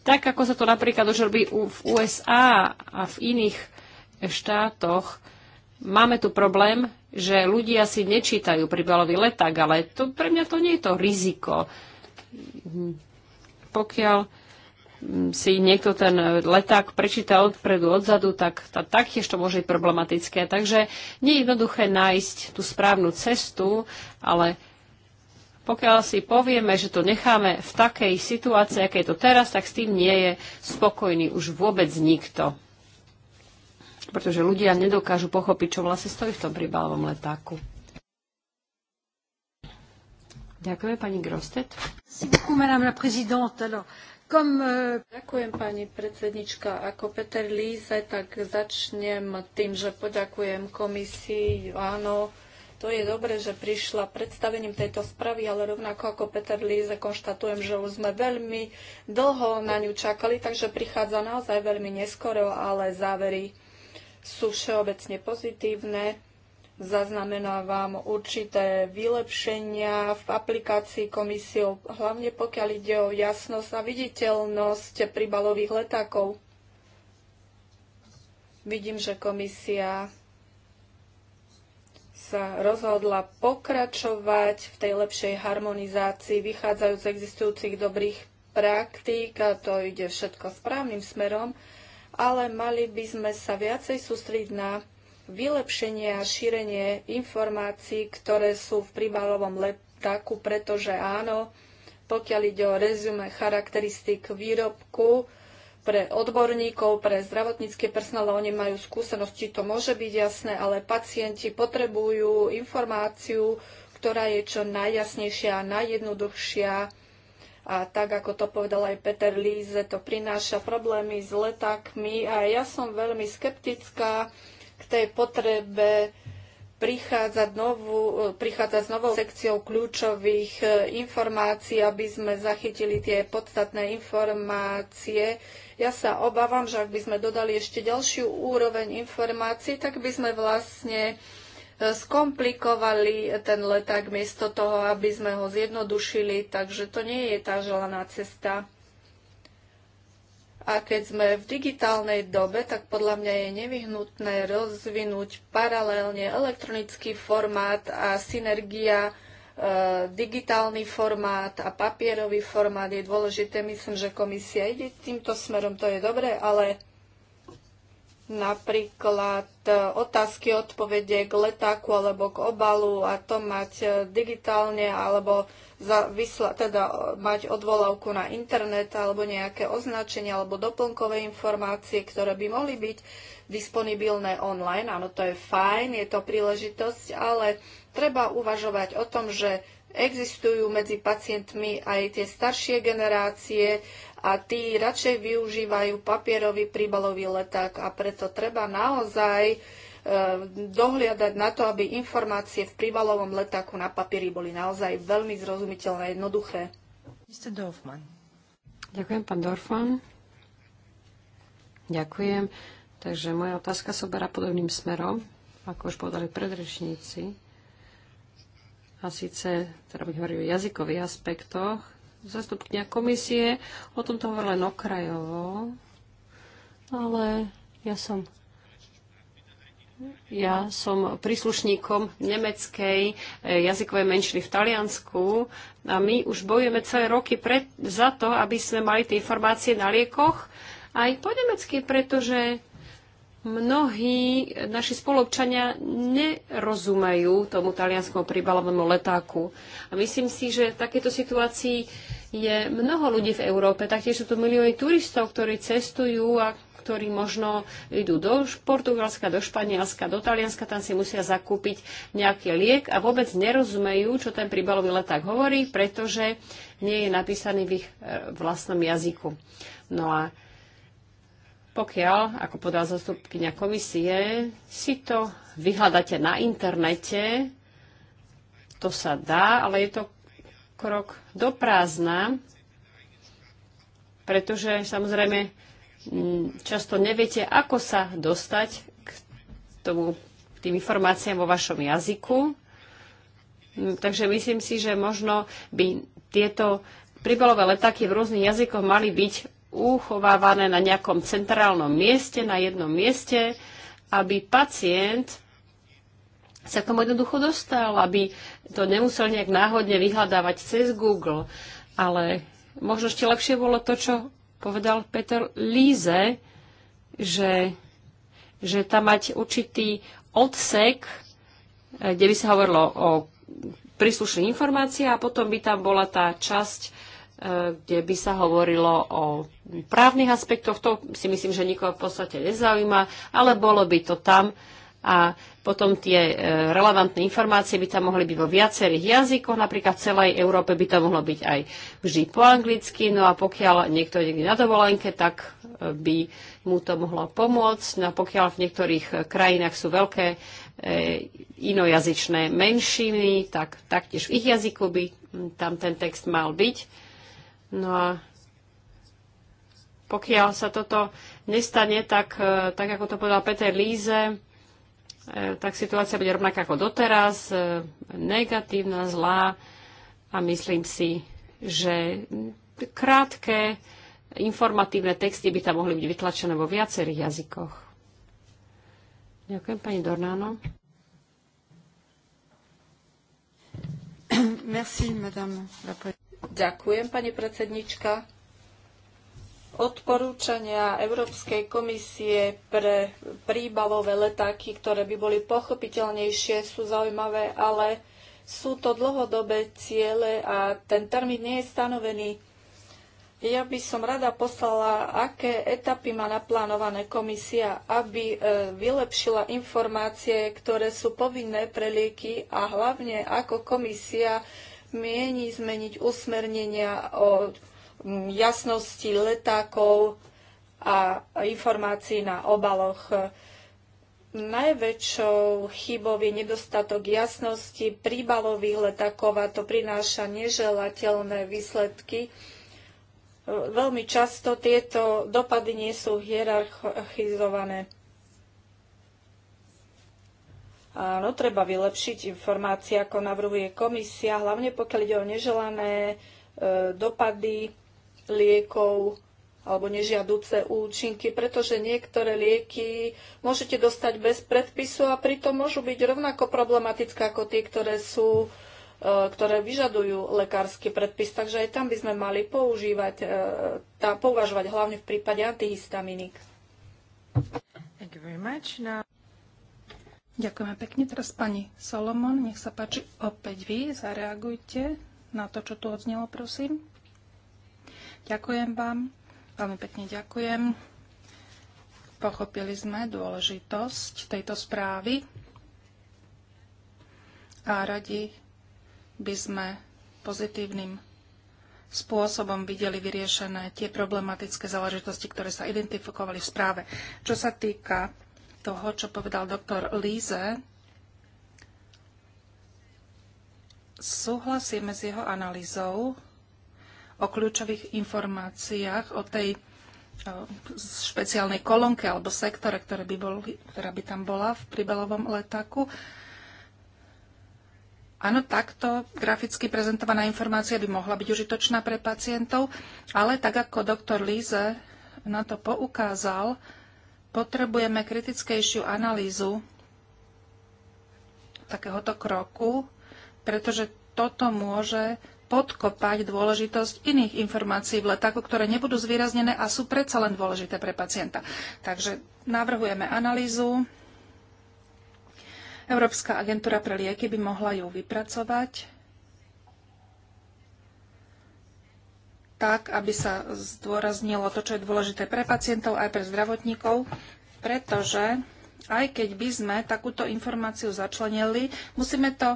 tak, ako sa to napríklad už robí v USA a v iných štátoch, máme tu problém, že ľudia si nečítajú pribalový leták, ale to, pre mňa to nie je to riziko pokiaľ mm, si niekto ten leták prečíta odpredu, odzadu, tak taktiež to môže byť problematické. Takže nie je jednoduché nájsť tú správnu cestu, ale pokiaľ si povieme, že to necháme v takej situácii, aké je to teraz, tak s tým nie je spokojný už vôbec nikto. Pretože ľudia nedokážu pochopiť, čo vlastne stojí v tom pribalovom letáku. Ďakujem pani Grostet. Euh, Ďakujem pani predsednička. Ako Peter Líze, tak začnem tým, že poďakujem komisii. Áno, to je dobre, že prišla predstavením tejto správy, ale rovnako ako Peter Líze konštatujem, že už sme veľmi dlho na ňu čakali, takže prichádza naozaj veľmi neskoro, ale závery sú všeobecne pozitívne zaznamenávam určité vylepšenia v aplikácii komisiou, hlavne pokiaľ ide o jasnosť a viditeľnosť príbalových letákov. Vidím, že komisia sa rozhodla pokračovať v tej lepšej harmonizácii vychádzajú z existujúcich dobrých praktík a to ide všetko správnym smerom, ale mali by sme sa viacej sústriť na vylepšenie a šírenie informácií, ktoré sú v príbalovom letáku, pretože áno, pokiaľ ide o rezume charakteristik výrobku, pre odborníkov, pre zdravotnícke personál, oni majú skúsenosti, to môže byť jasné, ale pacienti potrebujú informáciu, ktorá je čo najjasnejšia a najjednoduchšia. A tak, ako to povedal aj Peter Líze, to prináša problémy s letákmi a ja som veľmi skeptická, k tej potrebe prichádzať, novú, prichádzať s novou sekciou kľúčových e, informácií, aby sme zachytili tie podstatné informácie. Ja sa obávam, že ak by sme dodali ešte ďalšiu úroveň informácií, tak by sme vlastne e, skomplikovali ten leták miesto toho, aby sme ho zjednodušili, takže to nie je tá želaná cesta. A keď sme v digitálnej dobe, tak podľa mňa je nevyhnutné rozvinúť paralelne elektronický formát a synergia e, digitálny formát a papierový formát je dôležité. Myslím, že komisia ide týmto smerom, to je dobré, ale napríklad e, otázky, odpovede k letáku alebo k obalu a to mať e, digitálne alebo za, vysla, teda mať odvolávku na internet alebo nejaké označenia alebo doplnkové informácie, ktoré by mohli byť disponibilné online. Áno, to je fajn, je to príležitosť, ale treba uvažovať o tom, že existujú medzi pacientmi aj tie staršie generácie a tí radšej využívajú papierový príbalový leták a preto treba naozaj Eh, dohliadať na to, aby informácie v príbalovom letáku na papieri boli naozaj veľmi zrozumiteľné a jednoduché. Mr. Dorfman. Ďakujem, pán Dorfman. Ďakujem. Takže moja otázka sa berá podobným smerom, ako už povedali predrečníci. A síce, teda budem hovoriť o jazykových aspektoch, zastupkňa komisie o tomto hovorila len okrajovo, ale ja som ja som príslušníkom nemeckej eh, jazykovej menšiny v Taliansku a my už bojujeme celé roky pred, za to, aby sme mali tie informácie na liekoch aj po nemecky, pretože mnohí naši spolobčania nerozumejú tomu talianskému príbalovému letáku. A myslím si, že v takéto situácii je mnoho ľudí v Európe, taktiež sú tu milióny turistov, ktorí cestujú a ktorí možno idú do Portugalska, do Španielska, do Talianska, tam si musia zakúpiť nejaký liek a vôbec nerozumejú, čo ten príbalový leták hovorí, pretože nie je napísaný v ich e, vlastnom jazyku. No a pokiaľ, ako podal zastupkynia komisie, si to vyhľadáte na internete, to sa dá, ale je to krok do prázdna, pretože samozrejme Mm, často neviete, ako sa dostať k tomu, k tým informáciám vo vašom jazyku. Mm, takže myslím si, že možno by tieto príbalové letáky v rôznych jazykoch mali byť uchovávané na nejakom centrálnom mieste, na jednom mieste, aby pacient sa k tomu jednoducho dostal, aby to nemusel nejak náhodne vyhľadávať cez Google. Ale možno ešte lepšie bolo to, čo povedal Peter Líze, že, že tam mať určitý odsek, eh, kde by sa hovorilo o príslušnej informácii a potom by tam bola tá časť, eh, kde by sa hovorilo o právnych aspektoch. To si myslím, že nikoho v podstate nezaujíma, ale bolo by to tam a potom tie e, relevantné informácie by tam mohli byť vo viacerých jazykoch, napríklad v celej Európe by to mohlo byť aj vždy po anglicky, no a pokiaľ niekto je niekde na dovolenke, tak e, by mu to mohlo pomôcť. No a pokiaľ v niektorých e, krajinách sú veľké inojazyčné menšiny, tak taktiež v ich jazyku by tam ten text mal byť. No a pokiaľ sa toto nestane, tak, tak ako to povedal Peter Líze, E, tak situácia bude rovnaká ako doteraz, e, negatívna, zlá a myslím si, že krátke informatívne texty by tam mohli byť vytlačené vo viacerých jazykoch. Ďakujem, pani Dornáno. Merci, madame. Ďakujem, pani predsednička odporúčania Európskej komisie pre príbalové letáky, ktoré by boli pochopiteľnejšie, sú zaujímavé, ale sú to dlhodobé ciele a ten termín nie je stanovený. Ja by som rada poslala, aké etapy má naplánované komisia, aby e, vylepšila informácie, ktoré sú povinné pre lieky a hlavne ako komisia mieni zmeniť usmernenia o jasnosti letákov a informácií na obaloch. Najväčšou chybou je nedostatok jasnosti príbalových letákov a to prináša neželateľné výsledky. Veľmi často tieto dopady nie sú hierarchizované. Áno, treba vylepšiť informácie, ako navrhuje komisia, hlavne pokiaľ ide o neželané e, dopady liekov alebo nežiaduce účinky, pretože niektoré lieky môžete dostať bez predpisu a pritom môžu byť rovnako problematické ako tie, ktoré sú e, ktoré vyžadujú lekársky predpis, takže aj tam by sme mali používať, e, tá, pouvažovať hlavne v prípade much. Now... Ďakujeme pekne. Teraz pani Solomon, nech sa páči opäť vy, zareagujte na to, čo tu odznelo, prosím. Ďakujem vám. Veľmi pekne ďakujem. Pochopili sme dôležitosť tejto správy a radi by sme pozitívnym spôsobom videli vyriešené tie problematické záležitosti, ktoré sa identifikovali v správe. Čo sa týka toho, čo povedal doktor Líze, súhlasíme s jeho analýzou, o kľúčových informáciách, o tej e, špeciálnej kolonke alebo sektore, ktoré by bol, ktorá by tam bola v príbalovom letáku. Áno, takto graficky prezentovaná informácia by mohla byť užitočná pre pacientov, ale tak ako doktor Líze na to poukázal, potrebujeme kritickejšiu analýzu takéhoto kroku, pretože toto môže podkopať dôležitosť iných informácií v letáku, ktoré nebudú zvýraznené a sú predsa len dôležité pre pacienta. Takže navrhujeme analýzu. Európska agentúra pre lieky by mohla ju vypracovať tak, aby sa zdôraznilo to, čo je dôležité pre pacientov aj pre zdravotníkov, pretože aj keď by sme takúto informáciu začlenili, musíme to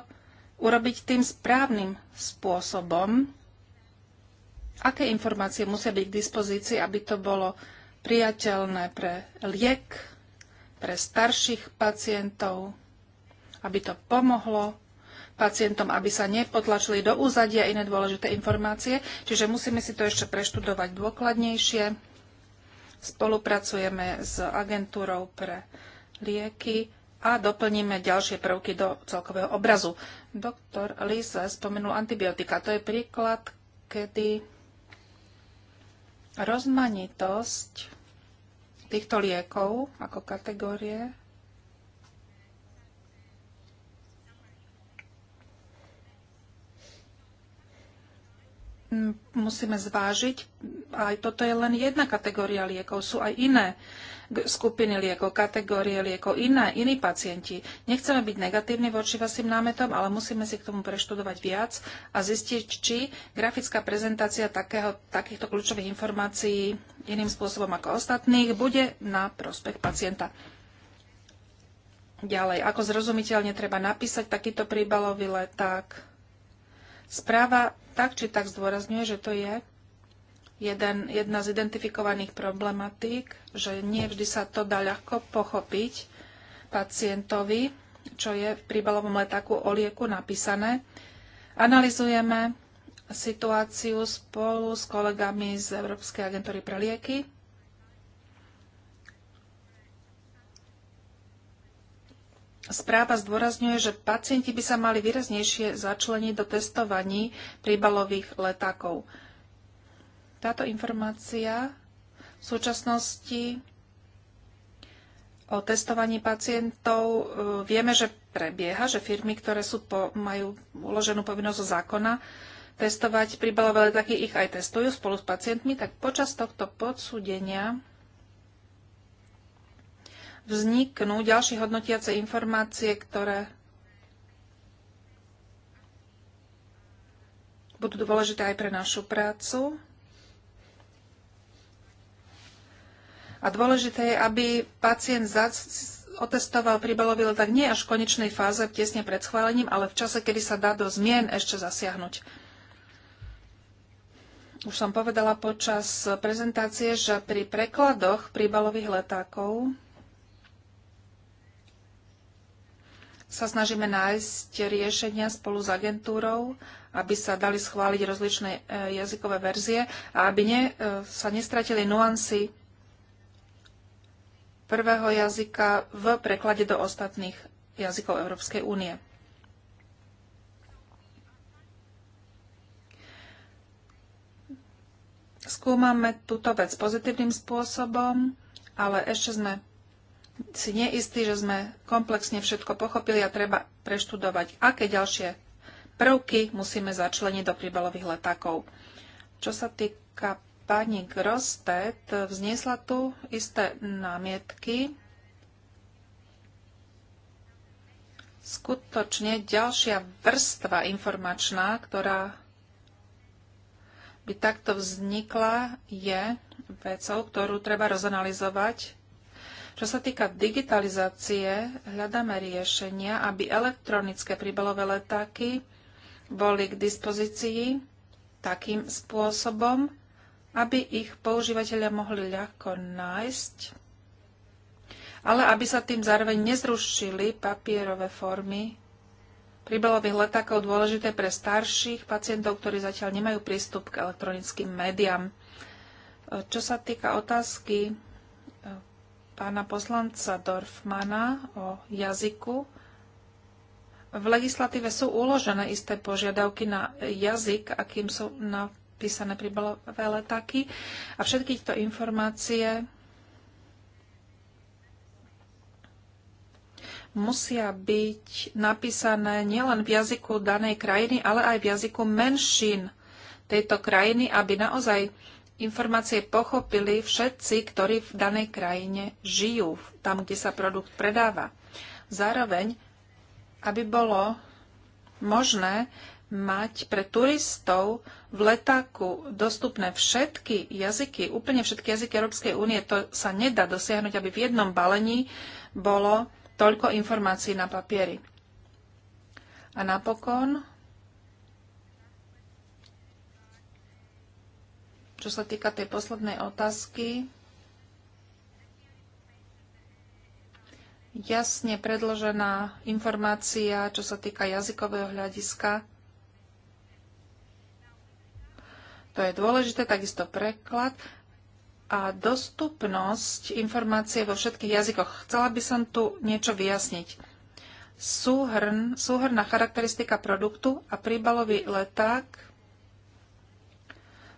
urobiť tým správnym spôsobom, aké informácie musia byť k dispozícii, aby to bolo priateľné pre liek, pre starších pacientov, aby to pomohlo pacientom, aby sa nepotlačili do úzadia iné dôležité informácie. Čiže musíme si to ešte preštudovať dôkladnejšie. Spolupracujeme s agentúrou pre lieky a doplníme ďalšie prvky do celkového obrazu. Doktor Lisa spomenul antibiotika. To je príklad, kedy rozmanitosť týchto liekov ako kategórie musíme zvážiť. Aj toto je len jedna kategória liekov, sú aj iné skupiny liekov, kategórie liekov, iné, iní pacienti. Nechceme byť negatívni voči vašim námetom, ale musíme si k tomu preštudovať viac a zistiť, či grafická prezentácia takého, takýchto kľúčových informácií iným spôsobom ako ostatných bude na prospech pacienta. Ďalej, ako zrozumiteľne treba napísať takýto príbalový leták. Správa tak či tak zdôrazňuje, že to je jeden, jedna z identifikovaných problematík, že nie vždy sa to dá ľahko pochopiť pacientovi, čo je v príbalovom letáku o lieku napísané. Analizujeme situáciu spolu s kolegami z Európskej agentúry pre lieky. Správa zdôrazňuje, že pacienti by sa mali výraznejšie začleniť do testovaní príbalových letákov. Táto informácia v súčasnosti o testovaní pacientov e, vieme, že prebieha, že firmy, ktoré sú po, majú uloženú povinnosť zo zákona testovať príbalové takých ich aj testujú spolu s pacientmi, tak počas tohto podsúdenia vzniknú ďalšie hodnotiace informácie, ktoré budú dôležité aj pre našu prácu. A dôležité je, aby pacient otestoval pribalovil tak nie až v konečnej fáze, tesne pred schválením, ale v čase, kedy sa dá do zmien ešte zasiahnuť. Už som povedala počas prezentácie, že pri prekladoch príbalových letákov sa snažíme nájsť riešenia spolu s agentúrou, aby sa dali schváliť rozličné e, jazykové verzie a aby ne, e, sa nestratili nuancy prvého jazyka v preklade do ostatných jazykov Európskej únie. Skúmame túto vec pozitívnym spôsobom, ale ešte sme si neistí, že sme komplexne všetko pochopili a treba preštudovať, aké ďalšie prvky musíme začleniť do príbalových letákov. Čo sa týka pani Grostet vzniesla tu isté námietky. Skutočne ďalšia vrstva informačná, ktorá by takto vznikla, je vecou, ktorú treba rozanalizovať. Čo sa týka digitalizácie, hľadáme riešenia, aby elektronické príbalové letáky boli k dispozícii takým spôsobom, aby ich používateľia mohli ľahko nájsť, ale aby sa tým zároveň nezrušili papierové formy príbalových letákov dôležité pre starších pacientov, ktorí zatiaľ nemajú prístup k elektronickým médiám. Čo sa týka otázky e, pána poslanca Dorfmana o jazyku, v legislatíve sú uložené isté požiadavky na jazyk, akým sú na písané príbalové letáky. A všetky tieto informácie musia byť napísané nielen v jazyku danej krajiny, ale aj v jazyku menšín tejto krajiny, aby naozaj informácie pochopili všetci, ktorí v danej krajine žijú, tam, kde sa produkt predáva. Zároveň, aby bolo možné mať pre turistov v letáku dostupné všetky jazyky, úplne všetky jazyky Európskej únie. To sa nedá dosiahnuť, aby v jednom balení bolo toľko informácií na papieri. A napokon, čo sa týka tej poslednej otázky, jasne predložená informácia, čo sa týka jazykového hľadiska, To je dôležité, takisto preklad a dostupnosť informácie vo všetkých jazykoch. Chcela by som tu niečo vyjasniť. Súhrn, súhrná charakteristika produktu a príbalový leták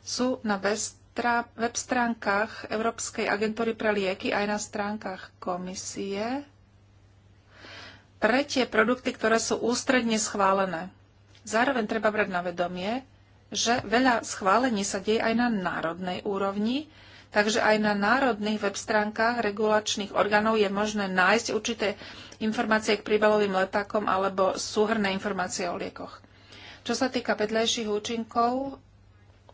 sú na web stránkach Európskej agentúry pre lieky aj na stránkach komisie pre tie produkty, ktoré sú ústredne schválené. Zároveň treba brať na vedomie, že veľa schválení sa deje aj na národnej úrovni, takže aj na národných web stránkach regulačných orgánov je možné nájsť určité informácie k príbalovým letákom alebo súhrné informácie o liekoch. Čo sa týka vedľajších účinkov,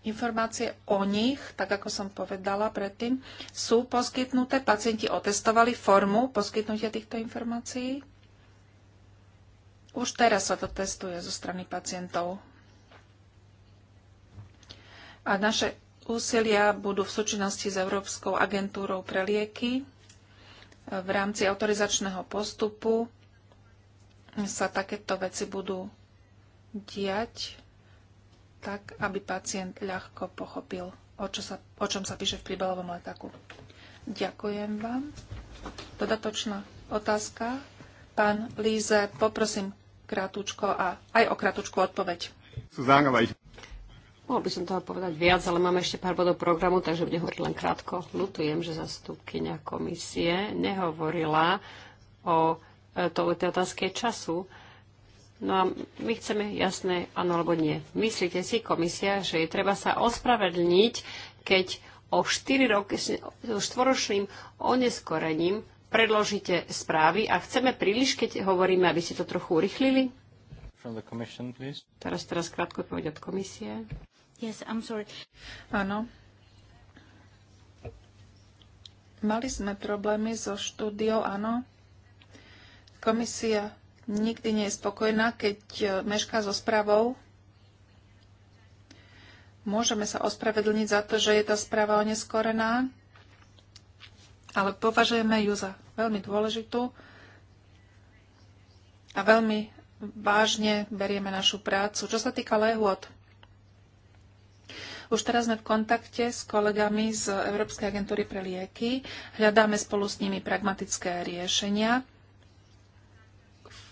informácie o nich, tak ako som povedala predtým, sú poskytnuté. Pacienti otestovali formu poskytnutia týchto informácií. Už teraz sa to testuje zo strany pacientov a naše úsilia budú v súčinnosti s Európskou agentúrou pre lieky. V rámci autorizačného postupu sa takéto veci budú diať tak, aby pacient ľahko pochopil, o, čo sa, o čom sa píše v príbalovom letaku. Ďakujem vám. Dodatočná otázka. Pán Líze, poprosím krátučko a aj o krátučku odpoveď. Mohol by som toho povedať viac, ale máme ešte pár bodov programu, takže budem hovoriť len krátko. Lutujem, že zastupkynia komisie nehovorila o e, tej otázke času. No a my chceme jasné áno alebo nie. Myslíte si, komisia, že je treba sa ospravedlniť, keď o 4 roky, so štvoročným oneskorením predložíte správy a chceme príliš, keď hovoríme, aby ste to trochu urychlili? Teraz, teraz krátko odpoveď od komisie. Yes, I'm sorry. Áno. Mali sme problémy so štúdiou, áno. Komisia nikdy nie je spokojná, keď e, mešká so správou. Môžeme sa ospravedlniť za to, že je tá správa oneskorená, ale považujeme ju za veľmi dôležitú a veľmi vážne berieme našu prácu. Čo sa týka lehôd, už teraz sme v kontakte s kolegami z Európskej agentúry pre lieky. Hľadáme spolu s nimi pragmatické riešenia.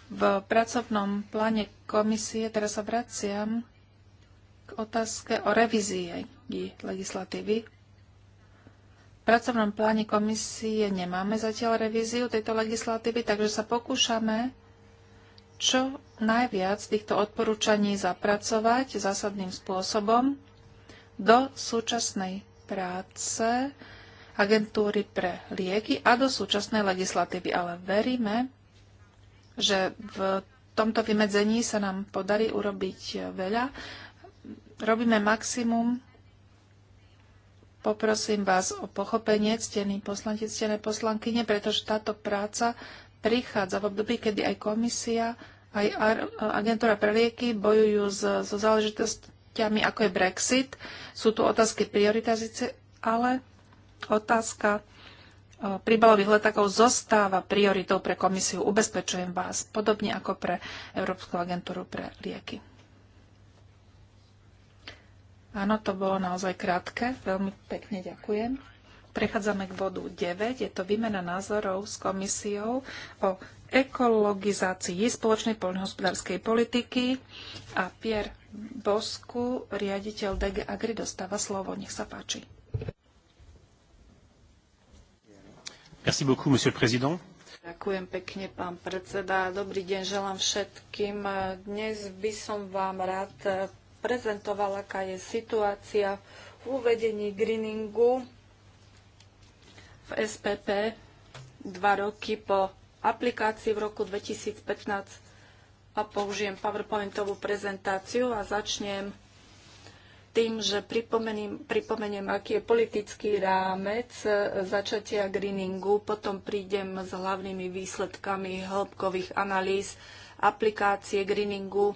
V pracovnom pláne komisie, teraz sa vraciam k otázke o revízii legislatívy. V pracovnom pláne komisie nemáme zatiaľ revíziu tejto legislatívy, takže sa pokúšame čo najviac týchto odporúčaní zapracovať zásadným spôsobom do súčasnej práce agentúry pre lieky a do súčasnej legislatívy. Ale veríme, že v tomto vymedzení sa nám podarí urobiť veľa. Robíme maximum. Poprosím vás o pochopenie, ctení poslanci, ctené poslankyne, pretože táto práca prichádza v období, kedy aj komisia, aj agentúra pre lieky bojujú so záležitosťou udalosťami, ako je Brexit. Sú tu otázky prioritizácie, ale otázka e, príbalových letakov zostáva prioritou pre komisiu. Ubezpečujem vás, podobne ako pre Európsku agentúru pre lieky. Áno, to bolo naozaj krátke. Veľmi pekne ďakujem. Prechádzame k bodu 9. Je to výmena názorov s komisiou o ekologizácii spoločnej poľnohospodárskej politiky. A Pierre Bosku, riaditeľ DG Agri, dostáva slovo. Nech sa páči. Merci beaucoup, monsieur le président. Ďakujem pekne, pán predseda. Dobrý deň želám všetkým. Dnes by som vám rád prezentovala, aká je situácia v uvedení greeningu v SPP dva roky po aplikácii v roku 2015 a použijem PowerPointovú prezentáciu a začnem tým, že pripomeniem, aký je politický rámec začatia greeningu, potom prídem s hlavnými výsledkami hĺbkových analýz aplikácie greeningu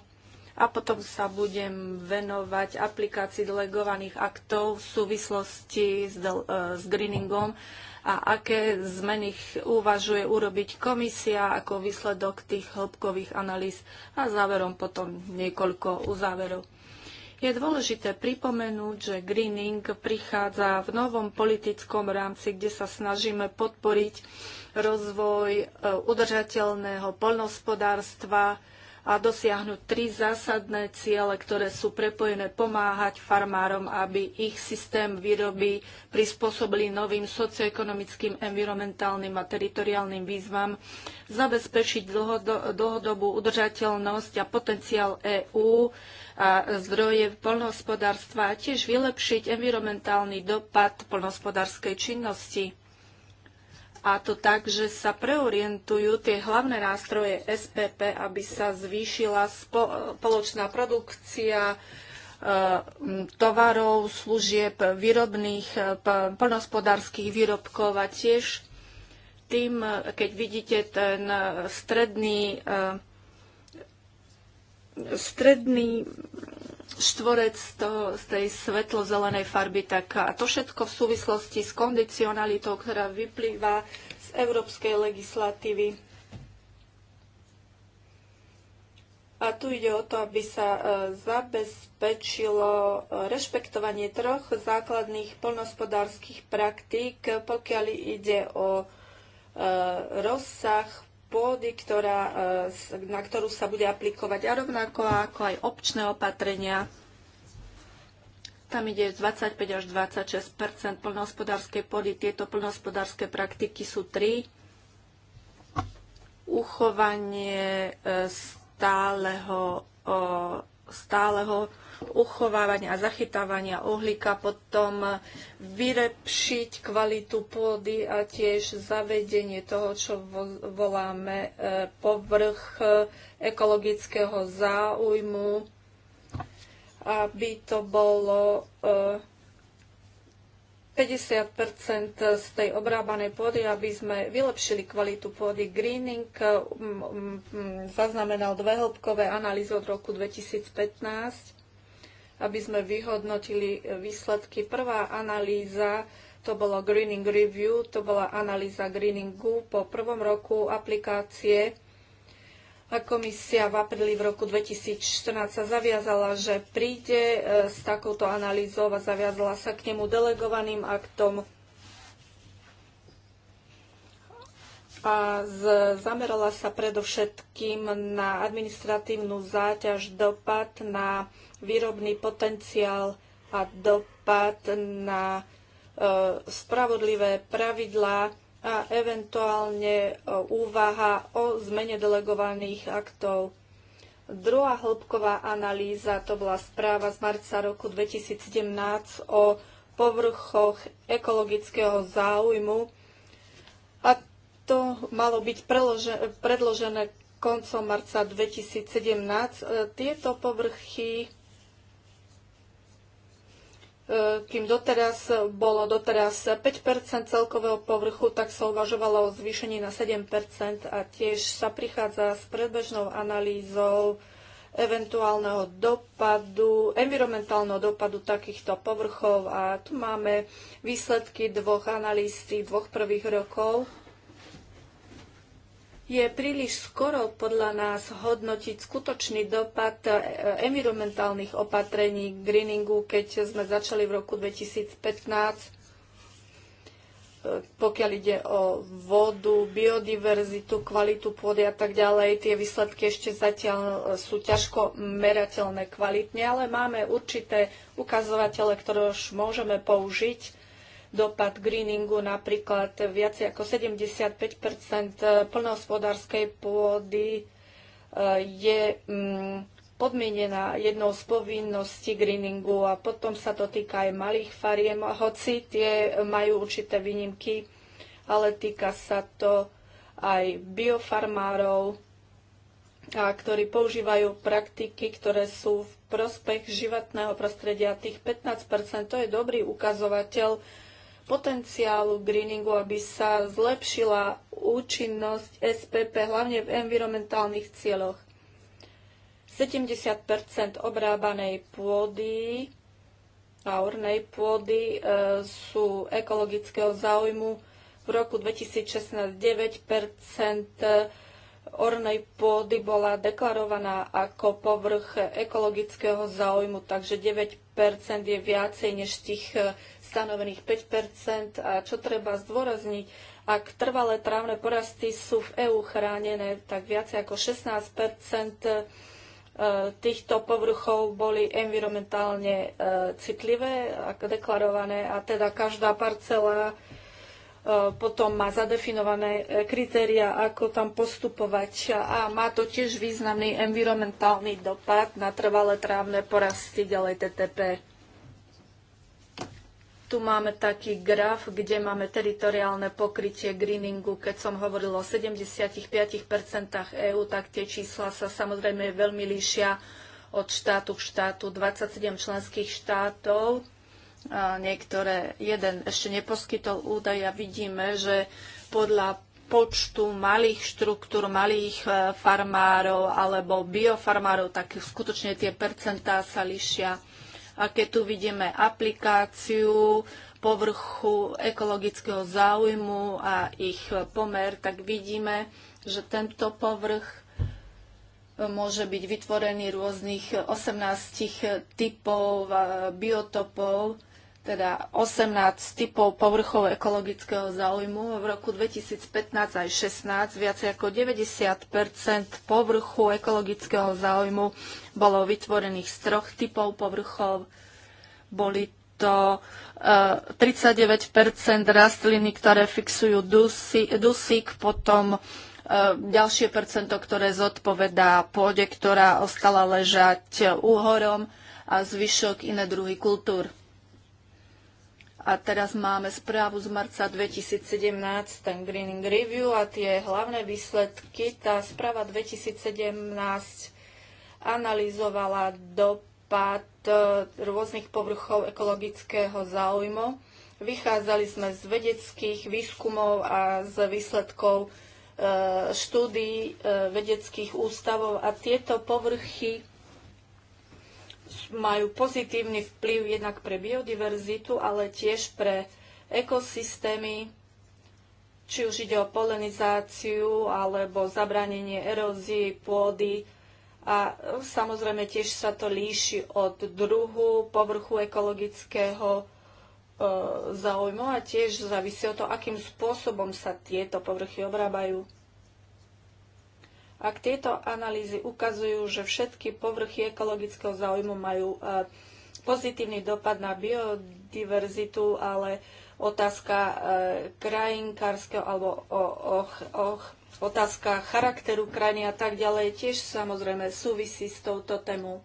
a potom sa budem venovať aplikácii delegovaných aktov v súvislosti s, e, s greeningom a aké zmeny uvažuje urobiť komisia ako výsledok tých hĺbkových analýz a záverom potom niekoľko uzáverov. Je dôležité pripomenúť, že greening prichádza v novom politickom rámci, kde sa snažíme podporiť rozvoj e, udržateľného poľnohospodárstva, a dosiahnuť tri zásadné ciele, ktoré sú prepojené pomáhať farmárom, aby ich systém výroby prispôsobili novým socioekonomickým, environmentálnym a teritoriálnym výzvam, zabezpečiť dlhodobú udržateľnosť a potenciál EÚ a zdroje poľnohospodárstva a tiež vylepšiť environmentálny dopad poľnohospodárskej činnosti a to tak, že sa preorientujú tie hlavné nástroje SPP, aby sa zvýšila spoločná produkcia e, tovarov, služieb, výrobných, e, plnospodárských výrobkov a tiež tým, keď vidíte ten stredný e, stredný štvorec z tej svetlozelenej farby, tak a to všetko v súvislosti s kondicionalitou, ktorá vyplýva z európskej legislatívy. A tu ide o to, aby sa e, zabezpečilo e, rešpektovanie troch základných polnospodárských praktík, pokiaľ ide o e, rozsah, pôdy, ktorá, e, na ktorú sa bude aplikovať a rovnako ako aj občné opatrenia. Tam ide 25 až 26 plnohospodárskej pôdy. Tieto plnohospodárske praktiky sú tri. Uchovanie e, stáleho, stáleho uchovávania a zachytávania uhlíka, potom vylepšiť kvalitu pôdy a tiež zavedenie toho, čo voláme e, povrch e, ekologického záujmu, aby to bolo 50 e, z tej obrábanej pôdy, aby sme vylepšili kvalitu pôdy. Greening zaznamenal dve hĺbkové analýzy od roku 2015 aby sme vyhodnotili e, výsledky. Prvá analýza to bolo Greening Review, to bola analýza Greeningu po prvom roku aplikácie. A komisia v apríli v roku 2014 sa zaviazala, že príde e, s takouto analýzou a zaviazala sa k nemu delegovaným aktom a zamerala sa predovšetkým na administratívnu záťaž, dopad na výrobný potenciál a dopad na e, spravodlivé pravidlá a eventuálne e, úvaha o zmene delegovaných aktov. Druhá hĺbková analýza to bola správa z marca roku 2017 o povrchoch ekologického záujmu a to malo byť predložené koncom marca 2017. E, tieto povrchy E, kým doteraz bolo doteraz 5 celkového povrchu, tak sa uvažovalo o zvýšení na 7 a tiež sa prichádza s predbežnou analýzou eventuálneho dopadu, environmentálneho dopadu takýchto povrchov a tu máme výsledky dvoch analýz tých dvoch prvých rokov je príliš skoro podľa nás hodnotiť skutočný dopad e, environmentálnych opatrení greeningu, keď sme začali v roku 2015 e, pokiaľ ide o vodu, biodiverzitu, kvalitu pôdy a tak ďalej. Tie výsledky ešte zatiaľ e, sú ťažko merateľné kvalitne, ale máme určité ukazovatele, ktoré už môžeme použiť dopad greeningu, napríklad viac ako 75 plnohospodárskej pôdy e, je mm, podmienená jednou z povinností greeningu a potom sa to týka aj malých fariem, hoci tie majú určité výnimky, ale týka sa to aj biofarmárov, a ktorí používajú praktiky, ktoré sú v prospech životného prostredia. Tých 15 to je dobrý ukazovateľ potenciálu greeningu, aby sa zlepšila účinnosť SPP, hlavne v environmentálnych cieľoch. 70 obrábanej pôdy a ornej pôdy e, sú ekologického záujmu. V roku 2016 9 e, ornej pôdy bola deklarovaná ako povrch ekologického záujmu, takže 9 je viacej než tých stanovených 5 A čo treba zdôrazniť, ak trvalé právne porasty sú v EÚ chránené, tak viac ako 16 e, týchto povrchov boli environmentálne e, citlivé, deklarované a teda každá parcela e, potom má zadefinované kritéria, ako tam postupovať a má to tiež významný environmentálny dopad na trvalé trávne porasty ďalej TTP. Tu máme taký graf, kde máme teritoriálne pokrytie greeningu. Keď som hovoril o 75% EÚ, tak tie čísla sa samozrejme veľmi líšia od štátu k štátu. 27 členských štátov, niektoré, jeden ešte neposkytol údaj a vidíme, že podľa počtu malých štruktúr, malých e, farmárov alebo biofarmárov, tak skutočne tie percentá sa lišia. A keď tu vidíme aplikáciu povrchu ekologického záujmu a ich pomer, tak vidíme, že tento povrch môže byť vytvorený rôznych 18 typov biotopov, teda 18 typov povrchov ekologického záujmu. V roku 2015 aj 16 viac ako 90 povrchu ekologického záujmu bolo vytvorených z troch typov povrchov. Boli to 39 eh, rastliny, ktoré fixujú dusík, potom eh, ďalšie percento, ktoré zodpovedá pôde, ktorá ostala ležať úhorom a zvyšok iné druhy kultúr. A teraz máme správu z marca 2017, ten Greening Review a tie hlavné výsledky. Tá správa 2017 analyzovala dopad e, rôznych povrchov ekologického záujmu. Vychádzali sme z vedeckých výskumov a z výsledkov e, štúdií e, vedeckých ústavov a tieto povrchy majú pozitívny vplyv jednak pre biodiverzitu, ale tiež pre ekosystémy, či už ide o polenizáciu alebo zabránenie erózii pôdy a e, samozrejme tiež sa to líši od druhu povrchu ekologického e, záujmu a tiež závisí od toho, akým spôsobom sa tieto povrchy obrábajú. Ak tieto analýzy ukazujú, že všetky povrchy ekologického záujmu majú e, pozitívny dopad na biodiverzitu, ale otázka e, krajinkárskeho alebo och, och, otázka charakteru krajiny a tak ďalej tiež samozrejme súvisí s touto témou.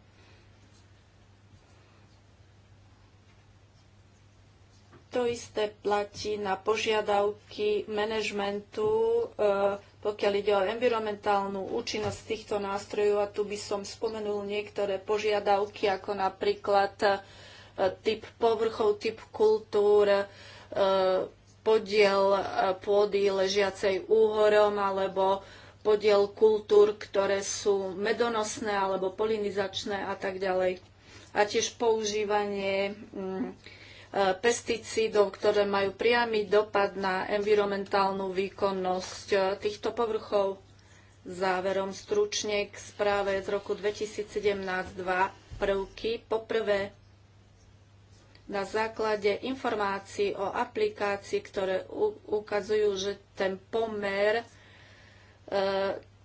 To isté platí na požiadavky manažmentu, eh, pokiaľ ide o environmentálnu účinnosť týchto nástrojov. A tu by som spomenul niektoré požiadavky, ako napríklad eh, typ povrchov, typ kultúr, eh, podiel e, pôdy ležiacej úhorom alebo podiel kultúr, ktoré sú medonosné alebo polinizačné a tak ďalej. A tiež používanie mm, e, pesticídov, ktoré majú priamy dopad na environmentálnu výkonnosť e, týchto povrchov. Záverom stručne k správe z roku 2017 dva prvky. Poprvé, na základe informácií o aplikácii, ktoré ukazujú, že ten pomer e,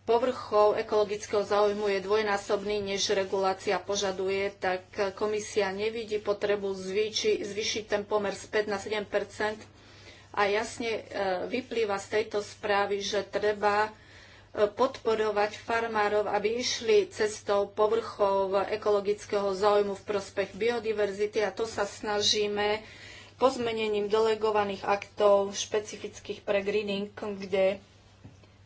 povrchov ekologického záujmu je dvojnásobný, než regulácia požaduje, tak komisia nevidí potrebu zvýči, zvýšiť ten pomer z 5 na 7 a jasne e, vyplýva z tejto správy, že treba podporovať farmárov, aby išli cestou povrchov ekologického záujmu v prospech biodiverzity a to sa snažíme pozmenením delegovaných aktov špecifických pre greening, kde,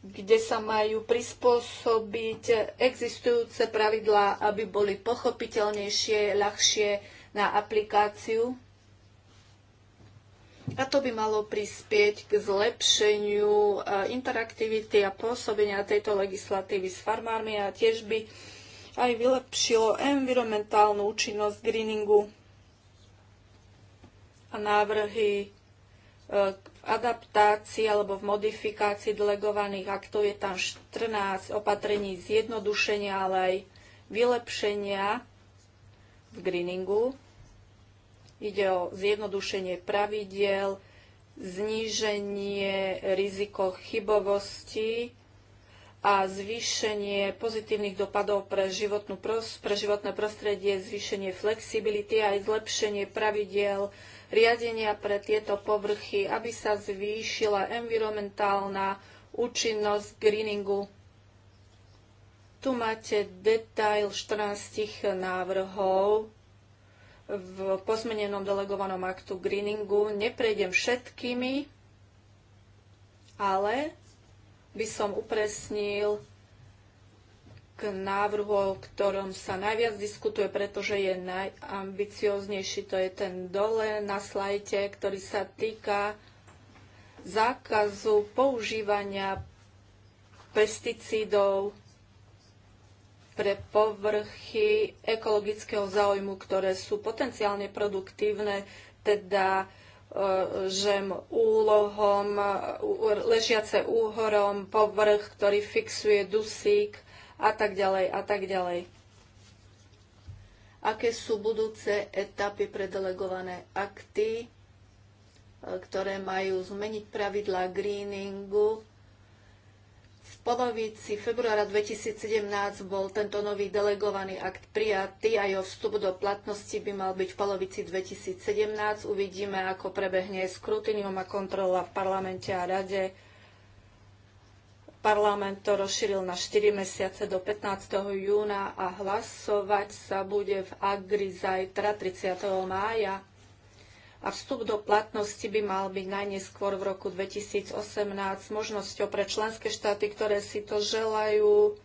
kde sa majú prispôsobiť existujúce pravidlá, aby boli pochopiteľnejšie, ľahšie na aplikáciu a to by malo prispieť k zlepšeniu e, interaktivity a pôsobenia tejto legislatívy s farmármi a tiež by aj vylepšilo environmentálnu účinnosť greeningu a návrhy k e, adaptácii alebo v modifikácii delegovaných aktov je tam 14 opatrení zjednodušenia, ale aj vylepšenia v greeningu. Ide o zjednodušenie pravidiel, zníženie riziko chybovosti a zvýšenie pozitívnych dopadov pre, životnú, pre životné prostredie, zvýšenie flexibility a aj zlepšenie pravidiel riadenia pre tieto povrchy, aby sa zvýšila environmentálna účinnosť greeningu. Tu máte detail 14 návrhov v pozmenenom delegovanom aktu greeningu. Neprejdem všetkými, ale by som upresnil k návrhu, o ktorom sa najviac diskutuje, pretože je najambicioznejší. To je ten dole na slajte, ktorý sa týka zákazu používania pesticídov pre povrchy ekologického záujmu, ktoré sú potenciálne produktívne, teda e, že úlohom, e, ležiace úhorom, povrch, ktorý fixuje dusík a tak ďalej a tak ďalej. Aké sú budúce etapy pre delegované akty, e, ktoré majú zmeniť pravidlá greeningu polovici februára 2017 bol tento nový delegovaný akt prijatý a jeho vstup do platnosti by mal byť v polovici 2017. Uvidíme, ako prebehne skrutinium a kontrola v parlamente a rade. Parlament to rozšíril na 4 mesiace do 15. júna a hlasovať sa bude v Agri zajtra 30. mája a vstup do platnosti by mal byť najneskôr v roku 2018 s možnosťou pre členské štáty, ktoré si to želajú,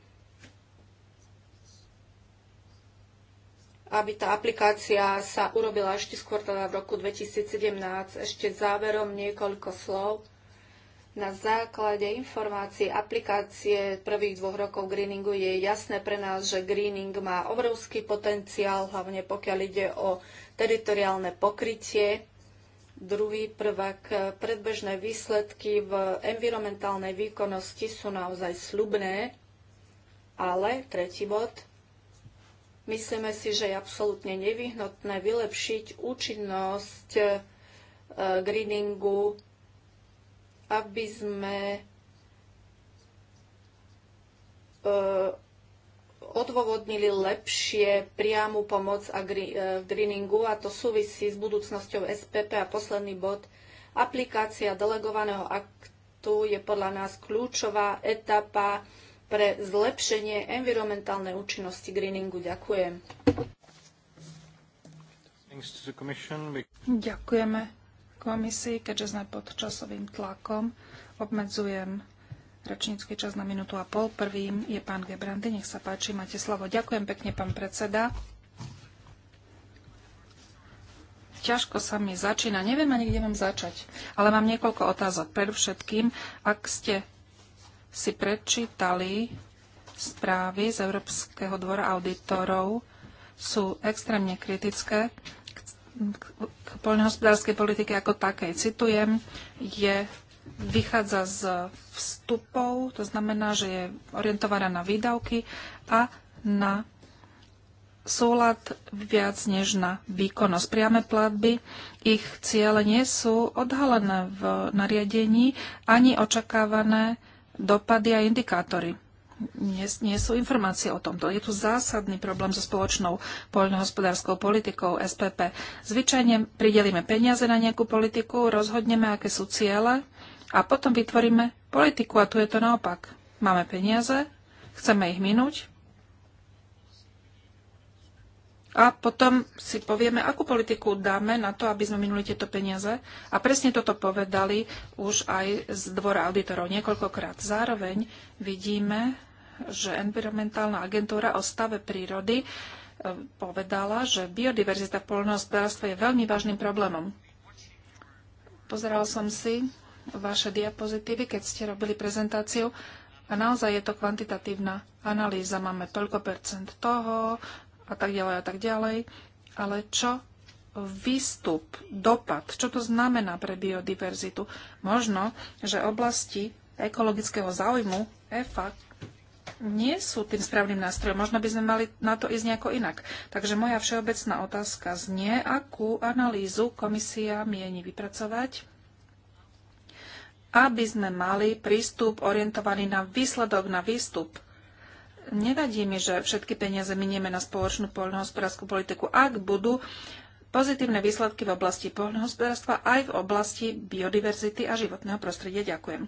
aby tá aplikácia sa urobila ešte skôr teda v roku 2017. Ešte záverom niekoľko slov. Na základe informácií aplikácie prvých dvoch rokov greeningu je jasné pre nás, že greening má obrovský potenciál, hlavne pokiaľ ide o teritoriálne pokrytie, druhý prvak, predbežné výsledky v environmentálnej výkonnosti sú naozaj slubné, ale tretí bod, myslíme si, že je absolútne nevyhnutné vylepšiť účinnosť e, greeningu, aby sme e, odôvodnili lepšie priamu pomoc a e, greeningu a to súvisí s budúcnosťou SPP a posledný bod. Aplikácia delegovaného aktu je podľa nás kľúčová etapa pre zlepšenie environmentálnej účinnosti greeningu. Ďakujem. Ďakujeme komisii, keďže sme pod časovým tlakom. Obmedzujem rečnícky čas na minútu a pol. Prvým je pán Gebrandy. Nech sa páči, máte slovo. Ďakujem pekne, pán predseda. Ťažko sa mi začína. Neviem ani, kde mám začať. Ale mám niekoľko otázok. Predovšetkým, ak ste si prečítali správy z Európskeho dvora auditorov, sú extrémne kritické k poľnohospodárskej politike ako takej. Citujem, je vychádza z vstupov, to znamená, že je orientovaná na výdavky a na súlad viac než na výkonnosť. Priame platby, ich ciele nie sú odhalené v nariadení ani očakávané dopady a indikátory. Nie, nie sú informácie o tomto. Je tu zásadný problém so spoločnou poľnohospodárskou politikou SPP. Zvyčajne pridelíme peniaze na nejakú politiku, rozhodneme, aké sú ciele a potom vytvoríme politiku a tu je to naopak. Máme peniaze, chceme ich minúť a potom si povieme, akú politiku dáme na to, aby sme minuli tieto peniaze. A presne toto povedali už aj z dvora auditorov niekoľkokrát. Zároveň vidíme, že environmentálna agentúra o stave prírody e, povedala, že biodiverzita v polnohospodárstve je veľmi vážnym problémom. Pozeral som si vaše diapozitívy, keď ste robili prezentáciu. A naozaj je to kvantitatívna analýza. Máme toľko percent toho a tak ďalej a tak ďalej. Ale čo výstup, dopad, čo to znamená pre biodiverzitu? Možno, že oblasti ekologického záujmu EFA nie sú tým správnym nástrojom. Možno by sme mali na to ísť nejako inak. Takže moja všeobecná otázka znie, akú analýzu komisia mieni vypracovať aby sme mali prístup orientovaný na výsledok, na výstup. Nevadí mi, že všetky peniaze minieme na spoločnú poľnohospodárskú politiku, ak budú pozitívne výsledky v oblasti poľnohospodárstva aj v oblasti biodiverzity a životného prostredia. Ďakujem.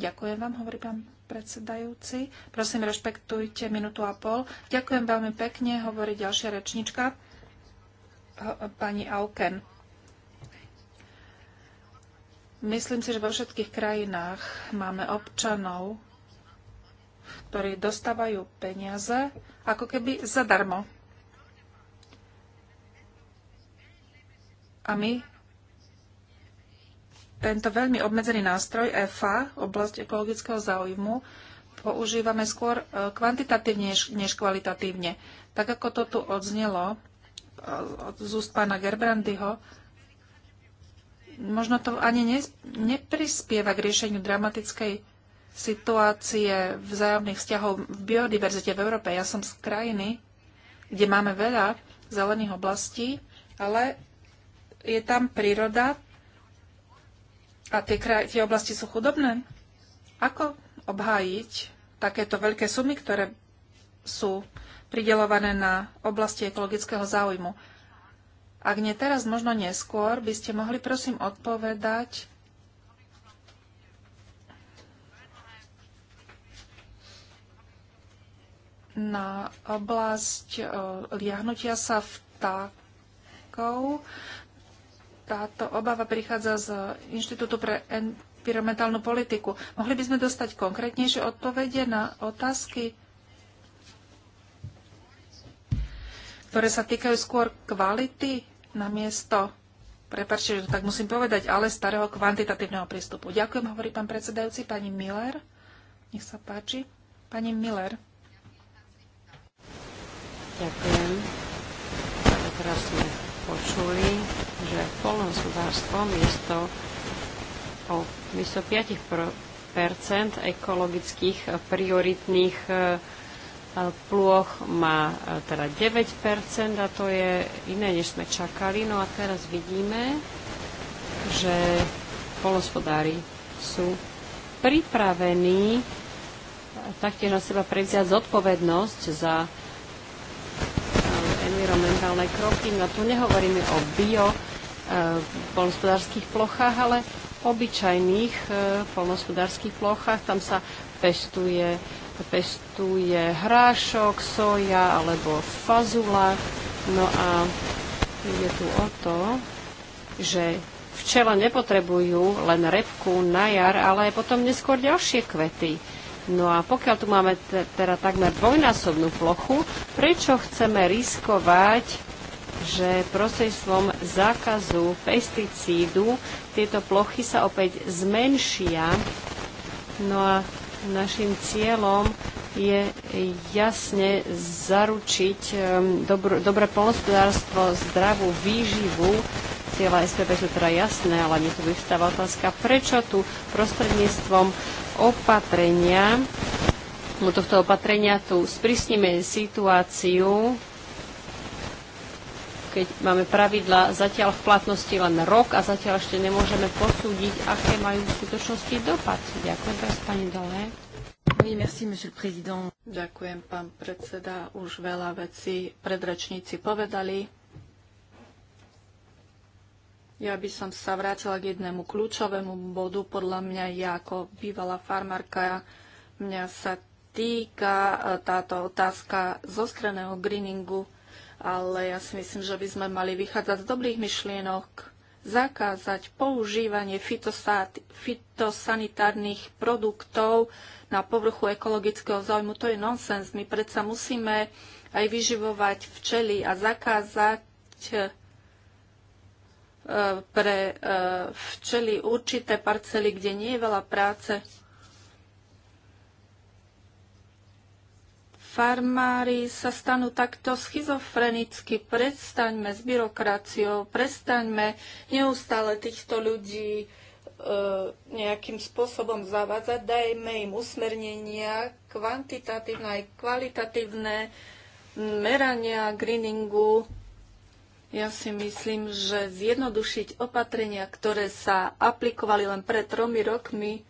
Ďakujem vám, hovorí pán predsedajúci. Prosím, rešpektujte minútu a pol. Ďakujem veľmi pekne, hovorí ďalšia rečnička, pani Auken. Myslím si, že vo všetkých krajinách máme občanov, ktorí dostávajú peniaze ako keby zadarmo. A my tento veľmi obmedzený nástroj EFA, oblasť ekologického záujmu, používame skôr e, kvantitatívne než kvalitatívne. Tak ako to tu odznelo e, z úst pána Gerbrandyho, možno to ani ne, neprispieva k riešeniu dramatickej situácie vzájomných vzťahov v biodiverzite v Európe. Ja som z krajiny, kde máme veľa zelených oblastí, ale je tam príroda a tie, kraj, tie oblasti sú chudobné. Ako obhájiť takéto veľké sumy, ktoré sú pridelované na oblasti ekologického záujmu? Ak nie teraz, možno neskôr, by ste mohli prosím odpovedať na oblasť e, liahnutia sa vtákov. Táto obava prichádza z Inštitútu pre environmentálnu politiku. Mohli by sme dostať konkrétnejšie odpovede na otázky? ktoré sa týkajú skôr kvality na miesto, prepáčte, že to tak musím povedať, ale starého kvantitatívneho prístupu. Ďakujem, hovorí pán predsedajúci, pani Miller. Nech sa páči. Pani Miller. Ďakujem. Teraz sme počuli, že polnohospodárstvo miesto o miesto 5 ekologických prioritných e, plôch má e, teda 9 a to je iné, než sme čakali. No a teraz vidíme, že polospodári sú pripravení e, taktiež na seba prevziať zodpovednosť za e, environmentálne kroky. No tu nehovoríme o bio e, polnospodárských plochách, ale obyčajných e, polnospodárských plochách. Tam sa pestuje pestuje hrášok, soja alebo fazula. No a ide tu o to, že včela nepotrebujú len repku na jar, ale potom neskôr ďalšie kvety. No a pokiaľ tu máme te, teda takmer dvojnásobnú plochu, prečo chceme riskovať, že prostredstvom zákazu pesticídu tieto plochy sa opäť zmenšia? No a Našim cieľom je jasne zaručiť ehm, dobro, dobré polnospodárstvo, zdravú výživu. Cieľa SPP sú teda jasné, ale mi tu vyvstáva otázka, prečo tu prostredníctvom opatrenia, tohto opatrenia tu sprísnime situáciu keď máme pravidla zatiaľ v platnosti len rok a zatiaľ ešte nemôžeme posúdiť, aké majú v skutočnosti dopad. Ďakujem vás, pani Dole. Oui, merci, monsieur le président. Ďakujem, pán predseda. Už veľa vecí predrečníci povedali. Ja by som sa vrátila k jednému kľúčovému bodu. Podľa mňa ja ako bývalá farmárka, mňa sa týka e, táto otázka zostreného greeningu ale ja si myslím, že by sme mali vychádzať z dobrých myšlienok, zakázať používanie fitosanitárnych produktov na povrchu ekologického záujmu. To je nonsens. My predsa musíme aj vyživovať včely a zakázať eh, pre eh, včely určité parcely, kde nie je veľa práce. farmári sa stanú takto schizofrenicky. Prestaňme s byrokraciou, prestaňme neustále týchto ľudí e, nejakým spôsobom zavádzať, dajme im usmernenia, kvantitatívne aj kvalitatívne merania greeningu. Ja si myslím, že zjednodušiť opatrenia, ktoré sa aplikovali len pred tromi rokmi,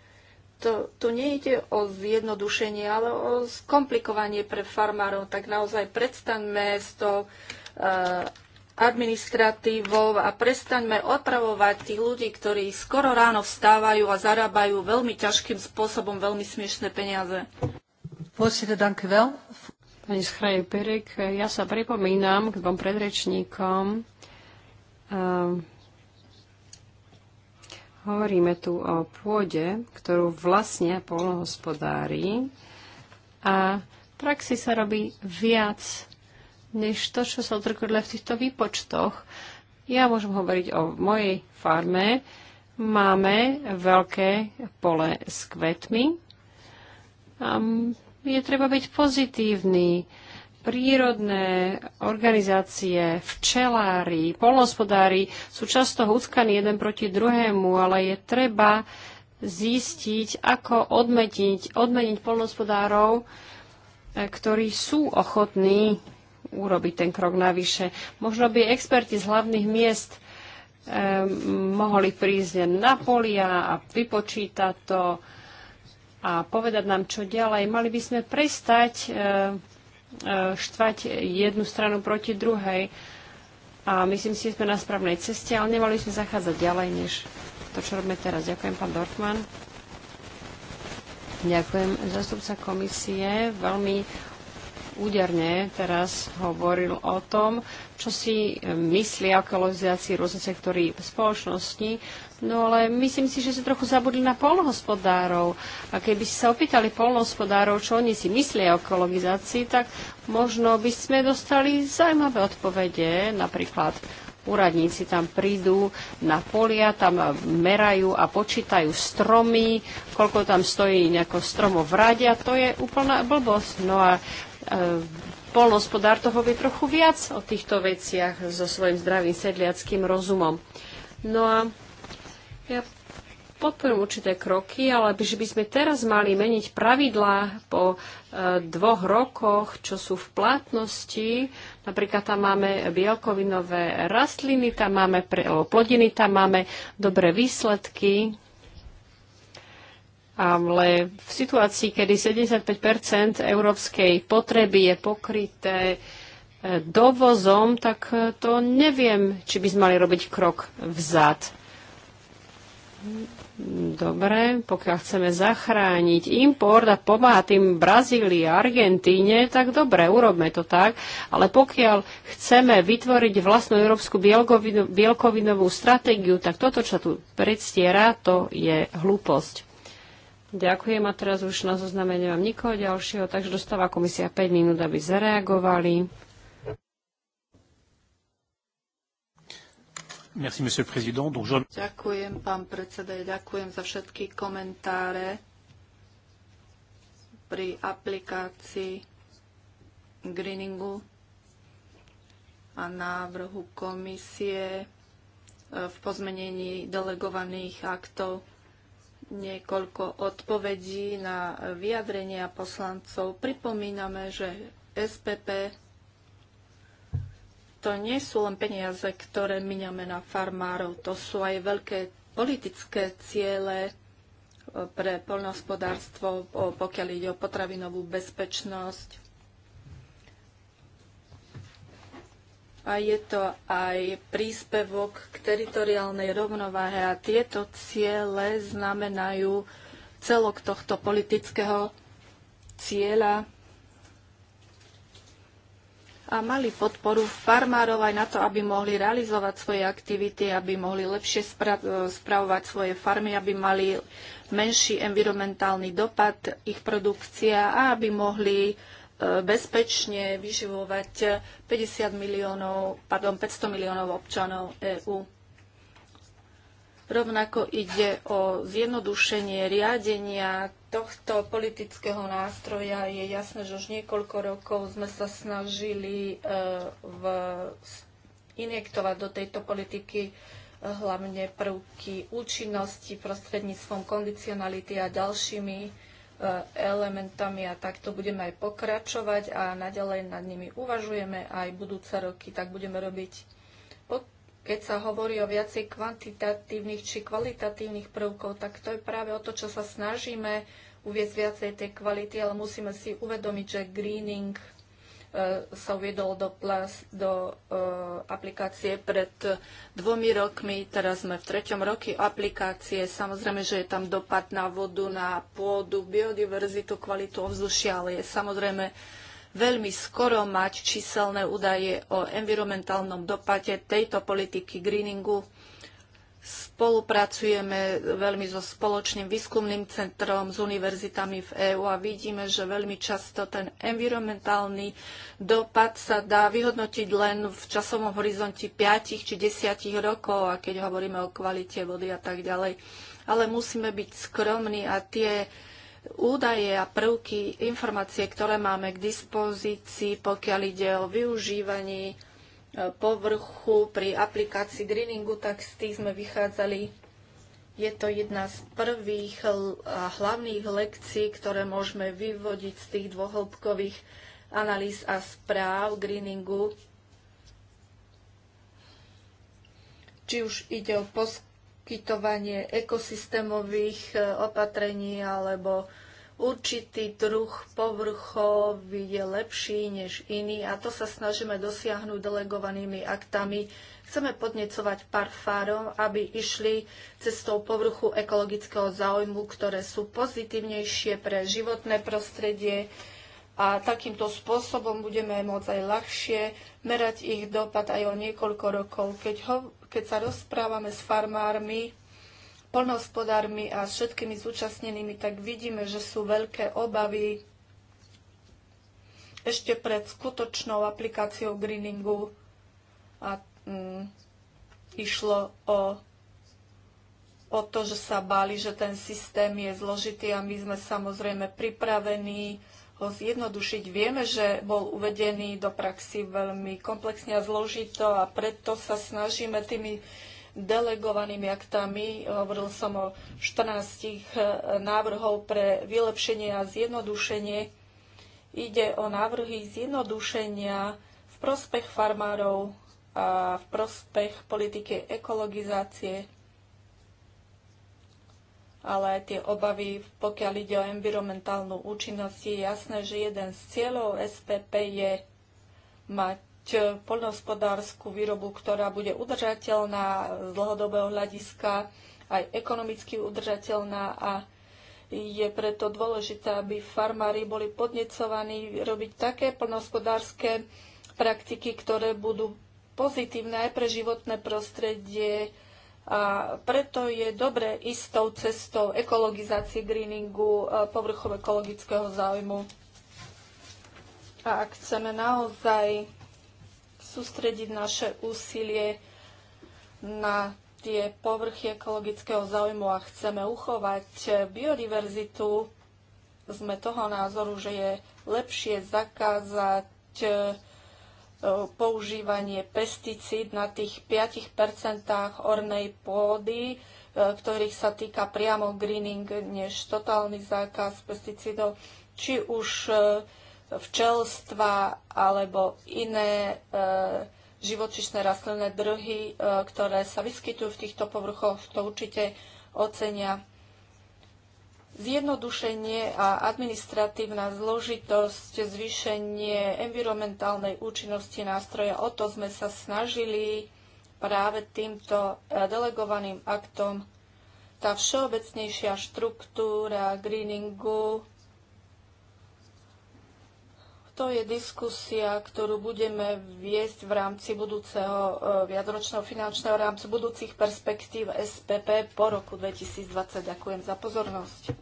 to, tu nejde o zjednodušenie, ale o skomplikovanie pre farmárov. Tak naozaj predstaňme s tou eh, administratívou a prestaňme opravovať tých ľudí, ktorí skoro ráno vstávajú a zarábajú veľmi ťažkým spôsobom veľmi smiešné peniaze. Voorzitter, dank u Pani Schraje Perek, ja sa pripomínam k dvom predrečníkom. Ehm, Hovoríme tu o pôde, ktorú vlastne polnohospodári a v praxi sa robí viac než to, čo sa odrkodle v týchto výpočtoch. Ja môžem hovoriť o mojej farme. Máme veľké pole s kvetmi. je treba byť pozitívny prírodné organizácie, včelári, polnospodári sú často húckaní jeden proti druhému, ale je treba zistiť, ako odmeniť, odmeniť polnospodárov, e, ktorí sú ochotní urobiť ten krok navyše. Možno by experti z hlavných miest eh, mohli prísť na polia a vypočítať to a povedať nám, čo ďalej. Mali by sme prestať eh, Eh, štvať jednu stranu proti druhej. A myslím si, že sme na správnej ceste, ale nemali sme zachádzať ďalej, než to, čo robíme teraz. Ďakujem, pán Dorfman. Ďakujem, zastupca komisie. Veľmi úderne teraz hovoril o tom, čo si e, myslí o kolonizácii rôzne sektory spoločnosti, no ale myslím si, že sa trochu zabudli na polnohospodárov. A keby si sa opýtali polnohospodárov, čo oni si myslia o kolonizácii, tak možno by sme dostali zaujímavé odpovede, napríklad úradníci tam prídu na polia, tam merajú a počítajú stromy, koľko tam stojí nejako stromov v rade a to je úplná blbosť. No a E, polnospodár toho vie trochu viac o týchto veciach so svojím zdravým sedliackým rozumom. No a ja podporujem určité kroky, ale že by sme teraz mali meniť pravidlá po e, dvoch rokoch, čo sú v platnosti. Napríklad tam máme bielkovinové rastliny, tam máme pre, plodiny, tam máme dobré výsledky ale v situácii, kedy 75 európskej potreby je pokryté e, dovozom, tak e, to neviem, či by sme mali robiť krok vzad. Dobre, pokiaľ chceme zachrániť import a pomáhať tým Brazílii a Argentíne, tak dobre, urobme to tak. Ale pokiaľ chceme vytvoriť vlastnú európsku bielkovinovú stratégiu, tak toto, čo tu predstiera, to je hlúposť. Ďakujem a teraz už na zozname nemám nikoho ďalšieho, takže dostáva komisia 5 minút, aby zareagovali. Merci, monsieur le président. Donc, je... Ďakujem, pán predseda, ďakujem za všetky komentáre pri aplikácii greeningu a návrhu komisie eh, v pozmenení delegovaných aktov niekoľko odpovedí na vyjadrenia poslancov. Pripomíname, že SPP to nie sú len peniaze, ktoré miniame na farmárov, to sú aj veľké politické ciele e, pre poľnohospodárstvo, pokiaľ ide o potravinovú bezpečnosť, a je to aj príspevok k teritoriálnej rovnováhe a tieto ciele znamenajú celok tohto politického cieľa a mali podporu farmárov aj na to, aby mohli realizovať svoje aktivity, aby mohli lepšie spra- spravovať svoje farmy, aby mali menší environmentálny dopad ich produkcia a aby mohli bezpečne vyživovať 50 miliónov, pardon, 500 miliónov občanov EÚ. Rovnako ide o zjednodušenie riadenia tohto politického nástroja. Je jasné, že už niekoľko rokov sme sa snažili e, v, injektovať do tejto politiky e, hlavne prvky účinnosti prostredníctvom kondicionality a ďalšími Eh, elementami a takto budeme aj pokračovať a naďalej nad nimi uvažujeme aj budúce roky, tak budeme robiť. Keď sa hovorí o viacej kvantitatívnych či kvalitatívnych prvkov, tak to je práve o to, čo sa snažíme uviezť viacej tej kvality, ale musíme si uvedomiť, že greening E, sa uviedol do, plas, do e, aplikácie pred dvomi rokmi. Teraz sme v treťom roky aplikácie. Samozrejme, že je tam dopad na vodu, na pôdu, biodiverzitu, kvalitu ovzdušia, ale je samozrejme veľmi skoro mať číselné údaje o environmentálnom dopade tejto politiky greeningu Spolupracujeme veľmi so spoločným výskumným centrom, s univerzitami v EÚ a vidíme, že veľmi často ten environmentálny dopad sa dá vyhodnotiť len v časovom horizonte 5 či 10 rokov, a keď hovoríme o kvalite vody a tak ďalej. Ale musíme byť skromní a tie údaje a prvky, informácie, ktoré máme k dispozícii, pokiaľ ide o využívanie povrchu pri aplikácii greeningu, tak z tých sme vychádzali. Je to jedna z prvých a hlavných lekcií, ktoré môžeme vyvodiť z tých dvohĺbkových analýz a správ greeningu. Či už ide o poskytovanie ekosystémových e, opatrení alebo určitý druh povrchov je lepší než iný a to sa snažíme dosiahnuť delegovanými aktami. Chceme podnecovať parfárom, aby išli cestou povrchu ekologického záujmu, ktoré sú pozitívnejšie pre životné prostredie a takýmto spôsobom budeme môcť aj ľahšie merať ich dopad aj o niekoľko rokov. Keď, ho, keď sa rozprávame s farmármi, plnohospodármi a s všetkými zúčastnenými, tak vidíme, že sú veľké obavy ešte pred skutočnou aplikáciou greeningu a mm, išlo o, o to, že sa báli, že ten systém je zložitý a my sme samozrejme pripravení ho zjednodušiť. Vieme, že bol uvedený do praxi veľmi komplexne a zložito a preto sa snažíme tými delegovanými aktami. Hovoril som o 14 eh, návrhov pre vylepšenie a zjednodušenie. Ide o návrhy zjednodušenia v prospech farmárov a v prospech politiky ekologizácie, ale aj tie obavy, pokiaľ ide o environmentálnu účinnosť, je jasné, že jeden z cieľov SPP je mať Eh, poľnohospodárskú výrobu, ktorá bude udržateľná z dlhodobého hľadiska, aj ekonomicky udržateľná a je preto dôležité, aby farmári boli podnecovaní robiť také poľnohospodárske praktiky, ktoré budú pozitívne aj pre životné prostredie. A preto je dobre istou cestou ekologizácie greeningu eh, povrchov ekologického záujmu. A ak chceme naozaj sústrediť naše úsilie na tie povrchy ekologického záujmu a chceme uchovať biodiverzitu, sme toho názoru, že je lepšie zakázať e, používanie pesticíd na tých 5% ornej pôdy, e, ktorých sa týka priamo greening, než totálny zákaz pesticídov, či už e, včelstva alebo iné e, živočišné rastlinné druhy, e, ktoré sa vyskytujú v týchto povrchoch, to určite ocenia. Zjednodušenie a administratívna zložitosť, zvýšenie environmentálnej účinnosti nástroja, o to sme sa snažili práve týmto e, delegovaným aktom. Tá všeobecnejšia štruktúra greeningu to je diskusia, ktorú budeme viesť v rámci budúceho e, viadročného finančného rámcu budúcich perspektív SPP po roku 2020. Ďakujem za pozornosť.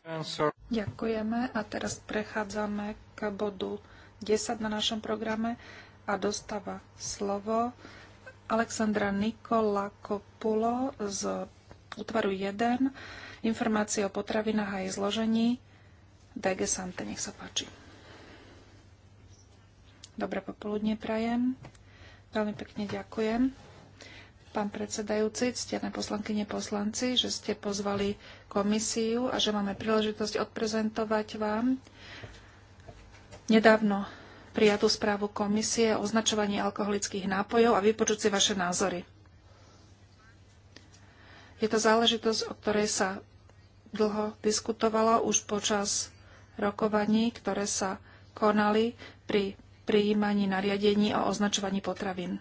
Ďakujeme a teraz prechádzame k bodu 10 na našom programe a dostáva slovo Alexandra Nikola Kopulo z útvaru 1 informácie o potravinách a jej zložení DG Sante. Nech sa páči. Dobré popoludne prajem. Veľmi pekne ďakujem. Pán predsedajúci, ctené poslankyne poslanci, že ste pozvali komisiu a že máme príležitosť odprezentovať vám nedávno prijatú správu komisie o označovaní alkoholických nápojov a vypočuť si vaše názory. Je to záležitosť, o ktorej sa dlho diskutovalo už počas rokovaní, ktoré sa konali pri prijímaní nariadení o označovaní potravín.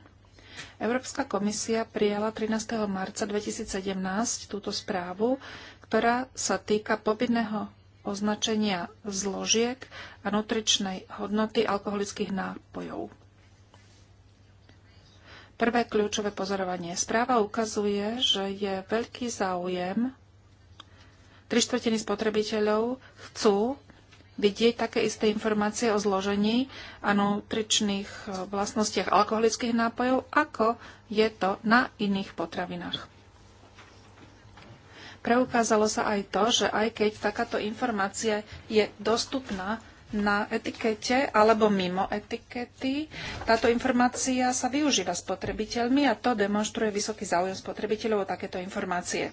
Európska komisia prijala 13. marca 2017 túto správu, ktorá sa týka povinného označenia zložiek a nutričnej hodnoty alkoholických nápojov. Prvé kľúčové pozorovanie. Správa ukazuje, že je veľký záujem. Tri štvrtiny spotrebiteľov chcú vidieť také isté informácie o zložení a nutričných e, vlastnostiach alkoholických nápojov, ako je to na iných potravinách. Preukázalo sa aj to, že aj keď takáto informácia je dostupná na etikete alebo mimo etikety. Táto informácia sa využíva spotrebiteľmi a to demonstruje vysoký záujem spotrebiteľov o takéto informácie.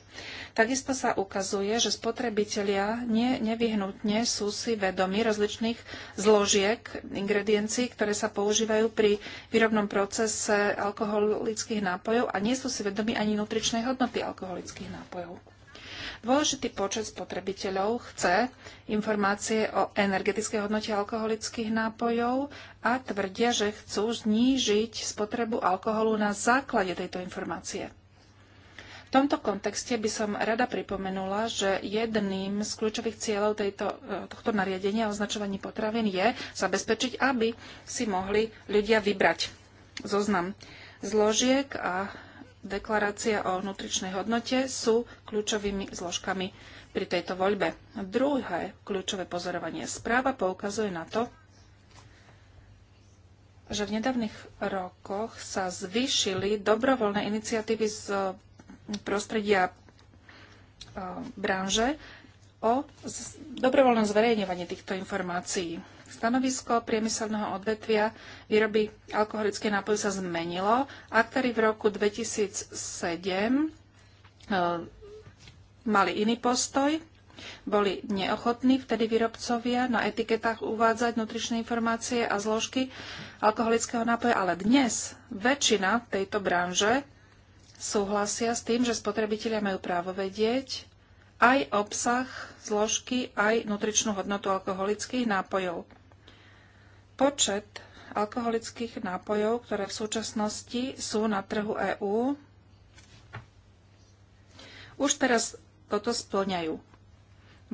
Takisto sa ukazuje, že spotrebitelia nie, nevyhnutne sú si vedomi rozličných zložiek ingrediencií, ktoré sa používajú pri výrobnom procese alkoholických nápojov a nie sú si vedomi ani nutričnej hodnoty alkoholických nápojov. Dôležitý počet spotrebiteľov chce informácie o energetickej hodnote alkoholických nápojov a tvrdia, že chcú znížiť spotrebu alkoholu na základe tejto informácie. V tomto kontexte by som rada pripomenula, že jedným z kľúčových cieľov tejto, e, tohto nariadenia o označovaní potravín je zabezpečiť, aby si mohli ľudia vybrať zoznam zložiek a deklarácia o nutričnej hodnote sú kľúčovými zložkami pri tejto voľbe. Druhé kľúčové pozorovanie správa poukazuje na to, že v nedávnych rokoch sa zvýšili dobrovoľné iniciatívy z e, prostredia e, branže o dobrovoľnom zverejňovaní týchto informácií. Stanovisko priemyselného odvetvia výroby alkoholických nápoje sa zmenilo. Aktári v roku 2007 e, mali iný postoj, boli neochotní vtedy výrobcovia na etiketách uvádzať nutričné informácie a zložky alkoholického nápoja, ale dnes väčšina tejto branže súhlasia s tým, že spotrebitelia majú právo vedieť aj obsah zložky, aj nutričnú hodnotu alkoholických nápojov. Počet alkoholických nápojov, ktoré v súčasnosti sú na trhu EÚ, už teraz toto splňajú.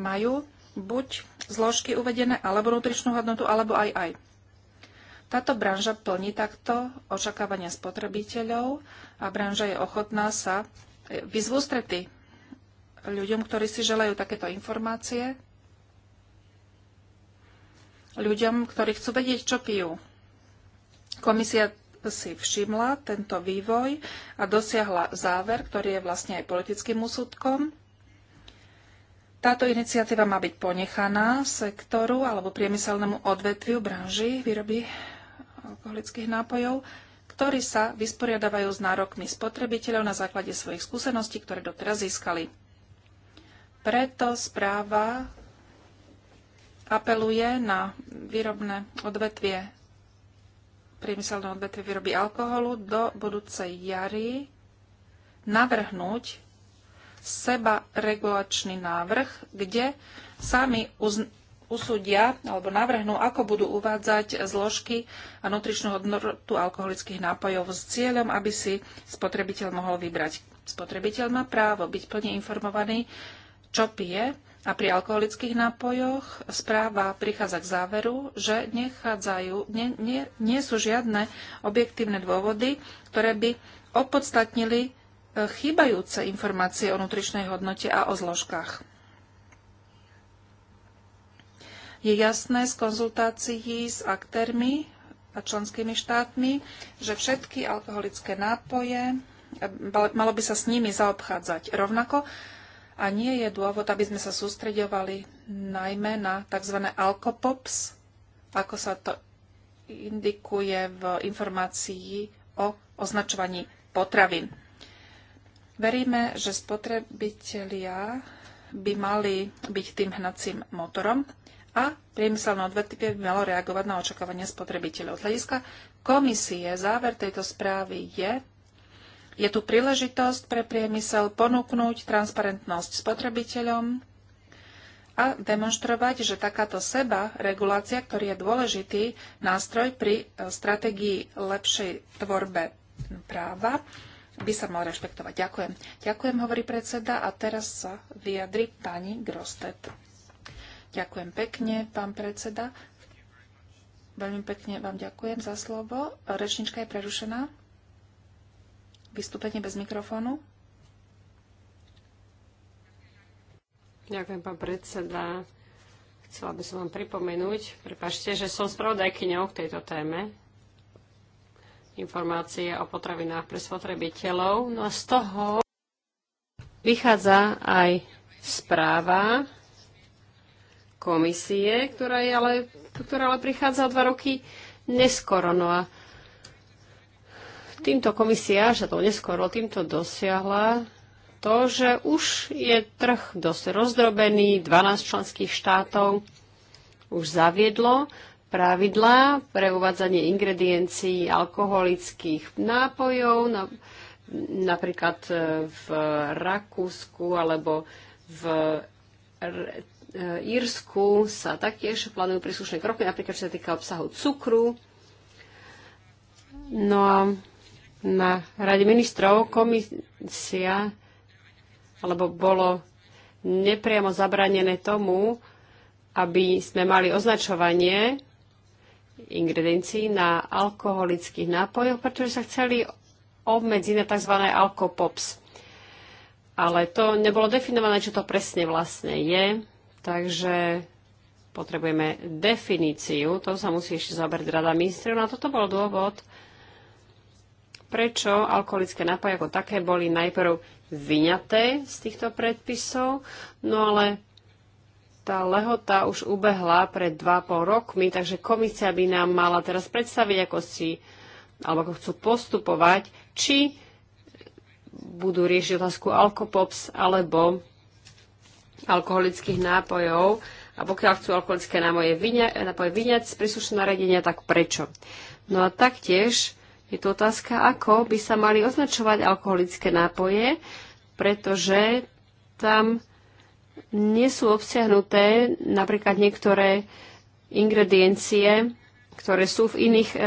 Majú buď zložky uvedené, alebo nutričnú hodnotu, alebo aj aj. Táto branža plní takto očakávania spotrebiteľov a branža je ochotná sa e, vyzvústrety ľuďom, ktorí si želajú takéto informácie ľuďom, ktorí chcú vedieť, čo pijú. Komisia si všimla tento vývoj a dosiahla záver, ktorý je vlastne aj politickým úsudkom. Táto iniciatíva má byť ponechaná sektoru alebo priemyselnému odvetviu branži výroby alkoholických nápojov, ktorí sa vysporiadavajú s nárokmi spotrebiteľov na základe svojich skúseností, ktoré doteraz získali. Preto správa apeluje na výrobné odvetvie, priemyselné odvetvie výroby alkoholu do budúcej jary navrhnúť seba regulačný návrh, kde sami usúdia alebo navrhnú, ako budú uvádzať zložky a nutričnú hodnotu alkoholických nápojov s cieľom, aby si spotrebiteľ mohol vybrať. Spotrebiteľ má právo byť plne informovaný, čo pije, a pri alkoholických nápojoch správa prichádza k záveru, že nechádzajú, nie, nie, nie sú žiadne objektívne dôvody, ktoré by opodstatnili e, chýbajúce informácie o nutričnej hodnote a o zložkách. Je jasné z konzultácií s aktérmi a členskými štátmi, že všetky alkoholické nápoje, e, malo by sa s nimi zaobchádzať rovnako, a nie je dôvod, aby sme sa sústreďovali najmä na tzv. alkopops, ako sa to indikuje v informácii o označovaní potravín. Veríme, že spotrebitelia by mali byť tým hnacím motorom a priemyselné odvetvie by malo reagovať na očakávania spotrebiteľov. Z hľadiska komisie záver tejto správy je, je tu príležitosť pre priemysel ponúknuť transparentnosť spotrebiteľom a demonstrovať, že takáto seba regulácia, ktorý je dôležitý nástroj pri e, stratégii lepšej tvorbe práva, by sa mal rešpektovať. Ďakujem. Ďakujem, hovorí predseda. A teraz sa vyjadri pani Grostet. Ďakujem pekne, pán predseda. Veľmi pekne vám ďakujem za slovo. Rečnička je prerušená. Vystúpenie bez mikrofónu. Ďakujem, pán predseda. Chcela by som vám pripomenúť, prepašte, že som spravodajkyňou k tejto téme informácie o potravinách pre spotrebiteľov. No a z toho vychádza aj správa komisie, ktorá, je ale, ktorá ale prichádza o dva roky neskoro. No a Týmto komisia, že sa to neskoro týmto dosiahla, to, že už je trh dosť rozdrobený, 12 členských štátov už zaviedlo pravidlá pre uvádzanie ingrediencií alkoholických nápojov, na, napríklad e, v Rakúsku alebo v e, Írsku sa taktiež plánujú príslušné kroky, napríklad čo sa týka obsahu cukru. No a na Rade ministrov komisia alebo bolo nepriamo zabranené tomu, aby sme mali označovanie ingrediencií na alkoholických nápojoch, pretože sa chceli obmedziť na tzv. alkopops. Ale to nebolo definované, čo to presne vlastne je, takže potrebujeme definíciu, to sa musí ešte zabrať rada ministrov. No a toto bol dôvod, prečo alkoholické nápoje ako také boli najprv vyňaté z týchto predpisov, no ale tá lehota už ubehla pred 2,5 rokmi, takže komisia by nám mala teraz predstaviť, ako si, alebo ako chcú postupovať, či budú riešiť otázku alkopops alebo alkoholických nápojov. A pokiaľ chcú alkoholické nápoje vyňať, nápoje vyňať z príslušného naredenia, tak prečo? No a taktiež je to otázka, ako by sa mali označovať alkoholické nápoje, pretože tam nie sú obsiahnuté napríklad niektoré ingrediencie, ktoré sú v iných e,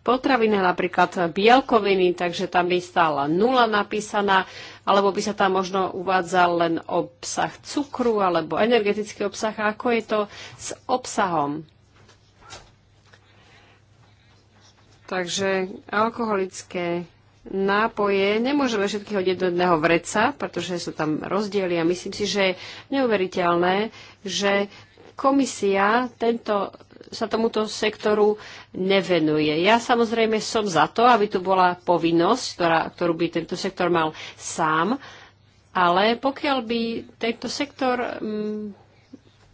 potravinách, napríklad bielkoviny, takže tam by stála nula napísaná, alebo by sa tam možno uvádzal len obsah cukru alebo energetický obsah. A ako je to s obsahom? Takže alkoholické nápoje nemôžeme všetky hodiť do jedného vreca, pretože sú tam rozdiely a myslím si, že je neuveriteľné, že komisia tento, sa tomuto sektoru nevenuje. Ja samozrejme som za to, aby tu bola povinnosť, ktorá, ktorú by tento sektor mal sám, ale pokiaľ by tento sektor m,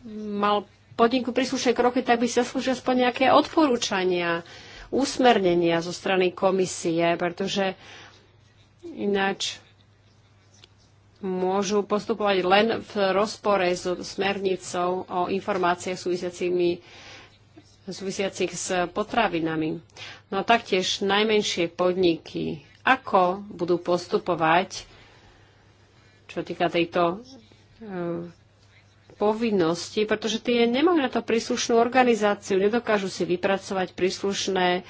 mm, mal podniku príslušné kroky, tak by sa slúžia aspoň nejaké odporúčania úsmernenia zo strany komisie, pretože ináč môžu postupovať len v rozpore s smernicou o informáciách súvisiacimi súvisiacich s potravinami. No a taktiež najmenšie podniky, ako budú postupovať, čo týka tejto e, povinnosti, pretože tie nemajú na to príslušnú organizáciu, nedokážu si vypracovať príslušné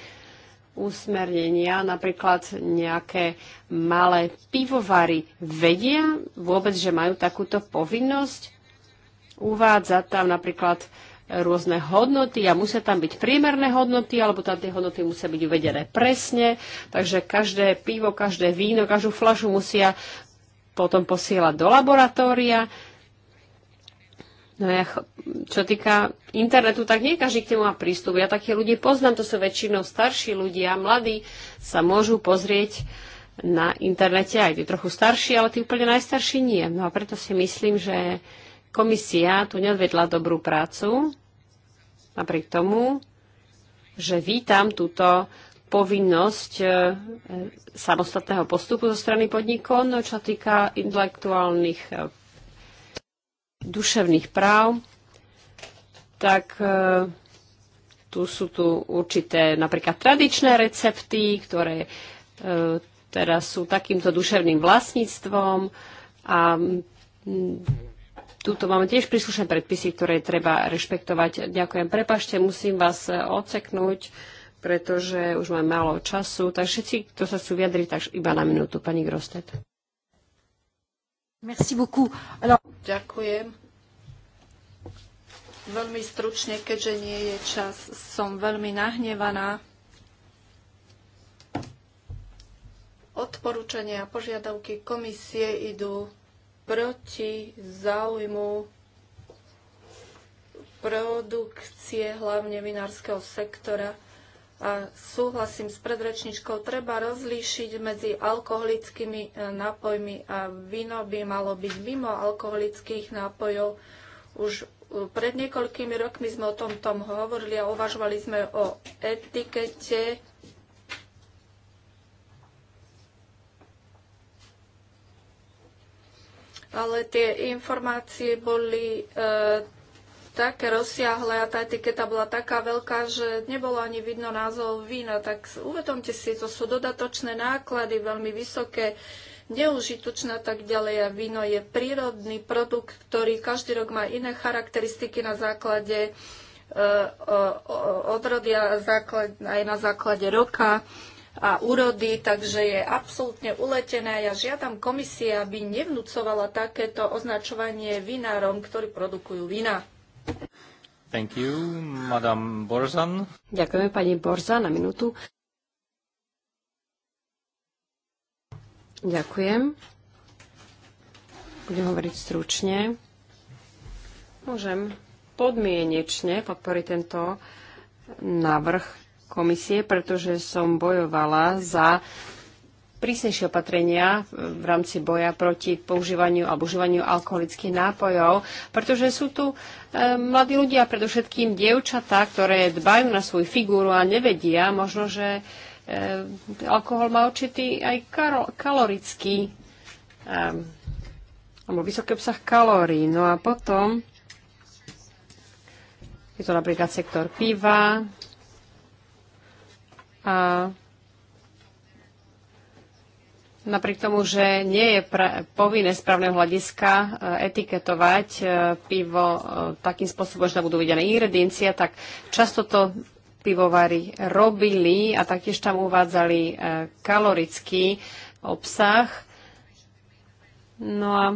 usmernenia, napríklad nejaké malé pivovary vedia vôbec, že majú takúto povinnosť. Uvádza tam napríklad rôzne hodnoty a musia tam byť priemerné hodnoty, alebo tam tie hodnoty musia byť uvedené presne. Takže každé pivo, každé víno, každú flašu musia potom posielať do laboratória. No ja, čo týka internetu, tak nie každý k nemu má prístup. Ja takých ľudí poznám, to sú väčšinou starší ľudia, mladí sa môžu pozrieť na internete, aj tí trochu starší, ale tí úplne najstarší nie. No a preto si myslím, že komisia tu neodvedla dobrú prácu, napriek tomu, že vítam túto povinnosť e, e, samostatného postupu zo strany podnikov, no čo týka intelektuálnych e, duševných práv, tak e, tu sú tu určité napríklad tradičné recepty, ktoré e, teraz sú takýmto duševným vlastníctvom a tuto máme tiež príslušné predpisy, ktoré treba rešpektovať. Ďakujem. Prepašte, musím vás e, odseknúť, pretože už máme málo času. Tak všetci, kto sa chcú vyjadriť, tak iba na minútu. Pani Grostet. Merci beaucoup. Alors... Ďakujem. Veľmi stručne, keďže nie je čas, som veľmi nahnevaná. Odporúčania a požiadavky komisie idú proti záujmu produkcie, hlavne vinárskeho sektora a súhlasím s predrečničkou, treba rozlíšiť medzi alkoholickými e, nápojmi a víno by malo byť mimo alkoholických nápojov. Už e, pred niekoľkými rokmi sme o tom, tom hovorili a uvažovali sme o etikete ale tie informácie boli e, také rozsiahle a tá etiketa bola taká veľká, že nebolo ani vidno názov vína, tak uvedomte si, to sú dodatočné náklady, veľmi vysoké, neužitočné a tak ďalej. A víno je prírodný produkt, ktorý každý rok má iné charakteristiky na základe e, odrody a základ, aj na základe roka a úrody, takže je absolútne uletené. Ja žiadam komisie, aby nevnúcovala takéto označovanie vinárom, ktorí produkujú vina. Thank you, Borzan. Ďakujeme pani Borza na minútu. Ďakujem. Budem hovoriť stručne. Môžem podmienečne podporiť tento návrh komisie, pretože som bojovala za prísnejšie opatrenia v rámci boja proti používaniu alebo užívaniu alkoholických nápojov, pretože sú tu e, mladí ľudia, predovšetkým dievčatá, ktoré dbajú na svoju figúru a nevedia možno, že e, alkohol má určitý aj kalorický e, alebo vysoký obsah kalórií. No a potom je to napríklad sektor piva a Napriek tomu, že nie je pre, povinné správneho hľadiska eh, etiketovať eh, pivo eh, takým spôsobom, že tam budú videné ingrediencia, tak často to pivovári robili a taktiež tam uvádzali kalorický obsah. No a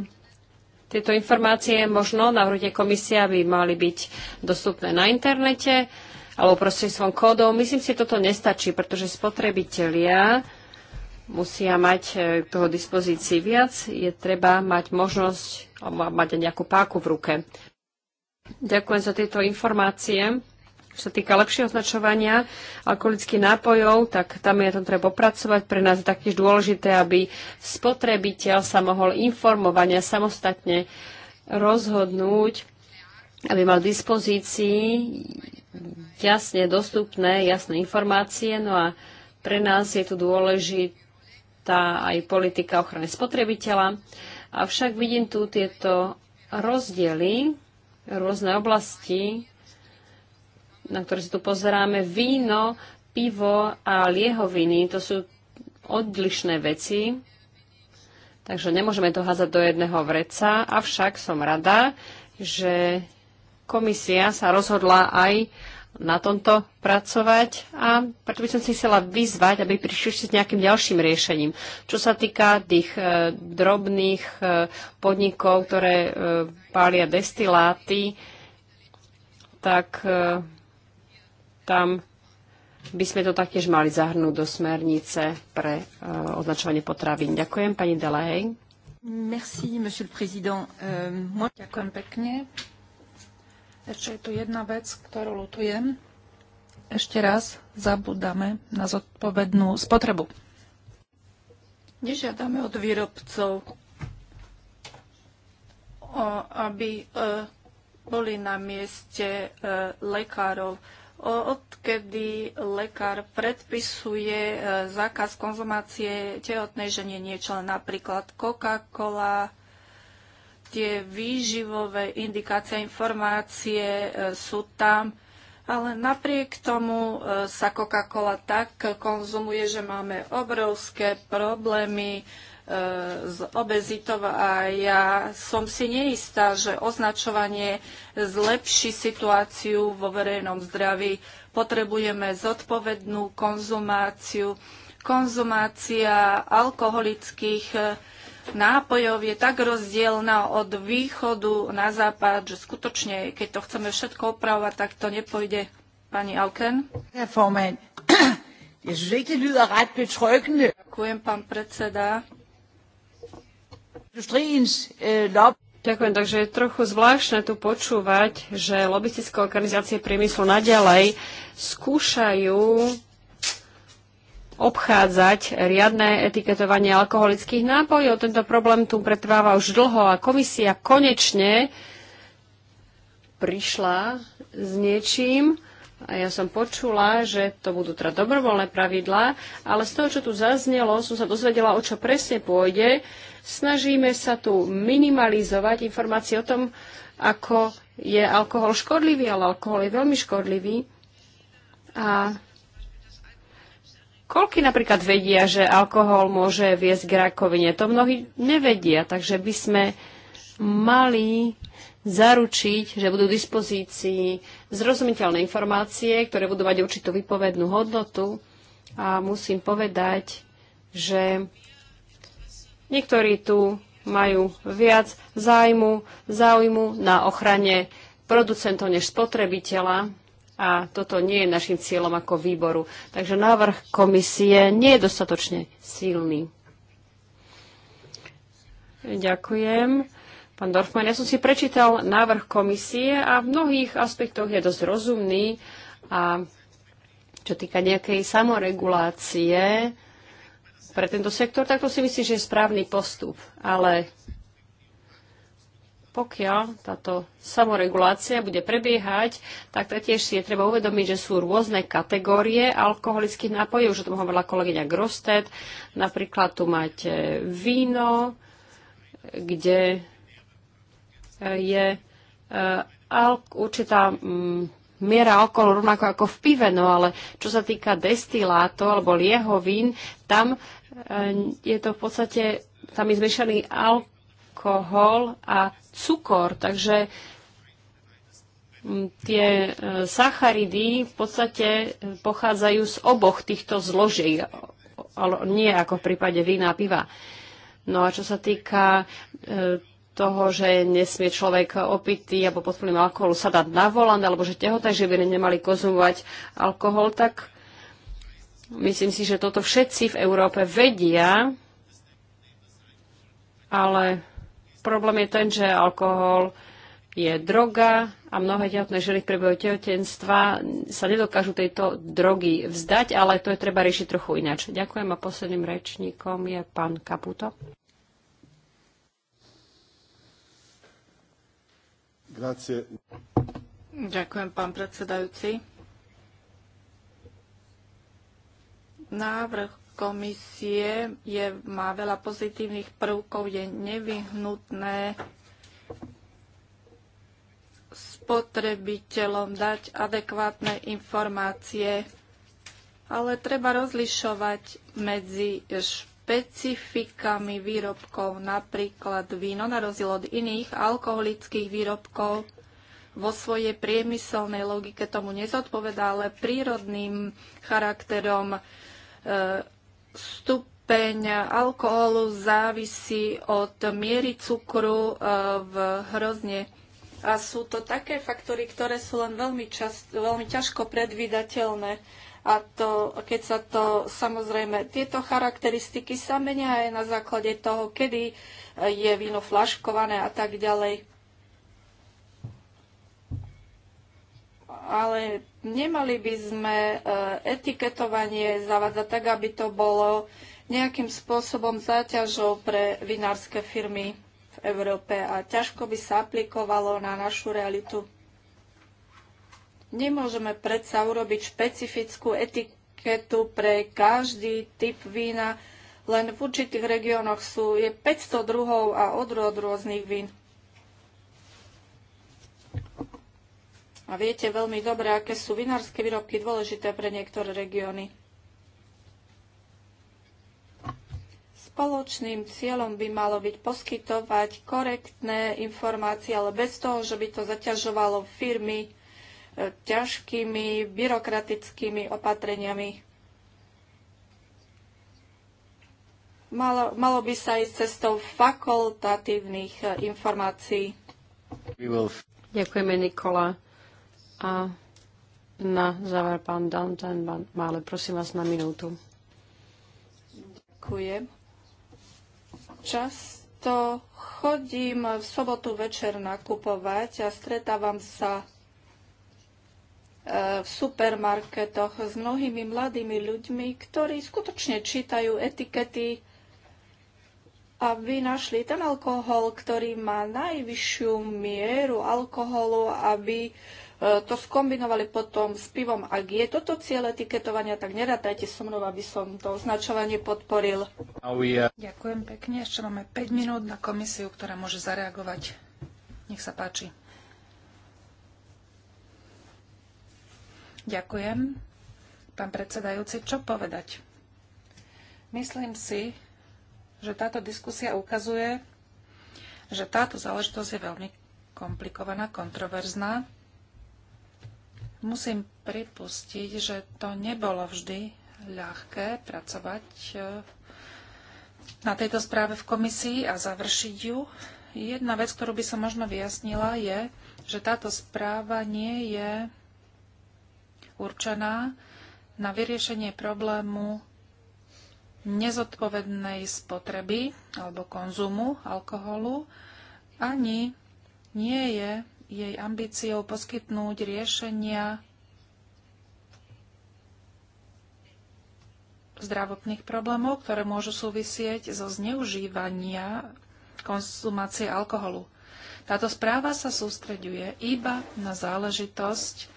tieto informácie možno na hrude komisia by mali byť dostupné na internete alebo prostredstvom kódov. Myslím si, že toto nestačí, pretože spotrebitelia musia mať e, k toho dispozícii viac, je treba mať možnosť mať nejakú páku v ruke. Ďakujem za tieto informácie. Čo sa týka lepšieho označovania alkoholických nápojov, tak tam je to treba opracovať. Pre nás je taktiež dôležité, aby spotrebiteľ sa mohol informovania samostatne rozhodnúť, aby mal v dispozícii jasne dostupné, jasné informácie. No a pre nás je tu dôležité tá aj politika ochrany spotrebiteľa. Avšak vidím tu tieto rozdiely, rôzne oblasti, na ktoré si tu pozeráme. Víno, pivo a liehoviny, to sú odlišné veci, takže nemôžeme to házať do jedného vreca. Avšak som rada, že komisia sa rozhodla aj na tomto pracovať a preto by som si chcela vyzvať, aby prišli s nejakým ďalším riešením. Čo sa týka tých e, drobných e, podnikov, ktoré e, pália destiláty, tak e, tam by sme to taktiež mali zahrnúť do smernice pre e, označovanie potravín. Ďakujem, pani Delahej. Merci, monsieur le président. Euh, moi... Ďakujem pekne. Ešte je tu jedna vec, ktorú lutujem. Ešte raz zabudáme na zodpovednú spotrebu. Nežiadame od výrobcov, aby e, boli na mieste e, lekárov. Odkedy lekár predpisuje e, zákaz konzumácie tehotnej ženie niečo, napríklad Coca-Cola, tie výživové indikácie a informácie e, sú tam, ale napriek tomu e, sa Coca-Cola tak konzumuje, že máme obrovské problémy e, s obezitou a ja som si neistá, že označovanie zlepší situáciu vo verejnom zdraví. Potrebujeme zodpovednú konzumáciu. Konzumácia alkoholických nápojov je tak rozdielna od východu na západ, že skutočne, keď to chceme všetko opravovať, tak to nepôjde. Pani Auken. [clears throat] Ďakujem, pán predseda. Eh, Ďakujem, takže je trochu zvláštne tu počúvať, že lobistické organizácie priemyslu naďalej skúšajú obchádzať riadne etiketovanie alkoholických nápojov. Tento problém tu pretrváva už dlho a komisia konečne prišla s niečím, a ja som počula, že to budú teda dobrovoľné pravidlá, ale z toho, čo tu zaznelo, som sa dozvedela, o čo presne pôjde. Snažíme sa tu minimalizovať informácie o tom, ako je alkohol škodlivý, ale alkohol je veľmi škodlivý. A Koľky napríklad vedia, že alkohol môže viesť k rakovine? To mnohí nevedia, takže by sme mali zaručiť, že budú v dispozícii zrozumiteľné informácie, ktoré budú mať určitú vypovednú hodnotu. A musím povedať, že niektorí tu majú viac zájmu, záujmu na ochrane producentov než spotrebiteľa a toto nie je našim cieľom ako výboru. Takže návrh komisie nie je dostatočne silný. Ďakujem. Pán Dorfman, ja som si prečítal návrh komisie a v mnohých aspektoch je dosť rozumný a čo týka nejakej samoregulácie pre tento sektor, tak to si myslím, že je správny postup. Ale pokiaľ táto samoregulácia bude prebiehať, tak taktiež si je treba uvedomiť, že sú rôzne kategórie alkoholických nápojov, už o tom hovorila kolegyňa Grosted. Napríklad tu máte víno, kde eh, je eh, určitá mm, miera alkoholu rovnako ako v pive, no ale čo sa týka destilátov alebo liehovín, tam eh, je to v podstate, tam je zmiešaný alkohol alkohol a cukor. Takže mm, tie e, sacharidy v podstate e, pochádzajú z oboch týchto zloží, ale nie ako v prípade vína a piva. No a čo sa týka e, toho, že nesmie človek opitý alebo pod vplyvom alkoholu sa dať na volant, alebo že tehotné by nemali konzumovať alkohol, tak myslím si, že toto všetci v Európe vedia, ale Problém je ten, že alkohol je droga a mnohé tehotné ženy v priebehu tehotenstva sa nedokážu tejto drogy vzdať, ale to je treba riešiť trochu ináč. Ďakujem a posledným rečníkom je pán Kaputo. Grazie. Ďakujem, pán predsedajúci. Návrh komisie je, má veľa pozitívnych prvkov, je nevyhnutné spotrebiteľom dať adekvátne informácie, ale treba rozlišovať medzi špecifikami výrobkov, napríklad víno na rozdiel od iných alkoholických výrobkov. Vo svojej priemyselnej logike tomu nezodpovedá, ale prírodným charakterom e, stupeň alkoholu závisí od miery cukru e, v hrozne. A sú to také faktory, ktoré sú len veľmi, čas, veľmi ťažko predvídateľné. A to, keď sa to, samozrejme, tieto charakteristiky sa menia aj na základe toho, kedy e, je víno flaškované a tak ďalej. ale nemali by sme e, etiketovanie zavádzať tak, aby to bolo nejakým spôsobom záťažou pre vinárske firmy v Európe a ťažko by sa aplikovalo na našu realitu. Nemôžeme predsa urobiť špecifickú etiketu pre každý typ vína, len v určitých regiónoch sú je 500 druhov a odrôd rôznych vín. A viete veľmi dobre, aké sú vinárske výrobky dôležité pre niektoré regióny. Spoločným cieľom by malo byť poskytovať korektné informácie, ale bez toho, že by to zaťažovalo firmy e, ťažkými byrokratickými opatreniami. Malo, malo by sa ísť cestou fakultatívnych e, informácií. Ďakujeme, Nikola. A na záver pán Dantan Mále, prosím vás na minútu. Ďakujem. Často chodím v sobotu večer nakupovať a stretávam sa e, v supermarketoch s mnohými mladými ľuďmi, ktorí skutočne čítajú etikety, aby našli ten alkohol, ktorý má najvyššiu mieru alkoholu, aby E, to skombinovali potom s pivom. Ak je toto cieľ etiketovania, tak nerátajte so mnou, aby som to označovanie podporil. Uh, Ďakujem pekne. Ešte máme 5 minút na komisiu, ktorá môže zareagovať. Nech sa páči. Ďakujem. Pán predsedajúci, čo povedať? Myslím si, že táto diskusia ukazuje, že táto záležitosť je veľmi komplikovaná, kontroverzná Musím pripustiť, že to nebolo vždy ľahké pracovať e, na tejto správe v komisii a završiť ju. Jedna vec, ktorú by som možno vyjasnila, je, že táto správa nie je určená na vyriešenie problému nezodpovednej spotreby alebo konzumu alkoholu, ani nie je jej ambíciou poskytnúť riešenia zdravotných problémov, ktoré môžu súvisieť zo zneužívania konzumácie alkoholu. Táto správa sa sústreďuje iba na záležitosť,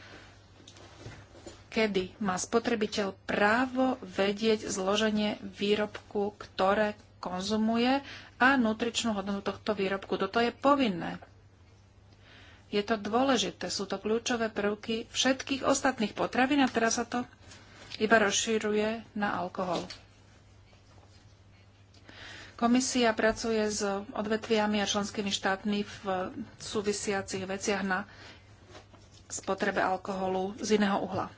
kedy má spotrebiteľ právo vedieť zloženie výrobku, ktoré konzumuje a nutričnú hodnotu tohto výrobku. Toto je povinné. Je to dôležité, sú to kľúčové prvky všetkých ostatných potravín a teraz sa to iba rozšíruje na alkohol. Komisia pracuje s odvetviami a členskými štátmi v súvisiacich veciach na spotrebe alkoholu z iného uhla.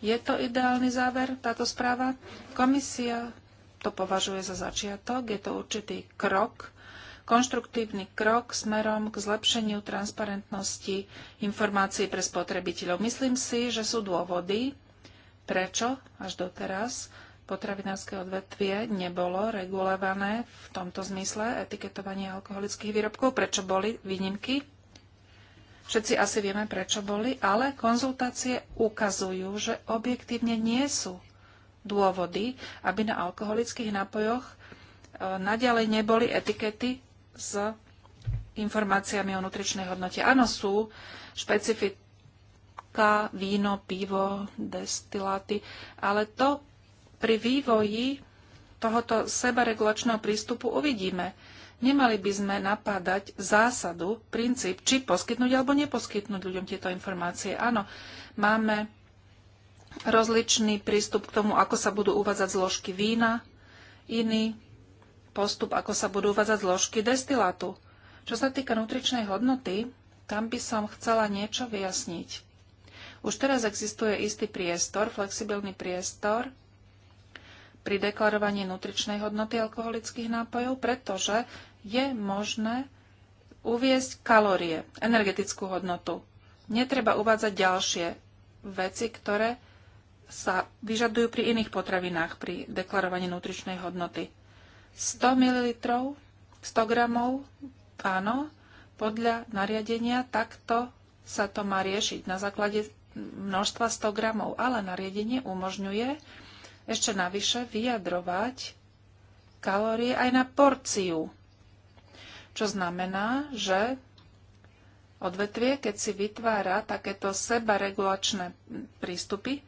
Je to ideálny záver, táto správa? Komisia to považuje za začiatok, je to určitý krok konštruktívny krok smerom k zlepšeniu transparentnosti informácií pre spotrebiteľov. Myslím si, že sú dôvody, prečo až doteraz potravinárske odvetvie nebolo regulované v tomto zmysle etiketovanie alkoholických výrobkov, prečo boli výnimky. Všetci asi vieme, prečo boli, ale konzultácie ukazujú, že objektívne nie sú dôvody, aby na alkoholických nápojoch e, naďalej neboli etikety s informáciami o nutričnej hodnote. Áno, sú špecifika, víno, pivo, destiláty, ale to pri vývoji tohoto sebaregulačného prístupu uvidíme. Nemali by sme napádať zásadu, princíp, či poskytnúť alebo neposkytnúť ľuďom tieto informácie. Áno, máme rozličný prístup k tomu, ako sa budú uvádzať zložky vína, iný postup, ako sa budú uvádzať zložky destilátu. Čo sa týka nutričnej hodnoty, tam by som chcela niečo vyjasniť. Už teraz existuje istý priestor, flexibilný priestor pri deklarovaní nutričnej hodnoty alkoholických nápojov, pretože je možné uviesť kalórie, energetickú hodnotu. Netreba uvádzať ďalšie veci, ktoré sa vyžadujú pri iných potravinách pri deklarovaní nutričnej hodnoty. 100 ml, 100 gramov, áno, podľa nariadenia takto sa to má riešiť na základe množstva 100 gramov, ale nariadenie umožňuje ešte navyše vyjadrovať kalórie aj na porciu. Čo znamená, že odvetvie, keď si vytvára takéto sebaregulačné prístupy,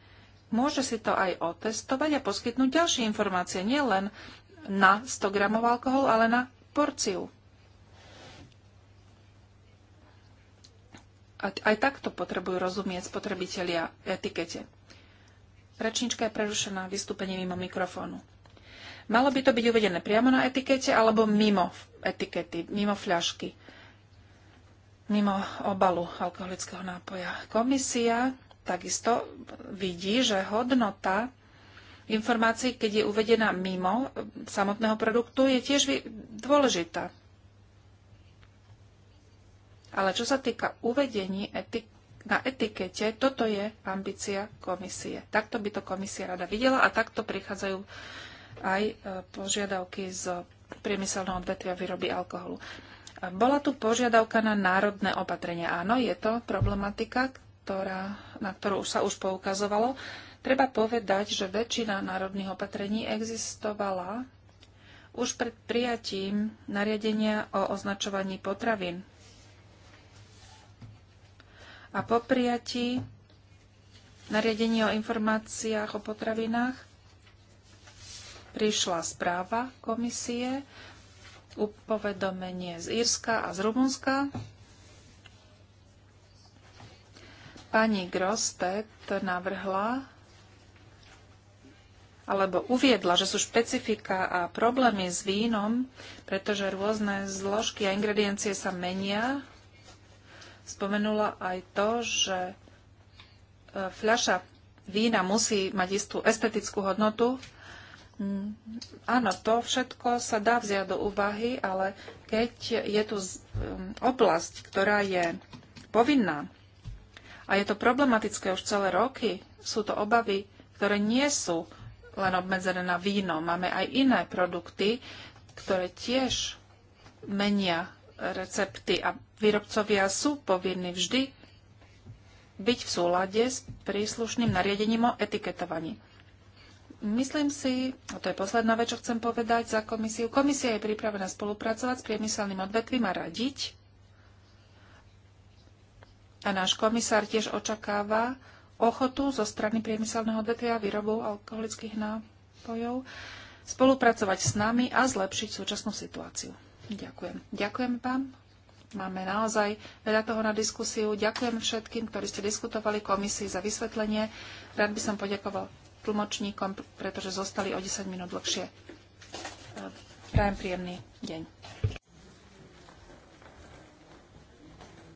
môže si to aj otestovať a poskytnúť ďalšie informácie, nielen na 100 gramov alkoholu, ale na porciu. A aj takto potrebujú rozumieť spotrebitelia etikete. Rečnička je prerušená vystúpenie mimo mikrofónu. Malo by to byť uvedené priamo na etikete alebo mimo etikety, mimo fľašky, mimo obalu alkoholického nápoja. Komisia takisto vidí, že hodnota informácií, keď je uvedená mimo samotného produktu, je tiež dôležitá. Ale čo sa týka uvedení etik- na etikete, toto je ambícia komisie. Takto by to komisia rada videla a takto prichádzajú aj e, požiadavky z priemyselného odvetvia výroby alkoholu. Bola tu požiadavka na národné opatrenia. Áno, je to problematika, ktorá, na ktorú sa už poukazovalo. Treba povedať, že väčšina národných opatrení existovala už pred prijatím nariadenia o označovaní potravín. A po prijatí nariadenia o informáciách o potravinách prišla správa komisie, upovedomenie z Írska a z Rumunska. Pani Grostet navrhla alebo uviedla, že sú špecifika a problémy s vínom, pretože rôzne zložky a ingrediencie sa menia, spomenula aj to, že e, fľaša vína musí mať istú estetickú hodnotu. Mm, áno, to všetko sa dá vziať do úvahy, ale keď je tu oblasť, ktorá je povinná a je to problematické už celé roky, sú to obavy, ktoré nie sú len obmedzené na víno. Máme aj iné produkty, ktoré tiež menia recepty a výrobcovia sú povinní vždy byť v súlade s príslušným nariadením o etiketovaní. Myslím si, a to je posledná vec, čo chcem povedať za komisiu, komisia je pripravená spolupracovať s priemyselným odvetvím a radiť. A náš komisár tiež očakáva, ochotu zo strany priemyselného odvetvia výrobu alkoholických nápojov spolupracovať s nami a zlepšiť súčasnú situáciu. Ďakujem. Ďakujem vám. Máme naozaj veľa toho na diskusiu. Ďakujem všetkým, ktorí ste diskutovali komisii za vysvetlenie. Rád by som poďakoval tlmočníkom, pretože zostali o 10 minút dlhšie. Prajem príjemný deň.